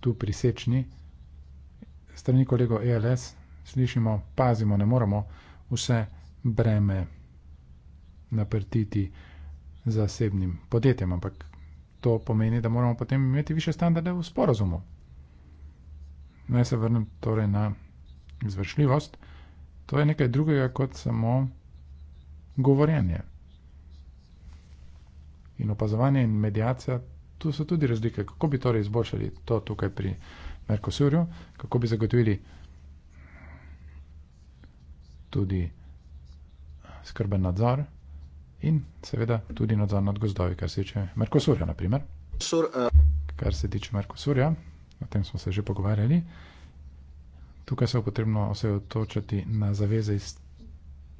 tu pri sečni. Strani kolego ELS slišimo, pazimo, ne moramo vse breme naprtiti zasebnim podjetjem, ampak to pomeni, da moramo potem imeti više standarde v sporozumu. Naj se vrnem torej na izvršljivost. To je nekaj drugega kot samo govorjenje. In opazovanje in medijacija, tu so tudi razlike, kako bi torej izboljšali to tukaj pri Merkosurju, kako bi zagotovili tudi skrben nadzor in seveda tudi nadzor nad gozdovi, kar se tiče Merkosurja. Sur, uh... Eh. Kar se tiče Merkosurja, o tem smo se že pogovarjali. Tukaj se je potrebno osredotočiti na zaveze iz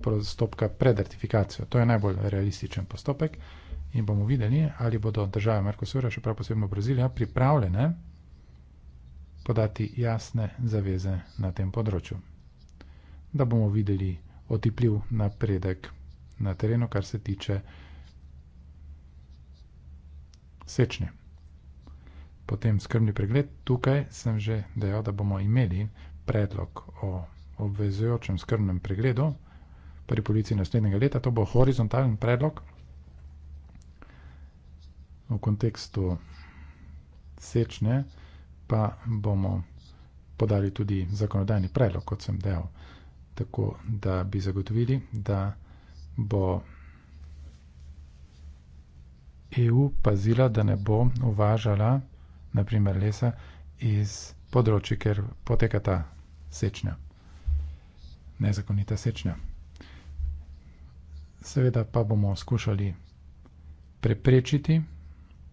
postopka pred ratifikacijo. To je najbolj realističen postopek in bomo videli, ali bodo države Merkosurja, še prav posebno Brazilija, pripravljene podati jasne zaveze na tem področju. Da bomo videli otipljiv napredek na terenu, kar se tiče sečnje. Potem skrbni pregled. Tukaj sem že dejal, da bomo imeli predlog o obvezujočem skrbnem pregledu pri policiji naslednjega leta. To bo horizontalen predlog v kontekstu sečnje, pa bomo podali tudi zakonodajni predlog, kot sem dejal, tako da bi zagotovili, da bi bo EU pazila, da ne bo uvažala naprimer lesa iz področji, ker poteka ta sečnja, nezakonita sečnja. Seveda pa bomo skušali preprečiti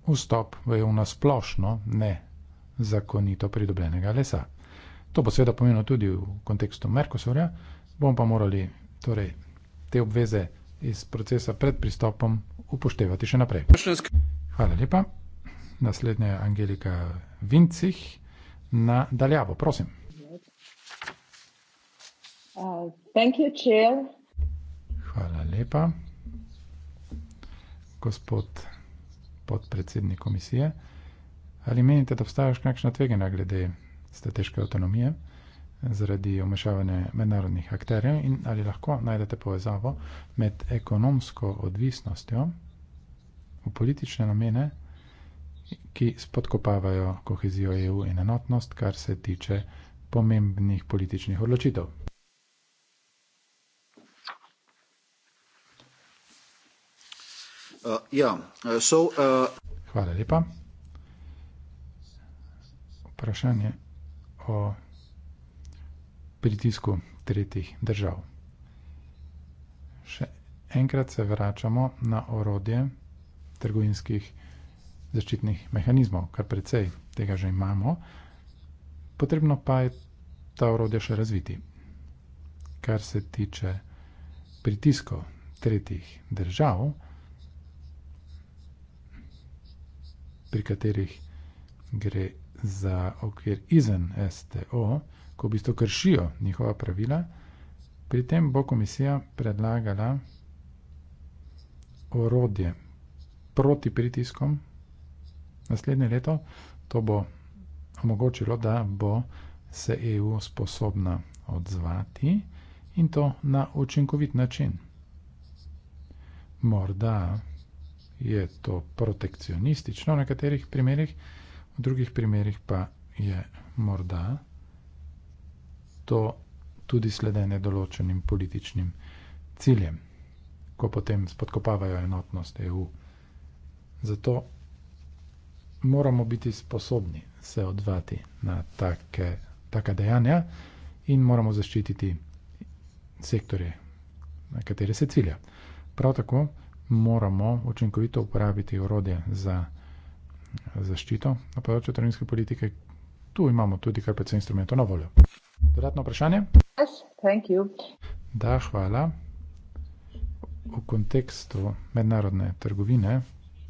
vstop v EU na splošno nezakonito pridobljenega lesa. To bo seveda pomenilo tudi v kontekstu Merkosurja, bomo pa morali torej te obveze iz procesa pred pristopom upoštevati še naprej. Hvala lepa. Naslednja je Angelika Vincih na daljavo, prosim. Uh, Hvala lepa. Gospod podpredsednik komisije, ali menite, da obstajaš kakšna tvegena glede strateške avtonomije? zaradi omešavanja mednarodnih akterjev in ali lahko najdete povezavo med ekonomsko odvisnostjo v politične namene, ki spodkopavajo kohezijo EU in enotnost, kar se tiče pomembnih političnih odločitev. Uh, ja, so, uh... Hvala lepa. Vprašanje o pritisku tretjih držav. Še enkrat se vračamo na orodje trgovinskih zaščitnih mehanizmov, kar precej tega že imamo, potrebno pa je ta orodje še razviti. Kar se tiče pritisko tretjih držav, pri katerih gre za okvir izven STO, ko v bistvu kršijo njihova pravila, pri tem bo komisija predlagala orodje proti pritiskom naslednje leto. To bo omogočilo, da bo se EU sposobna odzvati in to na učinkovit način. Morda je to protekcionistično v nekaterih primerih, drugih primerih pa je morda to tudi sledenje določenim političnim ciljem, ko potem spodkopavajo enotnost EU. Zato moramo biti sposobni se odvati na take, taka dejanja in moramo zaščititi sektorje, na katere se cilja. Prav tako moramo učinkovito uporabiti urode za zaščito na področju trgovinske politike. Tu imamo tudi kar precej instrumentov na voljo. Dodatno vprašanje? Yes, da, hvala. V kontekstu mednarodne trgovine,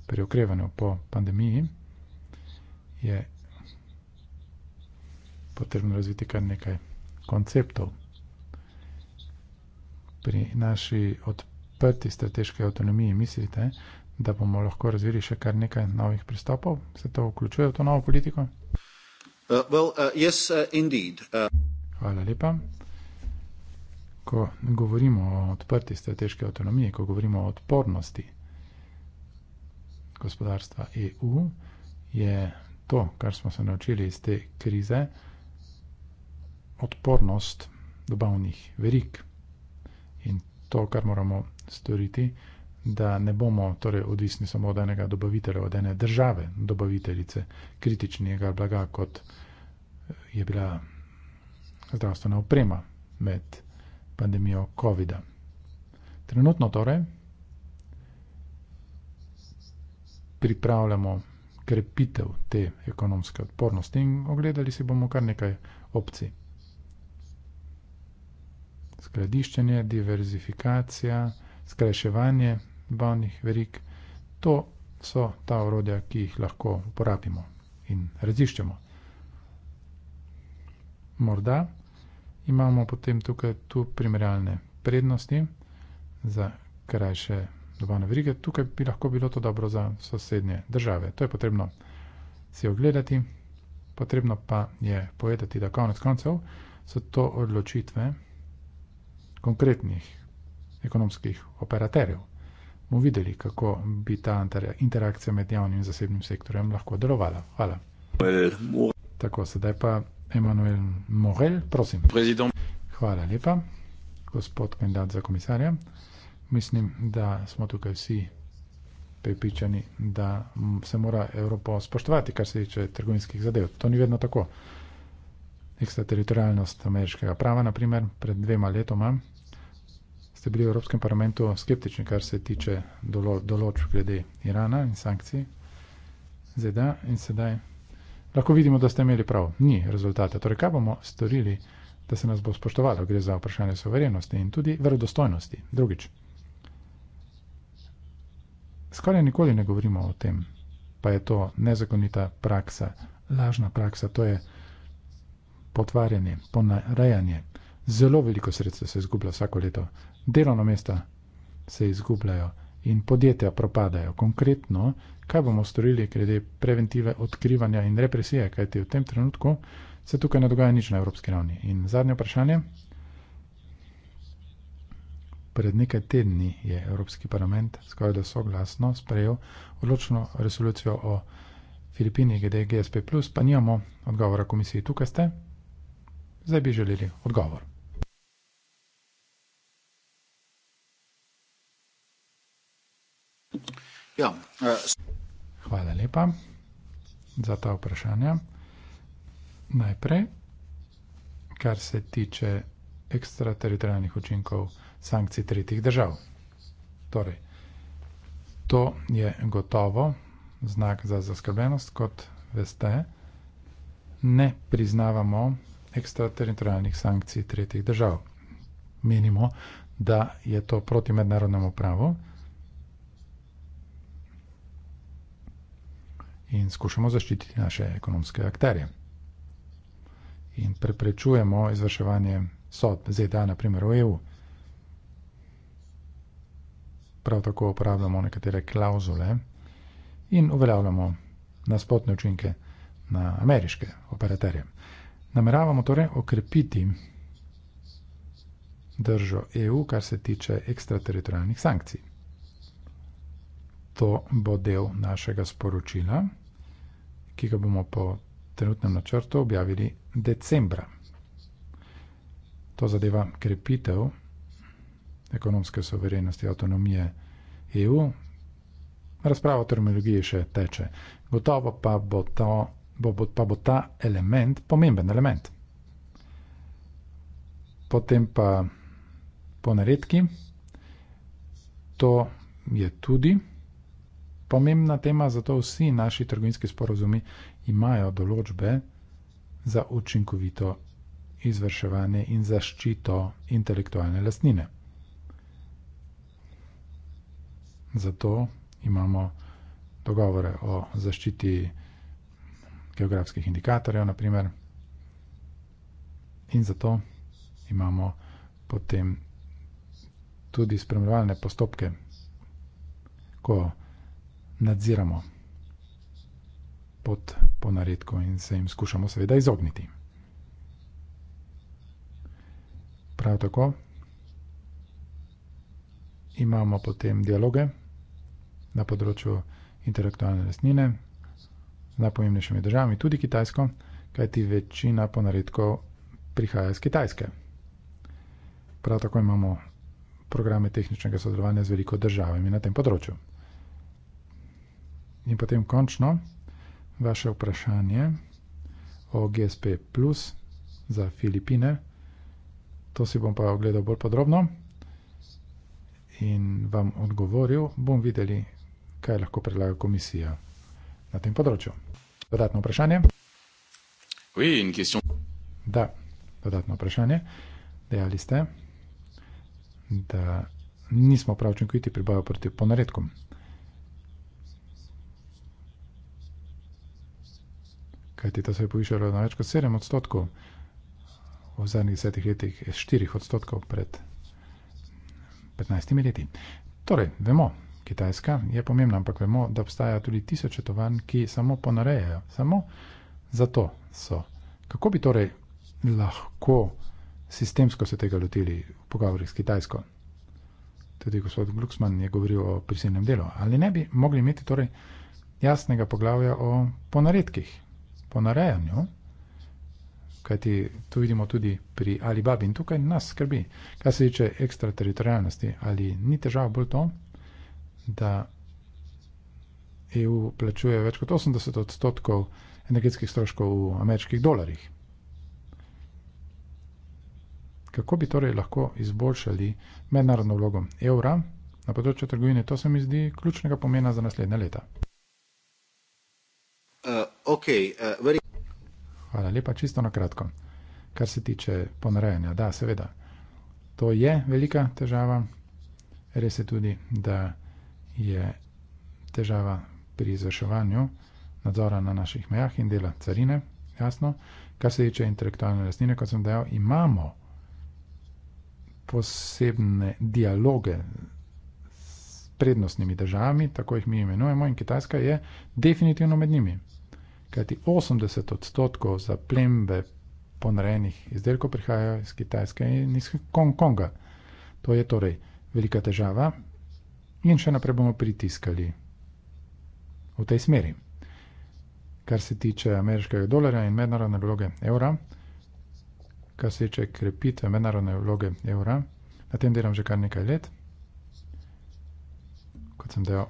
pri okrevanju po pandemiji, je potrebno razviti kar nekaj konceptov. Pri naši odprti strateški avtonomiji mislite, da bomo lahko razvili še kar nekaj novih pristopov. Se to vključuje v to novo politiko? Uh, well, uh, yes, uh, uh. Hvala lepa. Ko govorimo o odprti strateški avtonomiji, ko govorimo o odpornosti gospodarstva EU, je to, kar smo se naučili iz te krize, odpornost dobavnih verik. In to, kar moramo storiti, da ne bomo torej, odvisni samo od enega dobavitelja, od ene države, dobaviteljice kritičnega blaga, kot je bila zdravstvena oprema med pandemijo COVID-a. Trenutno torej pripravljamo krepitev te ekonomske odpornosti in ogledali si bomo kar nekaj opcij. Skladiščenje, diverzifikacija, skrajševanje bavnih verig. To so ta orodja, ki jih lahko uporabimo in raziščemo. Morda imamo potem tukaj tu primerjalne prednosti za krajše dobavne verige. Tukaj bi lahko bilo to dobro za sosednje države. To je potrebno si ogledati, potrebno pa je povedati, da konec koncev so to odločitve konkretnih ekonomskih operaterjev. Mo videli, kako bi ta interakcija med javnim in zasebnim sektorjem lahko delovala. Hvala. Tako, sedaj pa Emanuel Morel, prosim. Prezident. Hvala lepa, gospod kandidat za komisarja. Mislim, da smo tukaj vsi prepričani, da se mora Evropa spoštovati, kar se tiče trgovinskih zadev. To ni vedno tako. Ekstrateritorijalnost ameriškega prava, naprimer, pred dvema letoma ste bili v Evropskem parlamentu skeptični, kar se tiče dolo, določb glede Irana in sankcij. ZDA in sedaj lahko vidimo, da ste imeli prav. Ni rezultata. Torej, kaj bomo storili, da se nas bo spoštovalo? Gre za vprašanje soverenosti in tudi verodostojnosti. Drugič, skoraj nikoli ne govorimo o tem, pa je to nezakonita praksa, lažna praksa, to je potvarjanje, ponarejanje. Zelo veliko sredstev se izgublja vsako leto delovna mesta se izgubljajo in podjetja propadajo. Konkretno, kaj bomo storili glede preventive odkrivanja in represije, kajti v tem trenutku se tukaj ne dogaja nič na evropski ravni. In zadnje vprašanje. Pred nekaj tedni je Evropski parlament skoraj da soglasno sprejel odločno resolucijo o Filipini glede GSP, pa nimamo odgovora komisiji. Tukaj ste. Zdaj bi želeli odgovor. Ja, eh, Hvala lepa za ta vprašanja. Najprej, kar se tiče ekstrateritorijalnih učinkov sankcij tretjih držav. Torej, to je gotovo znak za zaskrbljenost, kot veste, ne priznavamo ekstrateritorijalnih sankcij tretjih držav. Menimo, da je to proti mednarodnemu pravu, in skušamo zaščititi naše ekonomske akterje. In preprečujemo izvrševanje sodb ZDA, naprimer v EU. Prav tako uporabljamo nekatere klauzule in uveljavljamo nasprotne učinke na ameriške operaterje. Nameravamo torej okrepiti držo EU, kar se tiče ekstrateritorijalnih sankcij. To bo del našega sporočila ki ga bomo po trenutnem načrtu objavili decembra. To zadeva krepitev ekonomske soverenosti avtonomije EU. Razprava o terminologiji še teče. Gotovo pa bo, to, bo, bo, pa bo ta element pomemben element. Potem pa po naredki, to je tudi pomembna tema, zato vsi naši trgovinski sporozumi imajo določbe za učinkovito izvrševanje in zaščito intelektualne lastnine. Zato imamo dogovore o zaščiti geografskih indikatorjev, naprimer, in zato imamo potem tudi spremljevalne postopke, ko nadziramo pod ponaredko in se jim skušamo seveda izogniti. Prav tako imamo potem dialoge na področju intelektualne lastnine z najpomembnejšimi državami, tudi Kitajsko, kajti večina ponaredkov prihaja iz Kitajske. Prav tako imamo programe tehničnega sodelovanja z veliko državami na tem področju. In potem končno vaše vprašanje o GSP Plus za Filipine. To si bom pa ogledal bolj podrobno in vam odgovoril. Bom videli, kaj lahko predlaga komisija na tem področju. Dodatno vprašanje? Da, dodatno vprašanje. Dejali ste, da nismo prav učinkoviti pri boju proti ponaredkom. kajti to se je povišalo na več kot 7 odstotkov v zadnjih desetih letih, 4 odstotkov pred 15 leti. Torej, vemo, Kitajska je pomembna, ampak vemo, da obstaja tudi tisoče tovarn, ki samo ponarejajo, samo zato so. Kako bi torej lahko sistemsko se tega lotili v pogovorih s Kitajsko? Tudi gospod Glucksmann je govoril o prisilnem delu. Ali ne bi mogli imeti torej jasnega poglavja o ponaredkih? po narejanju. Kajti to vidimo tudi pri Alibabi in tukaj nas skrbi. Kaj se tiče ekstrateritorijalnosti, ali ni težava bolj to, da EU plačuje več kot 80 odstotkov energetskih stroškov v ameriških dolarjih? Kako bi torej lahko izboljšali mednarodno vlogo evra na področju trgovine? To se mi zdi ključnega pomena za naslednje leta. Okay, uh, very... Hvala lepa, čisto na kratko. Kar se tiče ponarejanja, da, seveda, to je velika težava. Res je tudi, da je težava pri izvrševanju nadzora na naših mejah in dela carine, jasno. Kar se tiče intelektualne lastnine, kot sem dejal, imamo posebne dialoge s prednostnimi državami, tako jih mi imenujemo, in Kitajska je definitivno med njimi kajti 80 odstotkov zaplembe ponarejenih izdelkov prihaja iz Kitajske in iz Hongkonga. To je torej velika težava in še naprej bomo pritiskali v tej smeri. Kar se tiče ameriškega dolarja in mednarodne vloge evra, kar se tiče krepitve mednarodne vloge evra, na tem delam že kar nekaj let, kot sem dejal,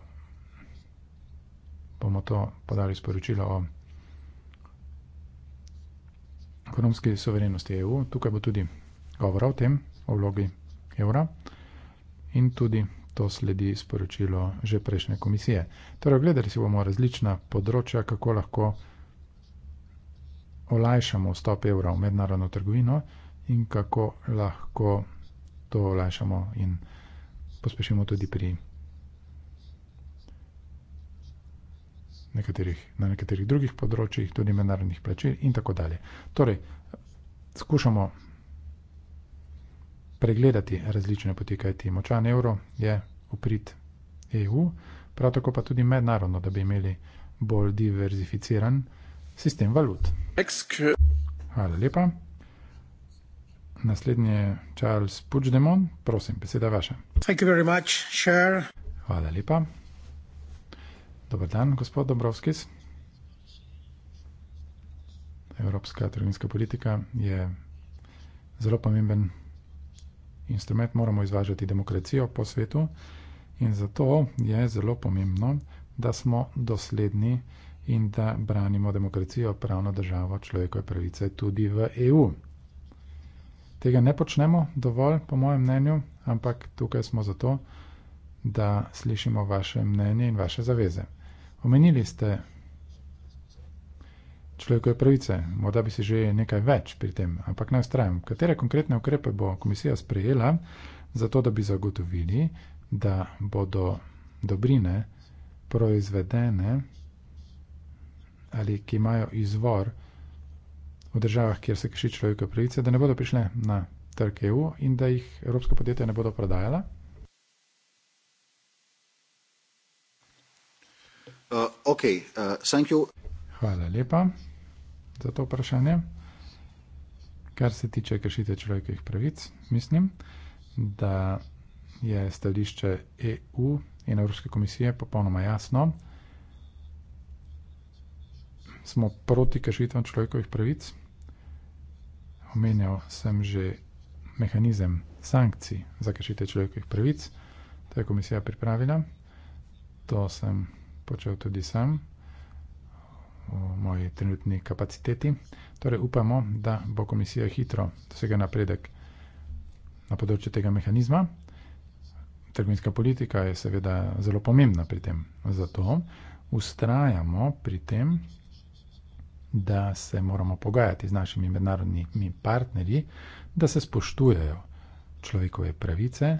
bomo to podali sporočilo o ekonomske soverenosti EU. Tukaj bo tudi govora o tem, o vlogi evra in tudi to sledi sporočilo že prejšnje komisije. Torej, gledali si bomo različna področja, kako lahko olajšamo vstop evra v mednarodno trgovino in kako lahko to olajšamo in pospešimo tudi pri. nekaterih, na nekaterih drugih področjih, tudi mednarodnih plačil in tako dalje. Torej, skušamo pregledati različne poti, kaj ti močan evro je uprit EU, prav tako pa tudi mednarodno, da bi imeli bolj diverzificiran sistem valut. Hvala lepa. Naslednji je Charles Puigdemont, prosim, beseda vaša. Hvala lepa. Dobar dan, gospod Dobrovskis. Evropska trgovinska politika je zelo pomemben instrument, moramo izvažati demokracijo po svetu in zato je zelo pomembno, da smo dosledni in da branimo demokracijo, pravno državo, človekove pravice tudi v EU. Tega ne počnemo dovolj, po mojem mnenju, ampak tukaj smo zato, da slišimo vaše mnenje in vaše zaveze. Omenili ste človekove pravice, morda bi si že nekaj več pri tem, ampak naj ustrajam. Katere konkretne ukrepe bo komisija sprejela, zato da bi zagotovili, da bodo dobrine proizvedene ali ki imajo izvor v državah, kjer se kiši človekove pravice, da ne bodo prišle na trg EU in da jih evropska podjetja ne bodo prodajala? Uh, okay, uh, thank you. Hvala lepa za to vprašanje. Kar se tiče kršitev človekovih pravic, mislim, da je stališče EU in Evropske komisije popolnoma jasno. Smo proti kršitvam človekovih pravic. Omenjal sem že mehanizem sankcij za kršitev človekovih pravic, to je komisija pripravila. To sem počel tudi sam v moji trenutni kapaciteti. Torej upamo, da bo komisija hitro dosega napredek na področju tega mehanizma. Trgovinska politika je seveda zelo pomembna pri tem. Zato ustrajamo pri tem, da se moramo pogajati z našimi mednarodnimi partnerji, da se spoštujejo človekove pravice,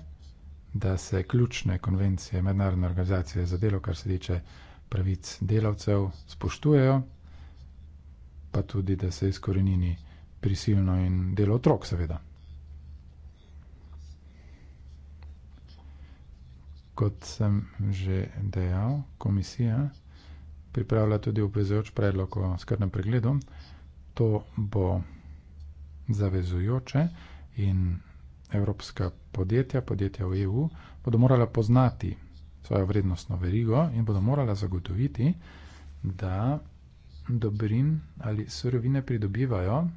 da se ključne konvencije mednarodne organizacije za delo, kar se tiče pravic delavcev, spoštujejo, pa tudi, da se izkorenini prisilno in delo otrok, seveda. Kot sem že dejal, komisija pripravlja tudi obvezujoč predlog o skrbnem pregledu. To bo zavezujoče in evropska podjetja, podjetja v EU, bodo morala poznati svojo vrednostno verigo in bodo morala zagotoviti, da dobrin ali surovine pridobivajo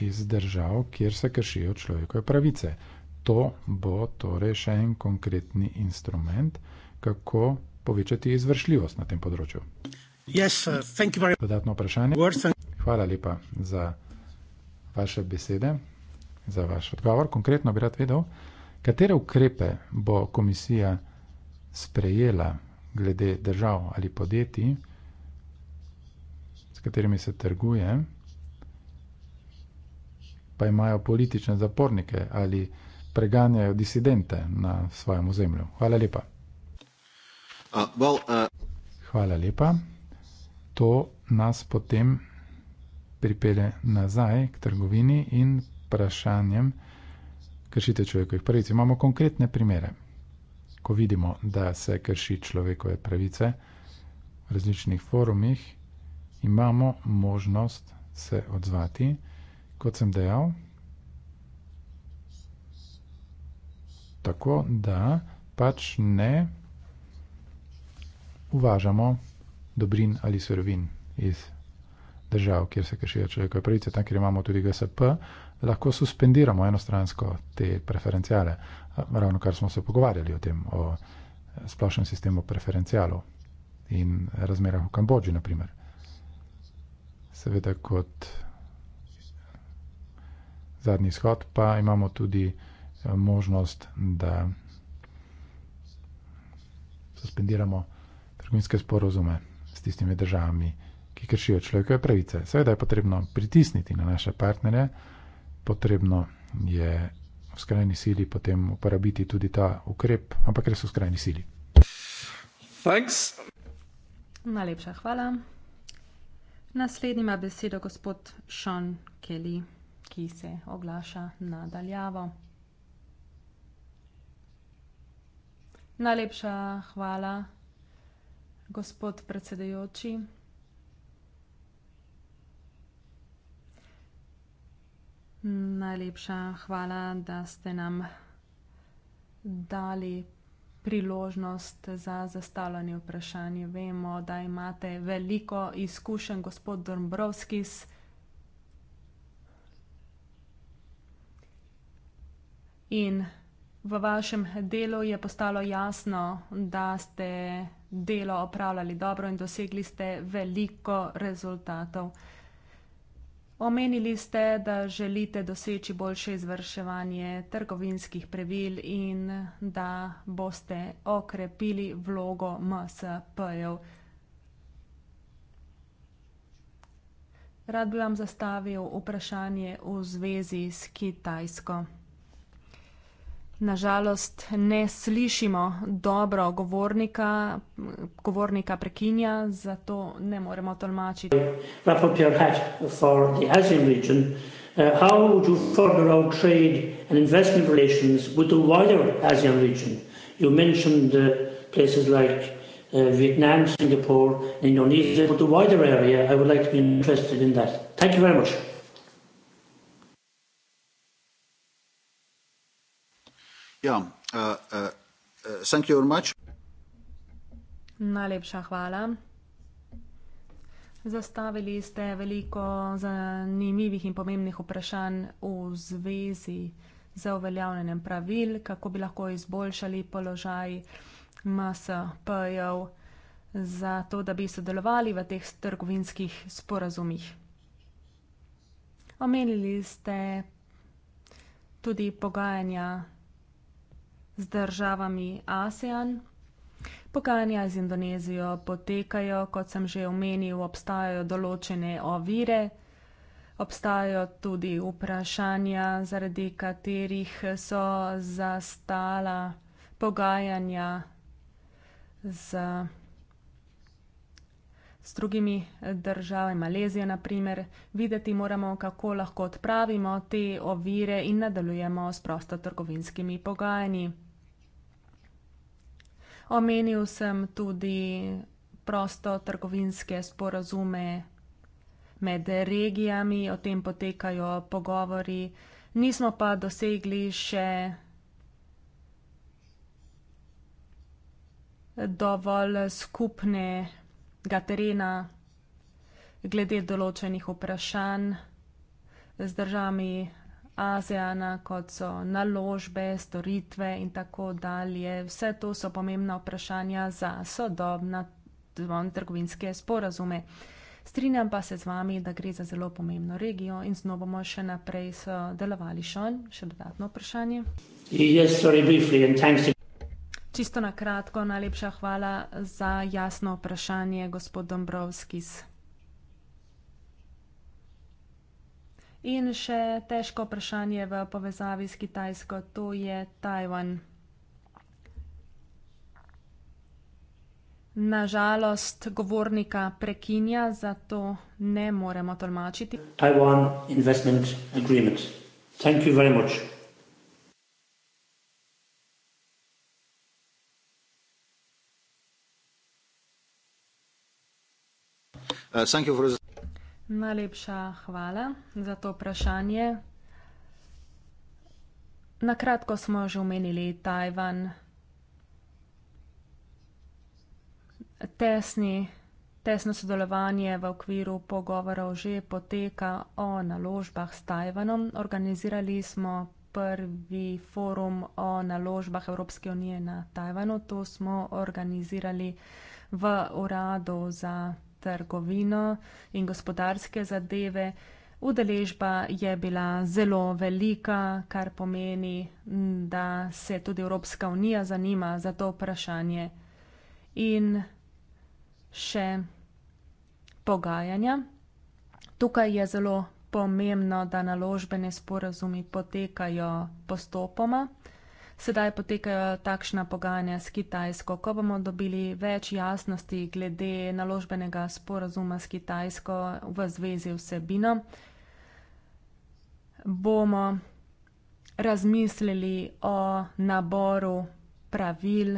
iz držav, kjer se kršijo človekove pravice. To bo torej še en konkretni instrument, kako povečati izvršljivost na tem področju. Yes, uh, thank you very... Dodatno vprašanje. Hvala lepa za vaše besede, za vaš odgovor. Konkretno bi rad vedel, katere ukrepe bo komisija sprejela glede držav ali podjetij, s katerimi se trguje, pa imajo politične zapornike ali preganjajo disidente na svojem ozemlju. Hvala lepa. Uh, well, uh... Hvala lepa. To nas potem pripelje nazaj k trgovini in vprašanjem kršite človekovih pravic. Imamo konkretne primere, ko vidimo, da se krši človekove pravice v različnih forumih, imamo možnost se odzvati. Kot sem dejal, tako da pač ne uvažamo dobrin ali surovin iz držav, kjer se kršijo človekove pravice, tam, kjer imamo tudi GSP, lahko suspendiramo enostransko te preferencijale. Ravno kar smo se pogovarjali o tem, o splošnem sistemu preferencijalov in razmerah v Kambodži, naprimer. Seveda kot zadnji izhod pa imamo tudi eh, možnost, da suspendiramo trgovinske sporozume s tistimi državami, ki kršijo človekove pravice. Seveda je potrebno pritisniti na naše partnerje, potrebno je v skrajni sili potem uporabiti tudi ta ukrep, ampak res v skrajni sili. Thanks. Najlepša hvala. Naslednji ima besedo gospod Sean Kelly, ki se oglaša nadaljavo. Najlepša hvala, gospod predsedujoči. Najlepša hvala, da ste nam dali priložnost za zastavljanje vprašanj. Vemo, da imate veliko izkušen, gospod Dombrovskis. In v vašem delu je postalo jasno, da ste delo opravljali dobro in dosegli ste veliko rezultatov. Omenili ste, da želite doseči boljše izvrševanje trgovinskih pravil in da boste okrepili vlogo MSP-jev. Rad bi vam zastavil vprašanje v zvezi s Kitajsko na žalost ne slišimo dobro govornika, govornika prekinja, zato ne moremo tolmačiti. Uh, how would you further our trade and investment relations with the wider ASEAN region? You mentioned uh, places like uh, Vietnam, Singapore, Indonesia, but the wider area, I would like to be interested in that. Thank you very much. Ja, eh, eh, Najlepša hvala. Zastavili ste veliko zanimivih in pomembnih vprašanj v zvezi z uveljavljanjem pravil, kako bi lahko izboljšali položaj MSP-jev za to, da bi sodelovali v teh trgovinskih sporazumih. Omenili ste tudi pogajanja z državami ASEAN. Pogajanja z Indonezijo potekajo, kot sem že omenil, obstajajo določene ovire, obstajajo tudi vprašanja, zaradi katerih so zastala pogajanja z, z drugimi državami, Malezijo naprimer. Videti moramo, kako lahko odpravimo te ovire in nadaljujemo s prostotrgovinskimi pogajanji. Omenil sem tudi prosto trgovinske sporazume med regijami, o tem potekajo pogovori, nismo pa dosegli še dovolj skupnega terena glede določenih vprašanj z državami. ASEANA, kot so naložbe, storitve in tako dalje. Vse to so pomembna vprašanja za sodobna trgovinske sporazume. Strinjam pa se z vami, da gre za zelo pomembno regijo in z njo bomo še naprej sodelovali. Šon, še dodatno vprašanje? Yes, sorry, Čisto na kratko, najlepša hvala za jasno vprašanje, gospod Dombrovskis. In še težko vprašanje v povezavi s Kitajsko, to je Tajvan. Nažalost, govornika prekinja, zato ne moremo tolmačiti. Tajvan Investment Agreement. Thank you very much. Uh, thank you for this. Najlepša hvala za to vprašanje. Na kratko smo že omenili Tajvan. Tesni, tesno sodelovanje v okviru pogovorov že poteka o naložbah s Tajvanom. Organizirali smo prvi forum o naložbah Evropske unije na Tajvanu. To smo organizirali v uradu za trgovino in gospodarske zadeve. Udeležba je bila zelo velika, kar pomeni, da se tudi Evropska unija zanima za to vprašanje. In še pogajanja. Tukaj je zelo pomembno, da naložbene sporazumi potekajo postopoma. Sedaj potekajo takšna pogajanja s Kitajsko. Ko bomo dobili več jasnosti glede naložbenega sporazuma s Kitajsko v zvezi vsebino, bomo razmislili o naboru pravil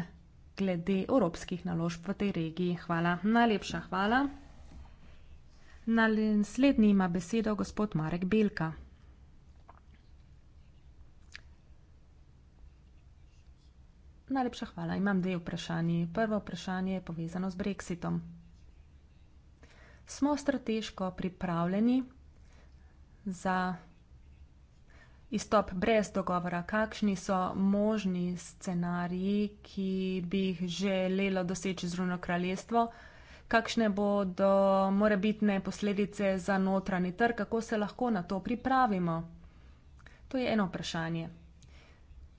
glede evropskih naložb v tej regiji. Hvala. Najlepša hvala. Naslednji ima besedo gospod Marek Belka. Najlepša hvala. Imam dve vprašanji. Prvo vprašanje je povezano z brexitom. Smo strateško pripravljeni za izstop brez dogovora? Kakšni so možni scenariji, ki bi jih želelo doseči zruno kraljestvo? Kakšne bodo morebitne posledice za notranji trg? Kako se lahko na to pripravimo? To je eno vprašanje.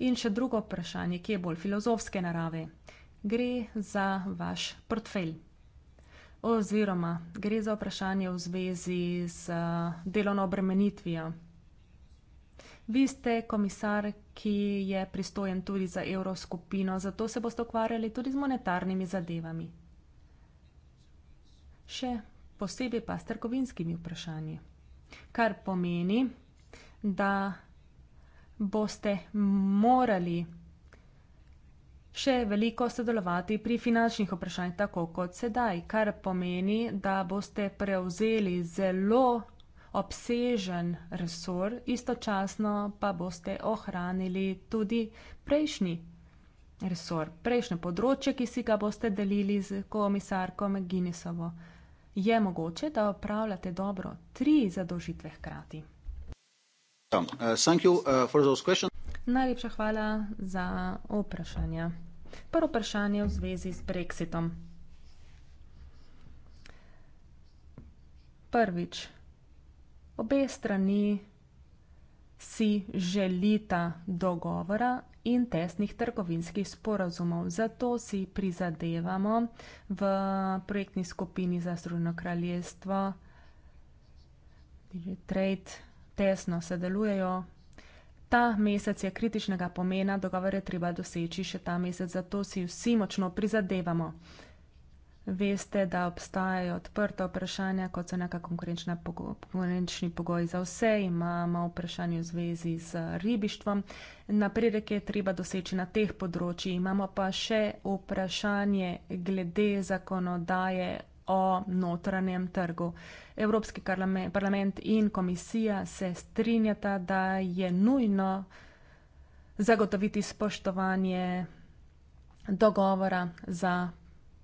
In še drugo vprašanje, ki je bolj filozofske narave. Gre za vaš portfelj. Oziroma, gre za vprašanje v zvezi z eh, delovno obremenitvijo. Vi ste komisar, ki je pristojen tudi za evroskupino, zato se boste ukvarjali tudi z monetarnimi zadevami. Še posebej pa s trgovinskimi vprašanji. Kar pomeni, da boste morali še veliko sodelovati pri finančnih vprašanjih, tako kot sedaj, kar pomeni, da boste prevzeli zelo obsežen resor, istočasno pa boste ohranili tudi prejšnji resor, prejšnje področje, ki si ga boste delili z komisarko Ginisovo. Je mogoče, da upravljate dobro tri zadožitve hkrati. Uh, uh, Najlepša hvala za vprašanja. Prvo vprašanje v zvezi s Brexitom. Prvič, obe strani si želita dogovora in tesnih trgovinskih sporazumov. Zato si prizadevamo v projektni skupini za Združeno kraljestvo, trade, tesno sodelujejo. Ta mesec je kritičnega pomena, dogovor je treba doseči še ta mesec, zato si vsi močno prizadevamo. Veste, da obstajajo odprta vprašanja, kot so neka konkurenčna pogo konkurenčni pogoji za vse, imamo vprašanje v zvezi z ribištvom. Napredek je treba doseči na teh področjih, imamo pa še vprašanje glede zakonodaje o notranjem trgu. Evropski parlament in komisija se strinjata, da je nujno zagotoviti spoštovanje dogovora za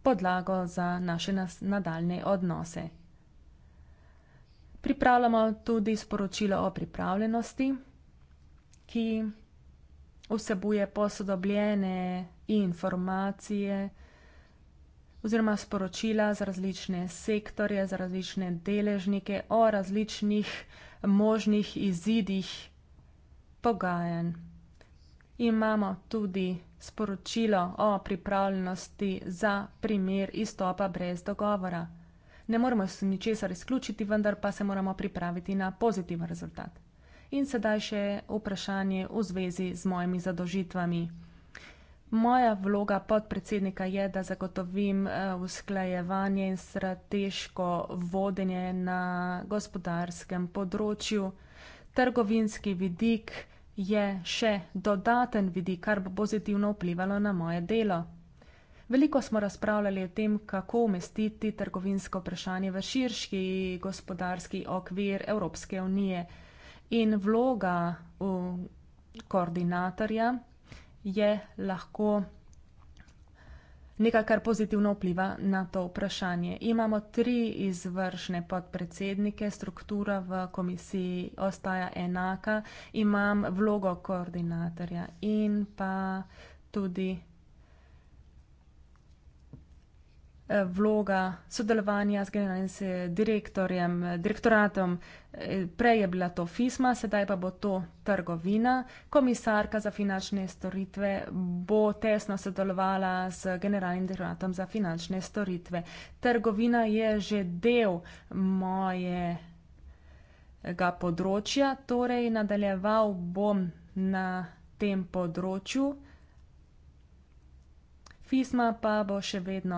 podlago za naše nadaljne odnose. Pripravljamo tudi sporočilo o pripravljenosti, ki vsebuje posodobljene informacije, oziroma sporočila za različne sektorje, za različne deležnike o različnih možnih izidih pogajanj. Imamo tudi sporočilo o pripravljenosti za primer izstopa brez dogovora. Ne moramo se ničesar izključiti, vendar pa se moramo pripraviti na pozitiven rezultat. In sedaj še vprašanje v zvezi z mojimi zadožitvami. Moja vloga podpredsednika je, da zagotovim eh, usklajevanje in strateško vodenje na gospodarskem področju. Trgovinski vidik je še dodaten vidik, kar bo pozitivno vplivalo na moje delo. Veliko smo razpravljali o tem, kako umestiti trgovinsko vprašanje v širški gospodarski okvir Evropske unije in vloga koordinatorja je lahko nekaj, kar pozitivno vpliva na to vprašanje. Imamo tri izvršne podpredsednike, struktura v komisiji ostaja enaka, imam vlogo koordinatorja in pa tudi Eh, vloga sodelovanja z generalnim eh, direktorjem, eh, direktoratom. Prej je bila to FISMA, sedaj pa bo to trgovina. Komisarka za finančne storitve bo tesno sodelovala z generalnim direktoratom za finančne storitve. Trgovina je že del mojega področja, torej nadaljeval bom na tem področju. FISMA pa bo še vedno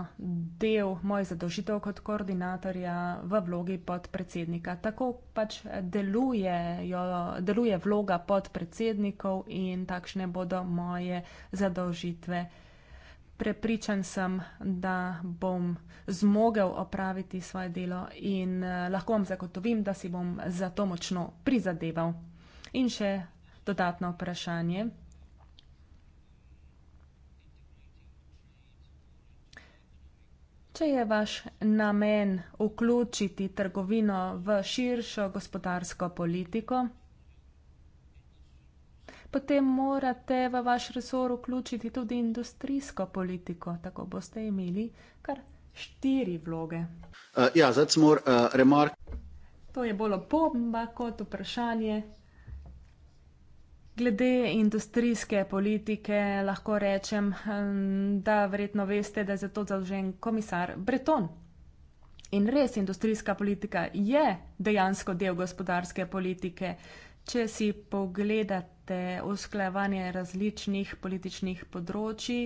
del mojih zadožitev kot koordinatorja v vlogi podpredsednika. Tako pač deluje, jo, deluje vloga podpredsednikov in takšne bodo moje zadožitve. Prepričan sem, da bom zmogel opraviti svoje delo in eh, lahko vam zagotovim, da si bom za to močno prizadeval. In še dodatno vprašanje. Mogoče je vaš namen vključiti trgovino v širšo gospodarsko politiko, potem morate v vaš resor vključiti tudi industrijsko politiko, tako boste imeli kar štiri vloge. Uh, ja, more, uh, remark... To je bolj opomba kot vprašanje. Glede industrijske politike lahko rečem, hm, da verjetno veste, da je za to zadolžen komisar Breton. In res, industrijska politika je dejansko del gospodarske politike, če si pogledate usklajevanje različnih političnih področji.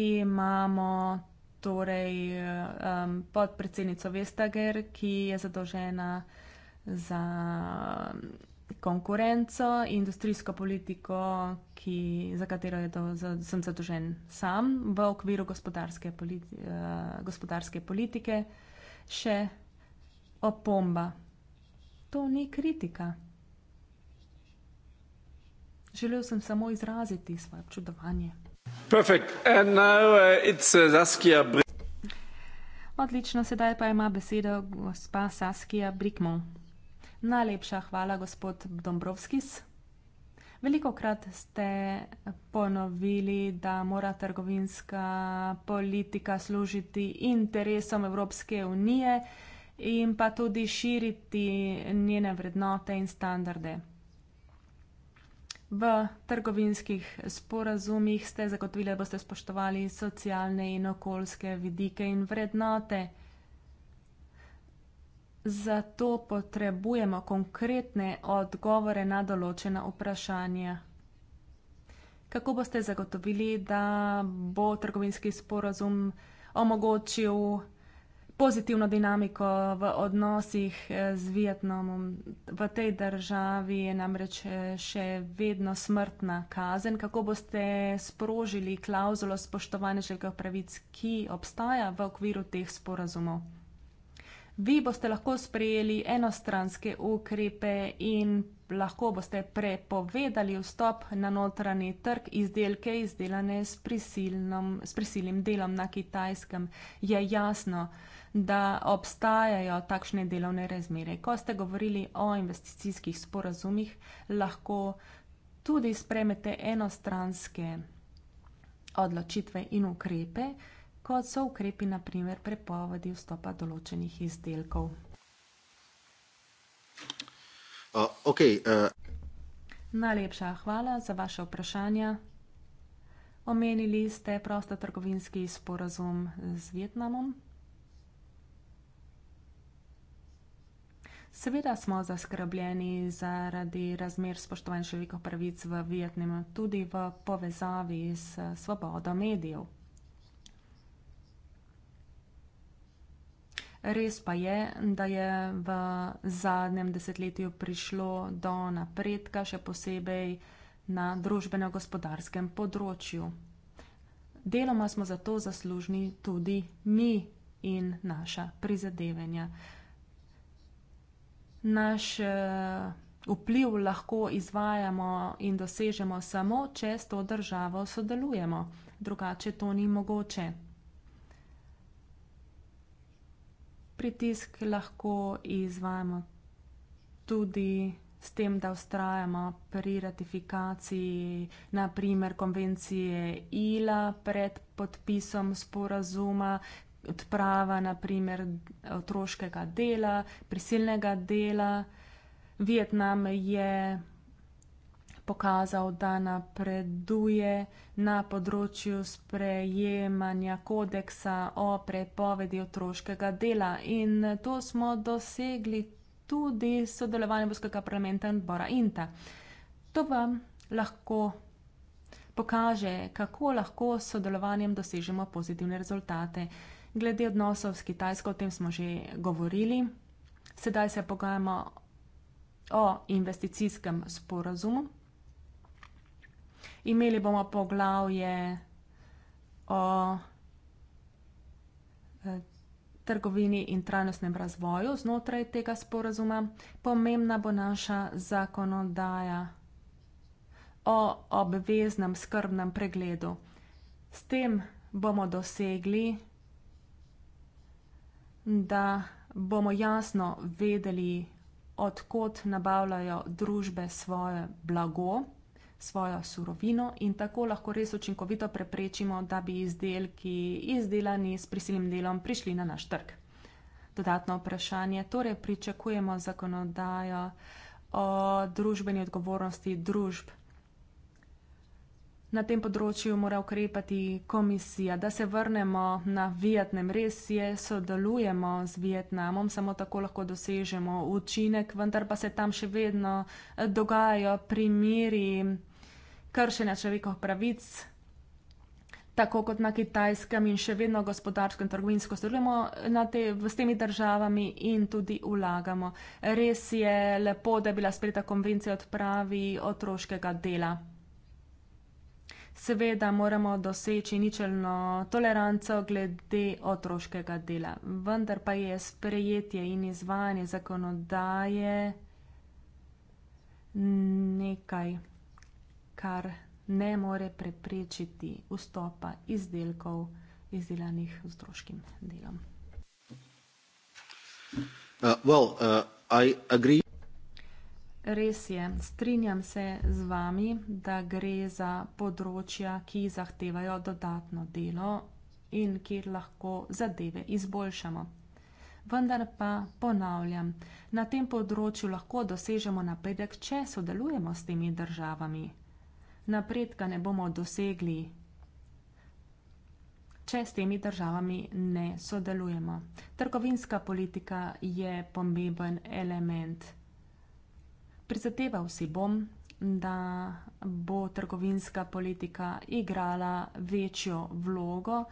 Imamo torej um, podpredsednico Vestager, ki je zadolžena za. Um, konkurenco, industrijsko politiko, ki, za katero to, za, sem zadužen sam v okviru gospodarske, politi, uh, gospodarske politike, še opomba. To ni kritika. Želel sem samo izraziti svoje občudovanje. Uh, uh, Odlično, sedaj pa ima besedo gospa Saskia Brikmo. Najlepša hvala, gospod Dombrovskis. Veliko krat ste ponovili, da mora trgovinska politika služiti interesom Evropske unije in pa tudi širiti njene vrednote in standarde. V trgovinskih sporazumih ste zagotovili, da boste spoštovali socialne in okoljske vidike in vrednote. Zato potrebujemo konkretne odgovore na določena vprašanja. Kako boste zagotovili, da bo trgovinski sporozum omogočil pozitivno dinamiko v odnosih eh, z Vietnamom? V tej državi je namreč eh, še vedno smrtna kazen. Kako boste sprožili klauzulo spoštovanja človekovih pravic, ki obstaja v okviru teh sporazumov? vi boste lahko sprejeli enostranske ukrepe in lahko boste prepovedali vstop na notranji trg izdelke izdelane s, prisilnom, s prisilnim delom na kitajskem. Je jasno, da obstajajo takšne delovne razmere. Ko ste govorili o investicijskih sporazumih, lahko tudi spremete enostranske odločitve in ukrepe kot so ukrepi, na primer, prepovedi vstopa določenih izdelkov. Uh, okay, uh... Eh. Najlepša hvala za vaše vprašanje. Omenili ste prostotrgovinski sporazum z Vietnamom. Seveda smo zaskrbljeni zaradi razmer spoštovanja človekov pravic v Vietnamu, tudi v povezavi s svobodo medijev. Res pa je, da je v zadnjem desetletju prišlo do napredka, še posebej na družbeno-gospodarskem področju. Deloma smo za to zaslužni tudi mi in naša prizadevanja. Naš eh, vpliv lahko izvajamo in dosežemo samo, če s to državo sodelujemo. Drugače to ni mogoče. pritisk lahko izvajamo tudi s tem, da ustrajamo pri ratifikaciji, naprimer, konvencije ILA pred podpisom sporazuma, odprava naprimer otroškega dela, prisilnega dela. Vietnam je pokazal, da napreduje na področju sprejemanja kodeksa o prepovedi otroškega dela. In to smo dosegli tudi s sodelovanjem Evropskega parlamenta in Bora Inta. To vam lahko pokaže, kako lahko s sodelovanjem dosežemo pozitivne rezultate. Glede odnosov s Kitajsko, o tem smo že govorili. Sedaj se pogajamo o investicijskem sporazumu. Imeli bomo poglavje o eh, trgovini in trajnostnem razvoju znotraj tega sporazuma. Pomembna bo naša zakonodaja o obveznem skrbnem pregledu. S tem bomo dosegli, da bomo jasno vedeli, od kod nabavljajo družbe svoje blago svojo surovino in tako lahko res učinkovito preprečimo, da bi izdelki izdelani s prisilnim delom prišli na naš trg. Dodatno vprašanje, torej pričakujemo zakonodajo o družbeni odgovornosti družb na tem področju mora ukrepati komisija. Da se vrnemo na Vietnam, res je, sodelujemo z Vietnamom, samo tako lahko dosežemo učinek, vendar pa se tam še vedno eh, dogajajo primeri kršenja človekovih pravic. Tako kot na kitajskem in še vedno gospodarsko in trgovinsko sodelujemo eh, te, s temi državami in tudi vlagamo. Res je lepo, da je bila sprejeta konvencija odpravi otroškega dela. Seveda moramo doseči ničelno toleranco glede otroškega dela, vendar pa je sprejetje in izvajanje zakonodaje nekaj, kar ne more preprečiti vstopa izdelkov, izdelanih z otroškim delom. Uh, well, uh, I agree. Res je, strinjam se z vami, da gre za področja, ki zahtevajo dodatno delo in kjer lahko zadeve izboljšamo. Vendar pa ponavljam, na tem področju lahko dosežemo napredek, če sodelujemo s temi državami. Napredka ne bomo dosegli, če s temi državami ne sodelujemo. Trgovinska politika je pomemben element prizadeval si bom, da bo trgovinska politika igrala večjo vlogo,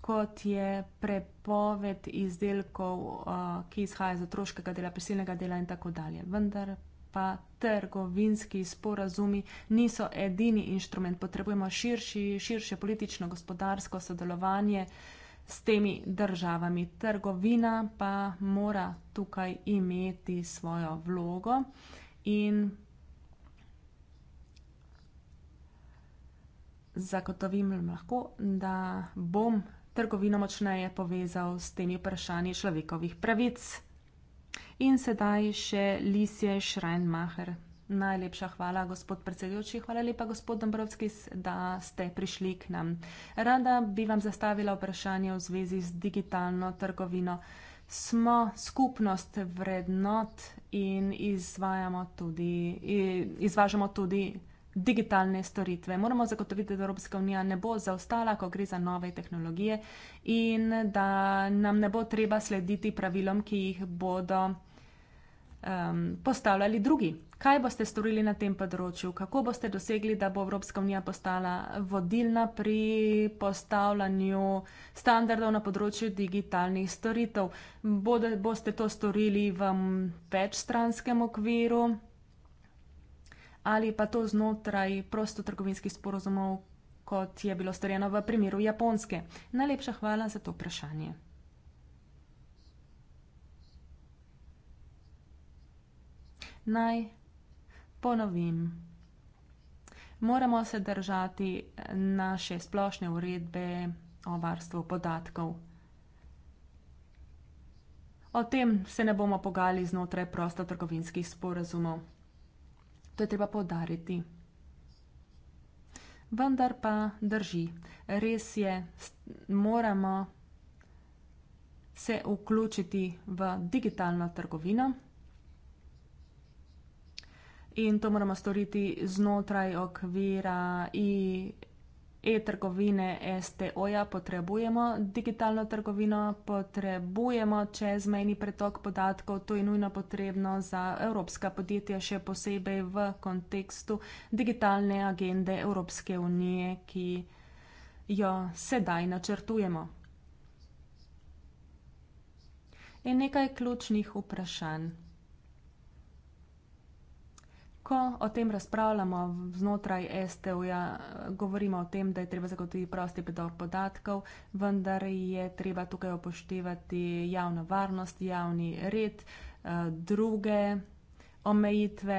kot je prepoved izdelkov, eh, ki izhajajo iz otroškega dela, prisilnega dela in tako dalje. Vendar pa trgovinski sporazumi niso edini inštrument. Potrebujemo širši, širše politično-gospodarsko sodelovanje s temi državami. Trgovina pa mora tukaj imeti svojo vlogo in zagotovim lahko, da bom trgovino močneje povezal s temi vprašanji človekovih pravic. In sedaj še Lisje Schreinmacher. Najlepša hvala, gospod predsedujoči, hvala lepa, gospod Dombrovski, da ste prišli k nam. Rada bi vam zastavila vprašanje v zvezi z digitalno trgovino. Smo skupnost vrednot in izvajamo tudi, izvažamo tudi digitalne storitve. Moramo zagotoviti, da Evropska unija ne bo zaostala, ko gre za nove tehnologije in da nam ne bo treba slediti pravilom, ki jih bodo um, postavljali drugi. Kaj boste storili na tem področju? Kako boste dosegli, da bo Evropska unija postala vodilna pri postavljanju standardov na področju digitalnih storitev? Bode, boste to storili v večstranskem okviru ali pa to znotraj prostotrgovinskih sporozumov, kot je bilo storjeno v primeru Japonske? Najlepša hvala za to vprašanje. Naj ponovim. Moramo se držati naše splošne uredbe o varstvu podatkov. O tem se ne bomo pogali znotraj prostotrgovinskih sporazumov. To je treba podariti. Vendar pa drži, res je, moramo se vključiti v digitalno trgovino in to moramo storiti znotraj okvira e-trgovine STO-ja. Potrebujemo digitalno trgovino, potrebujemo čezmejni pretok podatkov, to je nujno potrebno za evropska podjetja, še posebej v kontekstu digitalne agende Evropske unije, ki jo sedaj načrtujemo. In nekaj ključnih vprašanj. Ko o tem razpravljamo znotraj STO-ja, govorimo o tem, da je treba zagotoviti prosti pretok podatkov, vendar je treba tukaj upoštevati javno varnost, javni red, eh, druge omejitve.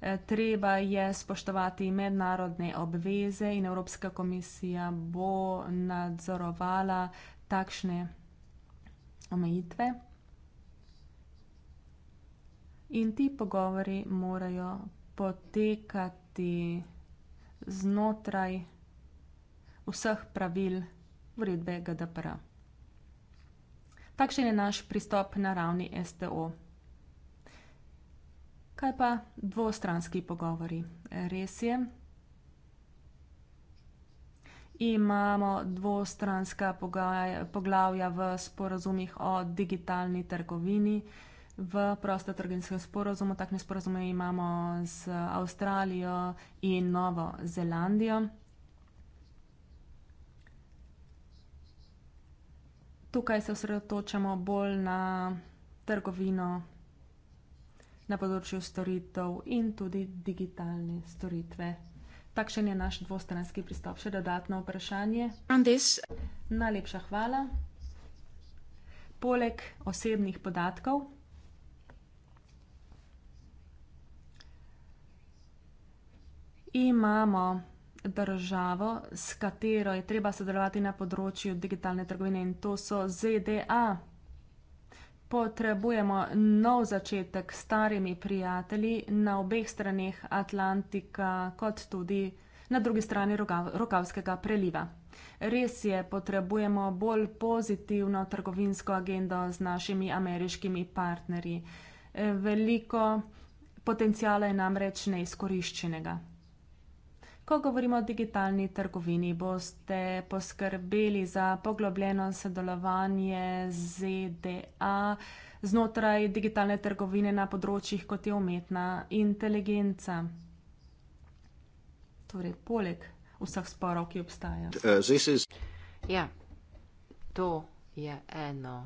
Eh, treba je spoštovati mednarodne obveze in Evropska komisija bo nadzorovala takšne omejitve. In ti pogovori morajo potekati znotraj vseh pravil uredbe GDPR. Takšen je naš pristop na ravni STO. Kaj pa dvostranski pogovori? Res je, imamo dvostranska poglavja v sporazumih o digitalni trgovini v prostotrgenskem sporozumu. Takšne sporozume imamo z Avstralijo in Novo Zelandijo. Tukaj se osredotočamo bolj na trgovino na področju storitev in tudi digitalne storitve. Takšen je naš dvostranski pristop. Še dodatno vprašanje. Najlepša hvala. Poleg osebnih podatkov. imamo državo, s katero je treba sodelovati na področju digitalne trgovine in to so ZDA. Potrebujemo nov začetek s starimi prijatelji na obeh straneh Atlantika, kot tudi na drugi strani Rokavskega preliva. Res je, potrebujemo bolj pozitivno trgovinsko agendo z našimi ameriškimi partnerji. Veliko potencijala je namreč neizkoriščenega ko govorimo o digitalni trgovini, boste poskrbeli za poglobljeno sodelovanje ZDA znotraj digitalne trgovine na področjih, kot je umetna inteligenca. Torej, poleg vseh sporov, ki obstajajo. Uh, ja, to je eno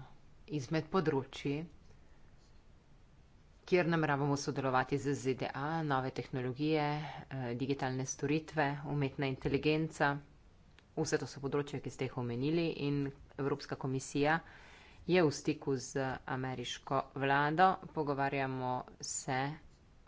izmed področji, kjer nameravamo sodelovati z ZDA, nove tehnologije, eh, digitalne storitve, umetna inteligenca. Vse to so področje, ki ste jih omenili in Evropska komisija je v stiku z ameriško vlado. Pogovarjamo se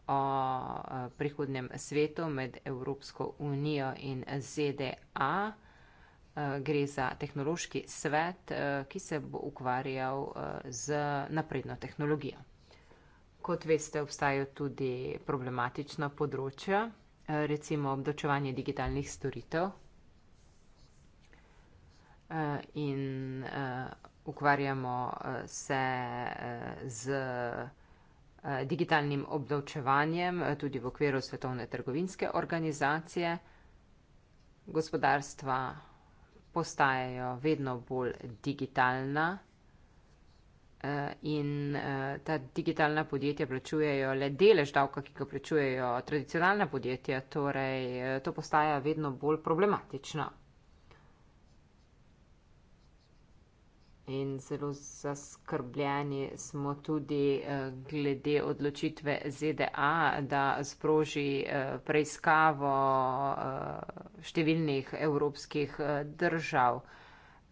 o eh, prihodnem svetu med Evropsko unijo in ZDA. Eh, gre za tehnološki svet, ki se bo ukvarjal z napredno tehnologijo. Kot veste, obstajajo tudi problematična področja, eh, recimo obdočevanje digitalnih storitev. Eh, in eh, ukvarjamo se z digitalnim obdavčevanjem tudi v okviru Svetovne trgovinske organizacije. Gospodarstva postajajo vedno bolj digitalna. Eh, in eh, ta digitalna podjetja plačujejo le delež davka, ki ga plačujejo tradicionalna podjetja, torej eh, to postaja vedno bolj problematično. In zelo zaskrbljeni smo tudi glede odločitve ZDA, da sproži preiskavo številnih evropskih držav.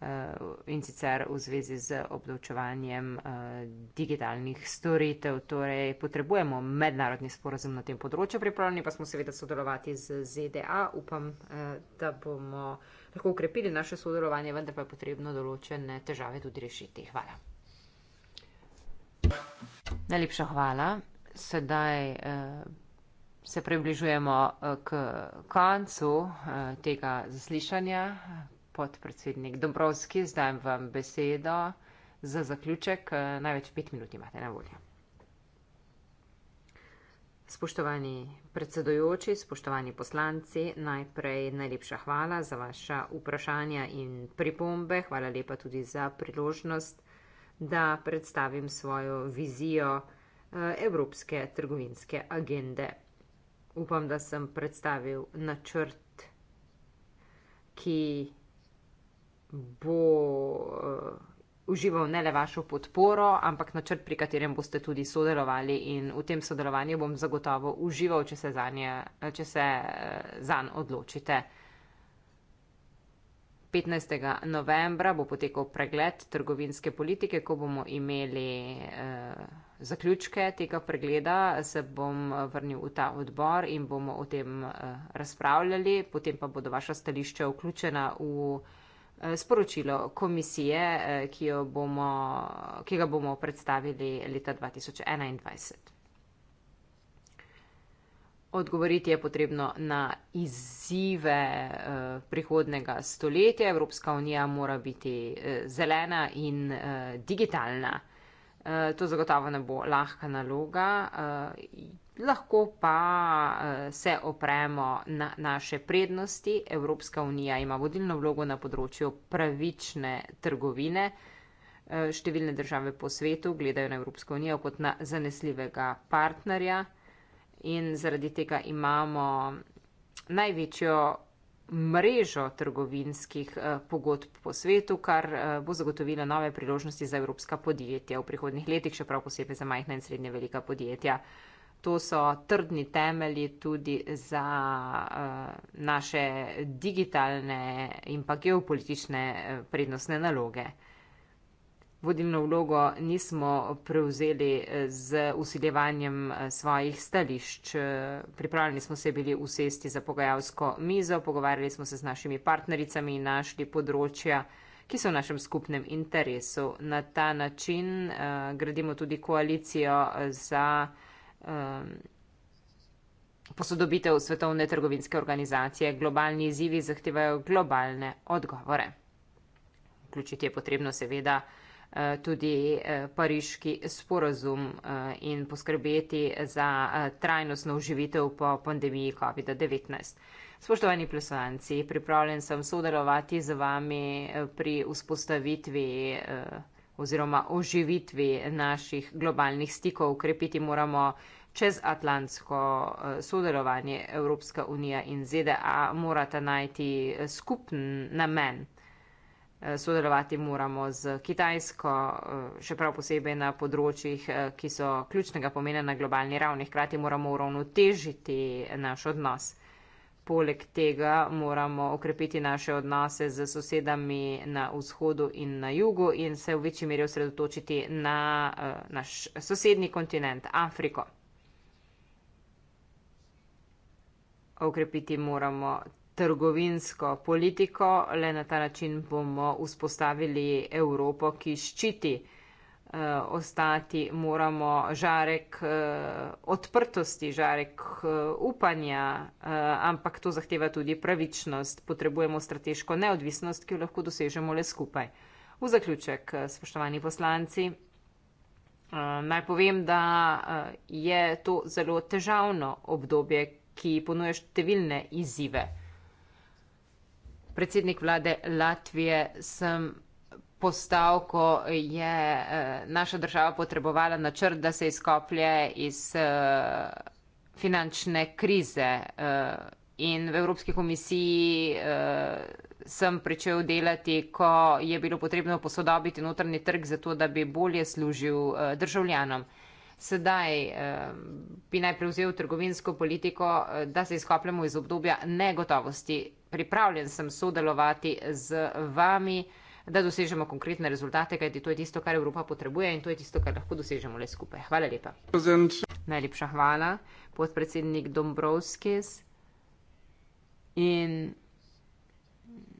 Eh, in sicer v zvezi z obdavčevanjem eh, digitalnih storitev. Torej, potrebujemo mednarodni sporazum na tem področju, pripravljeni pa smo seveda sodelovati z ZDA. Upam, eh, da bomo lahko ukrepili naše sodelovanje, vendar pa je potrebno določene težave tudi rešiti. Hvala. Najlepša hvala. Sedaj se približujemo k koncu tega zaslišanja, podpredsednik Dombrovski, zdaj vam besedo za zaključek. Največ pet minut imate na voljo. Spoštovani predsedojoči, spoštovani poslanci, najprej najlepša hvala za vaša vprašanja in pripombe. Hvala lepa tudi za priložnost, da predstavim svojo vizijo eh, Evropske trgovinske agende. Upam, da sem predstavil načrt, ki bo uh, užival ne le vašo podporo, ampak načrt, pri katerem boste tudi sodelovali in v tem sodelovanju bom zagotovo užival, če se zanj, eh, če se, uh, zanj odločite. 15. novembra bo potekal pregled trgovinske politike, ko bomo imeli eh, zaključke tega pregleda, se bom vrnil v ta odbor in bomo o tem eh, razpravljali, potem pa bodo vaša stališča vključena v. Eh, sporočilo komisije, eh, ki, bomo, ki ga bomo predstavili leta 2021. Odgovoriti je potrebno na izzive eh, prihodnega stoletja. Evropska unija mora biti zelena in digitalna. To zagotovo ne bo lahka naloga lahko pa eh, se opremo na naše prednosti. Evropska unija ima vodilno vlogo na področju pravične trgovine. Eh, številne države po svetu gledajo na Evropsko unijo kot na zanesljivega partnerja in zaradi tega imamo največjo mrežo trgovinskih eh, pogodb po svetu, kar bo zagotovilo nove priložnosti za evropska podjetja v prihodnih letih, še prav posebej za majhna in srednje velika podjetja to so trdni temelji tudi za uh, naše digitalne in pa geopolitične eh, prednostne naloge. Vodilno vlogo nismo prevzeli eh, z usiljevanjem svojih stališč. Pripravljeni smo se bili usesti za pogajalsko mizo, pogovarjali smo se z našimi partnericami in našli področja, ki so v našem skupnem interesu. Na ta način uh, gradimo tudi koalicijo za um, posodobitev Svetovne trgovinske organizacije. Globalni izzivi zahtevajo globalne odgovore. Vključiti je potrebno seveda uh, tudi uh, pariški sporozum uh, in poskrbeti za trajnostno uživitev po pandemiji COVID-19. Spoštovani plesovanci, pripravljen sem sodelovati z vami pri vzpostavitvi oziroma oživitvi naših globalnih stikov. Ukrepiti moramo čezatlantsko eh, sodelovanje Evropska unija in ZDA, morata najti eh, skupen namen. Eh, sodelovati moramo z Kitajsko, še prav posebej na področjih, ki so ključnega pomena na globalni ravni. Hkrati moramo uravnotežiti naš odnos. Poleg tega moramo okrepiti naše odnose z sosedami na vzhodu in na jugu in se v večji meri osredotočiti na uh, naš sosednji kontinent, Afriko. Okrepiti moramo trgovinsko politiko, le na ta način bomo vzpostavili Evropo, ki ščiti uh, ostati, moramo žarek uh, odprtosti, žarek uh, upanja, uh, ampak to zahteva tudi pravičnost. Potrebujemo strateško neodvisnost, ki jo lahko dosežemo le skupaj. V zaključek, spoštovani poslanci, uh, naj povem, da uh, je to zelo težavno obdobje, ki ponuje številne izzive. Predsednik vlade Latvije sem postavko je eh, naša država potrebovala načrt, da se izkoplje iz eh, finančne krize. Eh, in v Evropski komisiji sem pričel delati, ko je bilo potrebno posodobiti notrni trg za to, da bi bolje služil državljanom. Sedaj bi naj prevzel trgovinsko politiko, da se izkopljemo iz obdobja negotovosti. Pripravljen sem sodelovati z vami da dosežemo konkretne rezultate, kajti to je tisto, kar Evropa potrebuje in to je tisto, kar lahko dosežemo le skupaj. Hvala lepa. Najlepša hvala, podpredsednik Dombrovskis. In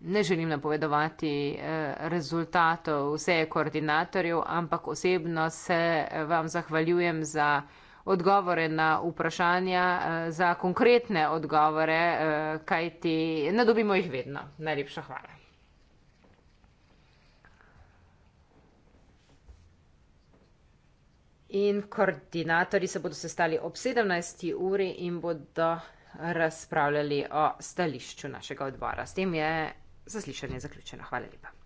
ne želim napovedovati eh, rezultatov vseh koordinatorjev, ampak osebno se eh, vam zahvaljujem za odgovore na vprašanja, eh, za konkretne odgovore, kajti ne dobimo jih vedno. Najlepša hvala. in koordinatori se bodo sestali ob 17. uri in bodo razpravljali o stališču našega odbora. S tem je zaslišanje zaključeno. Hvala lepa.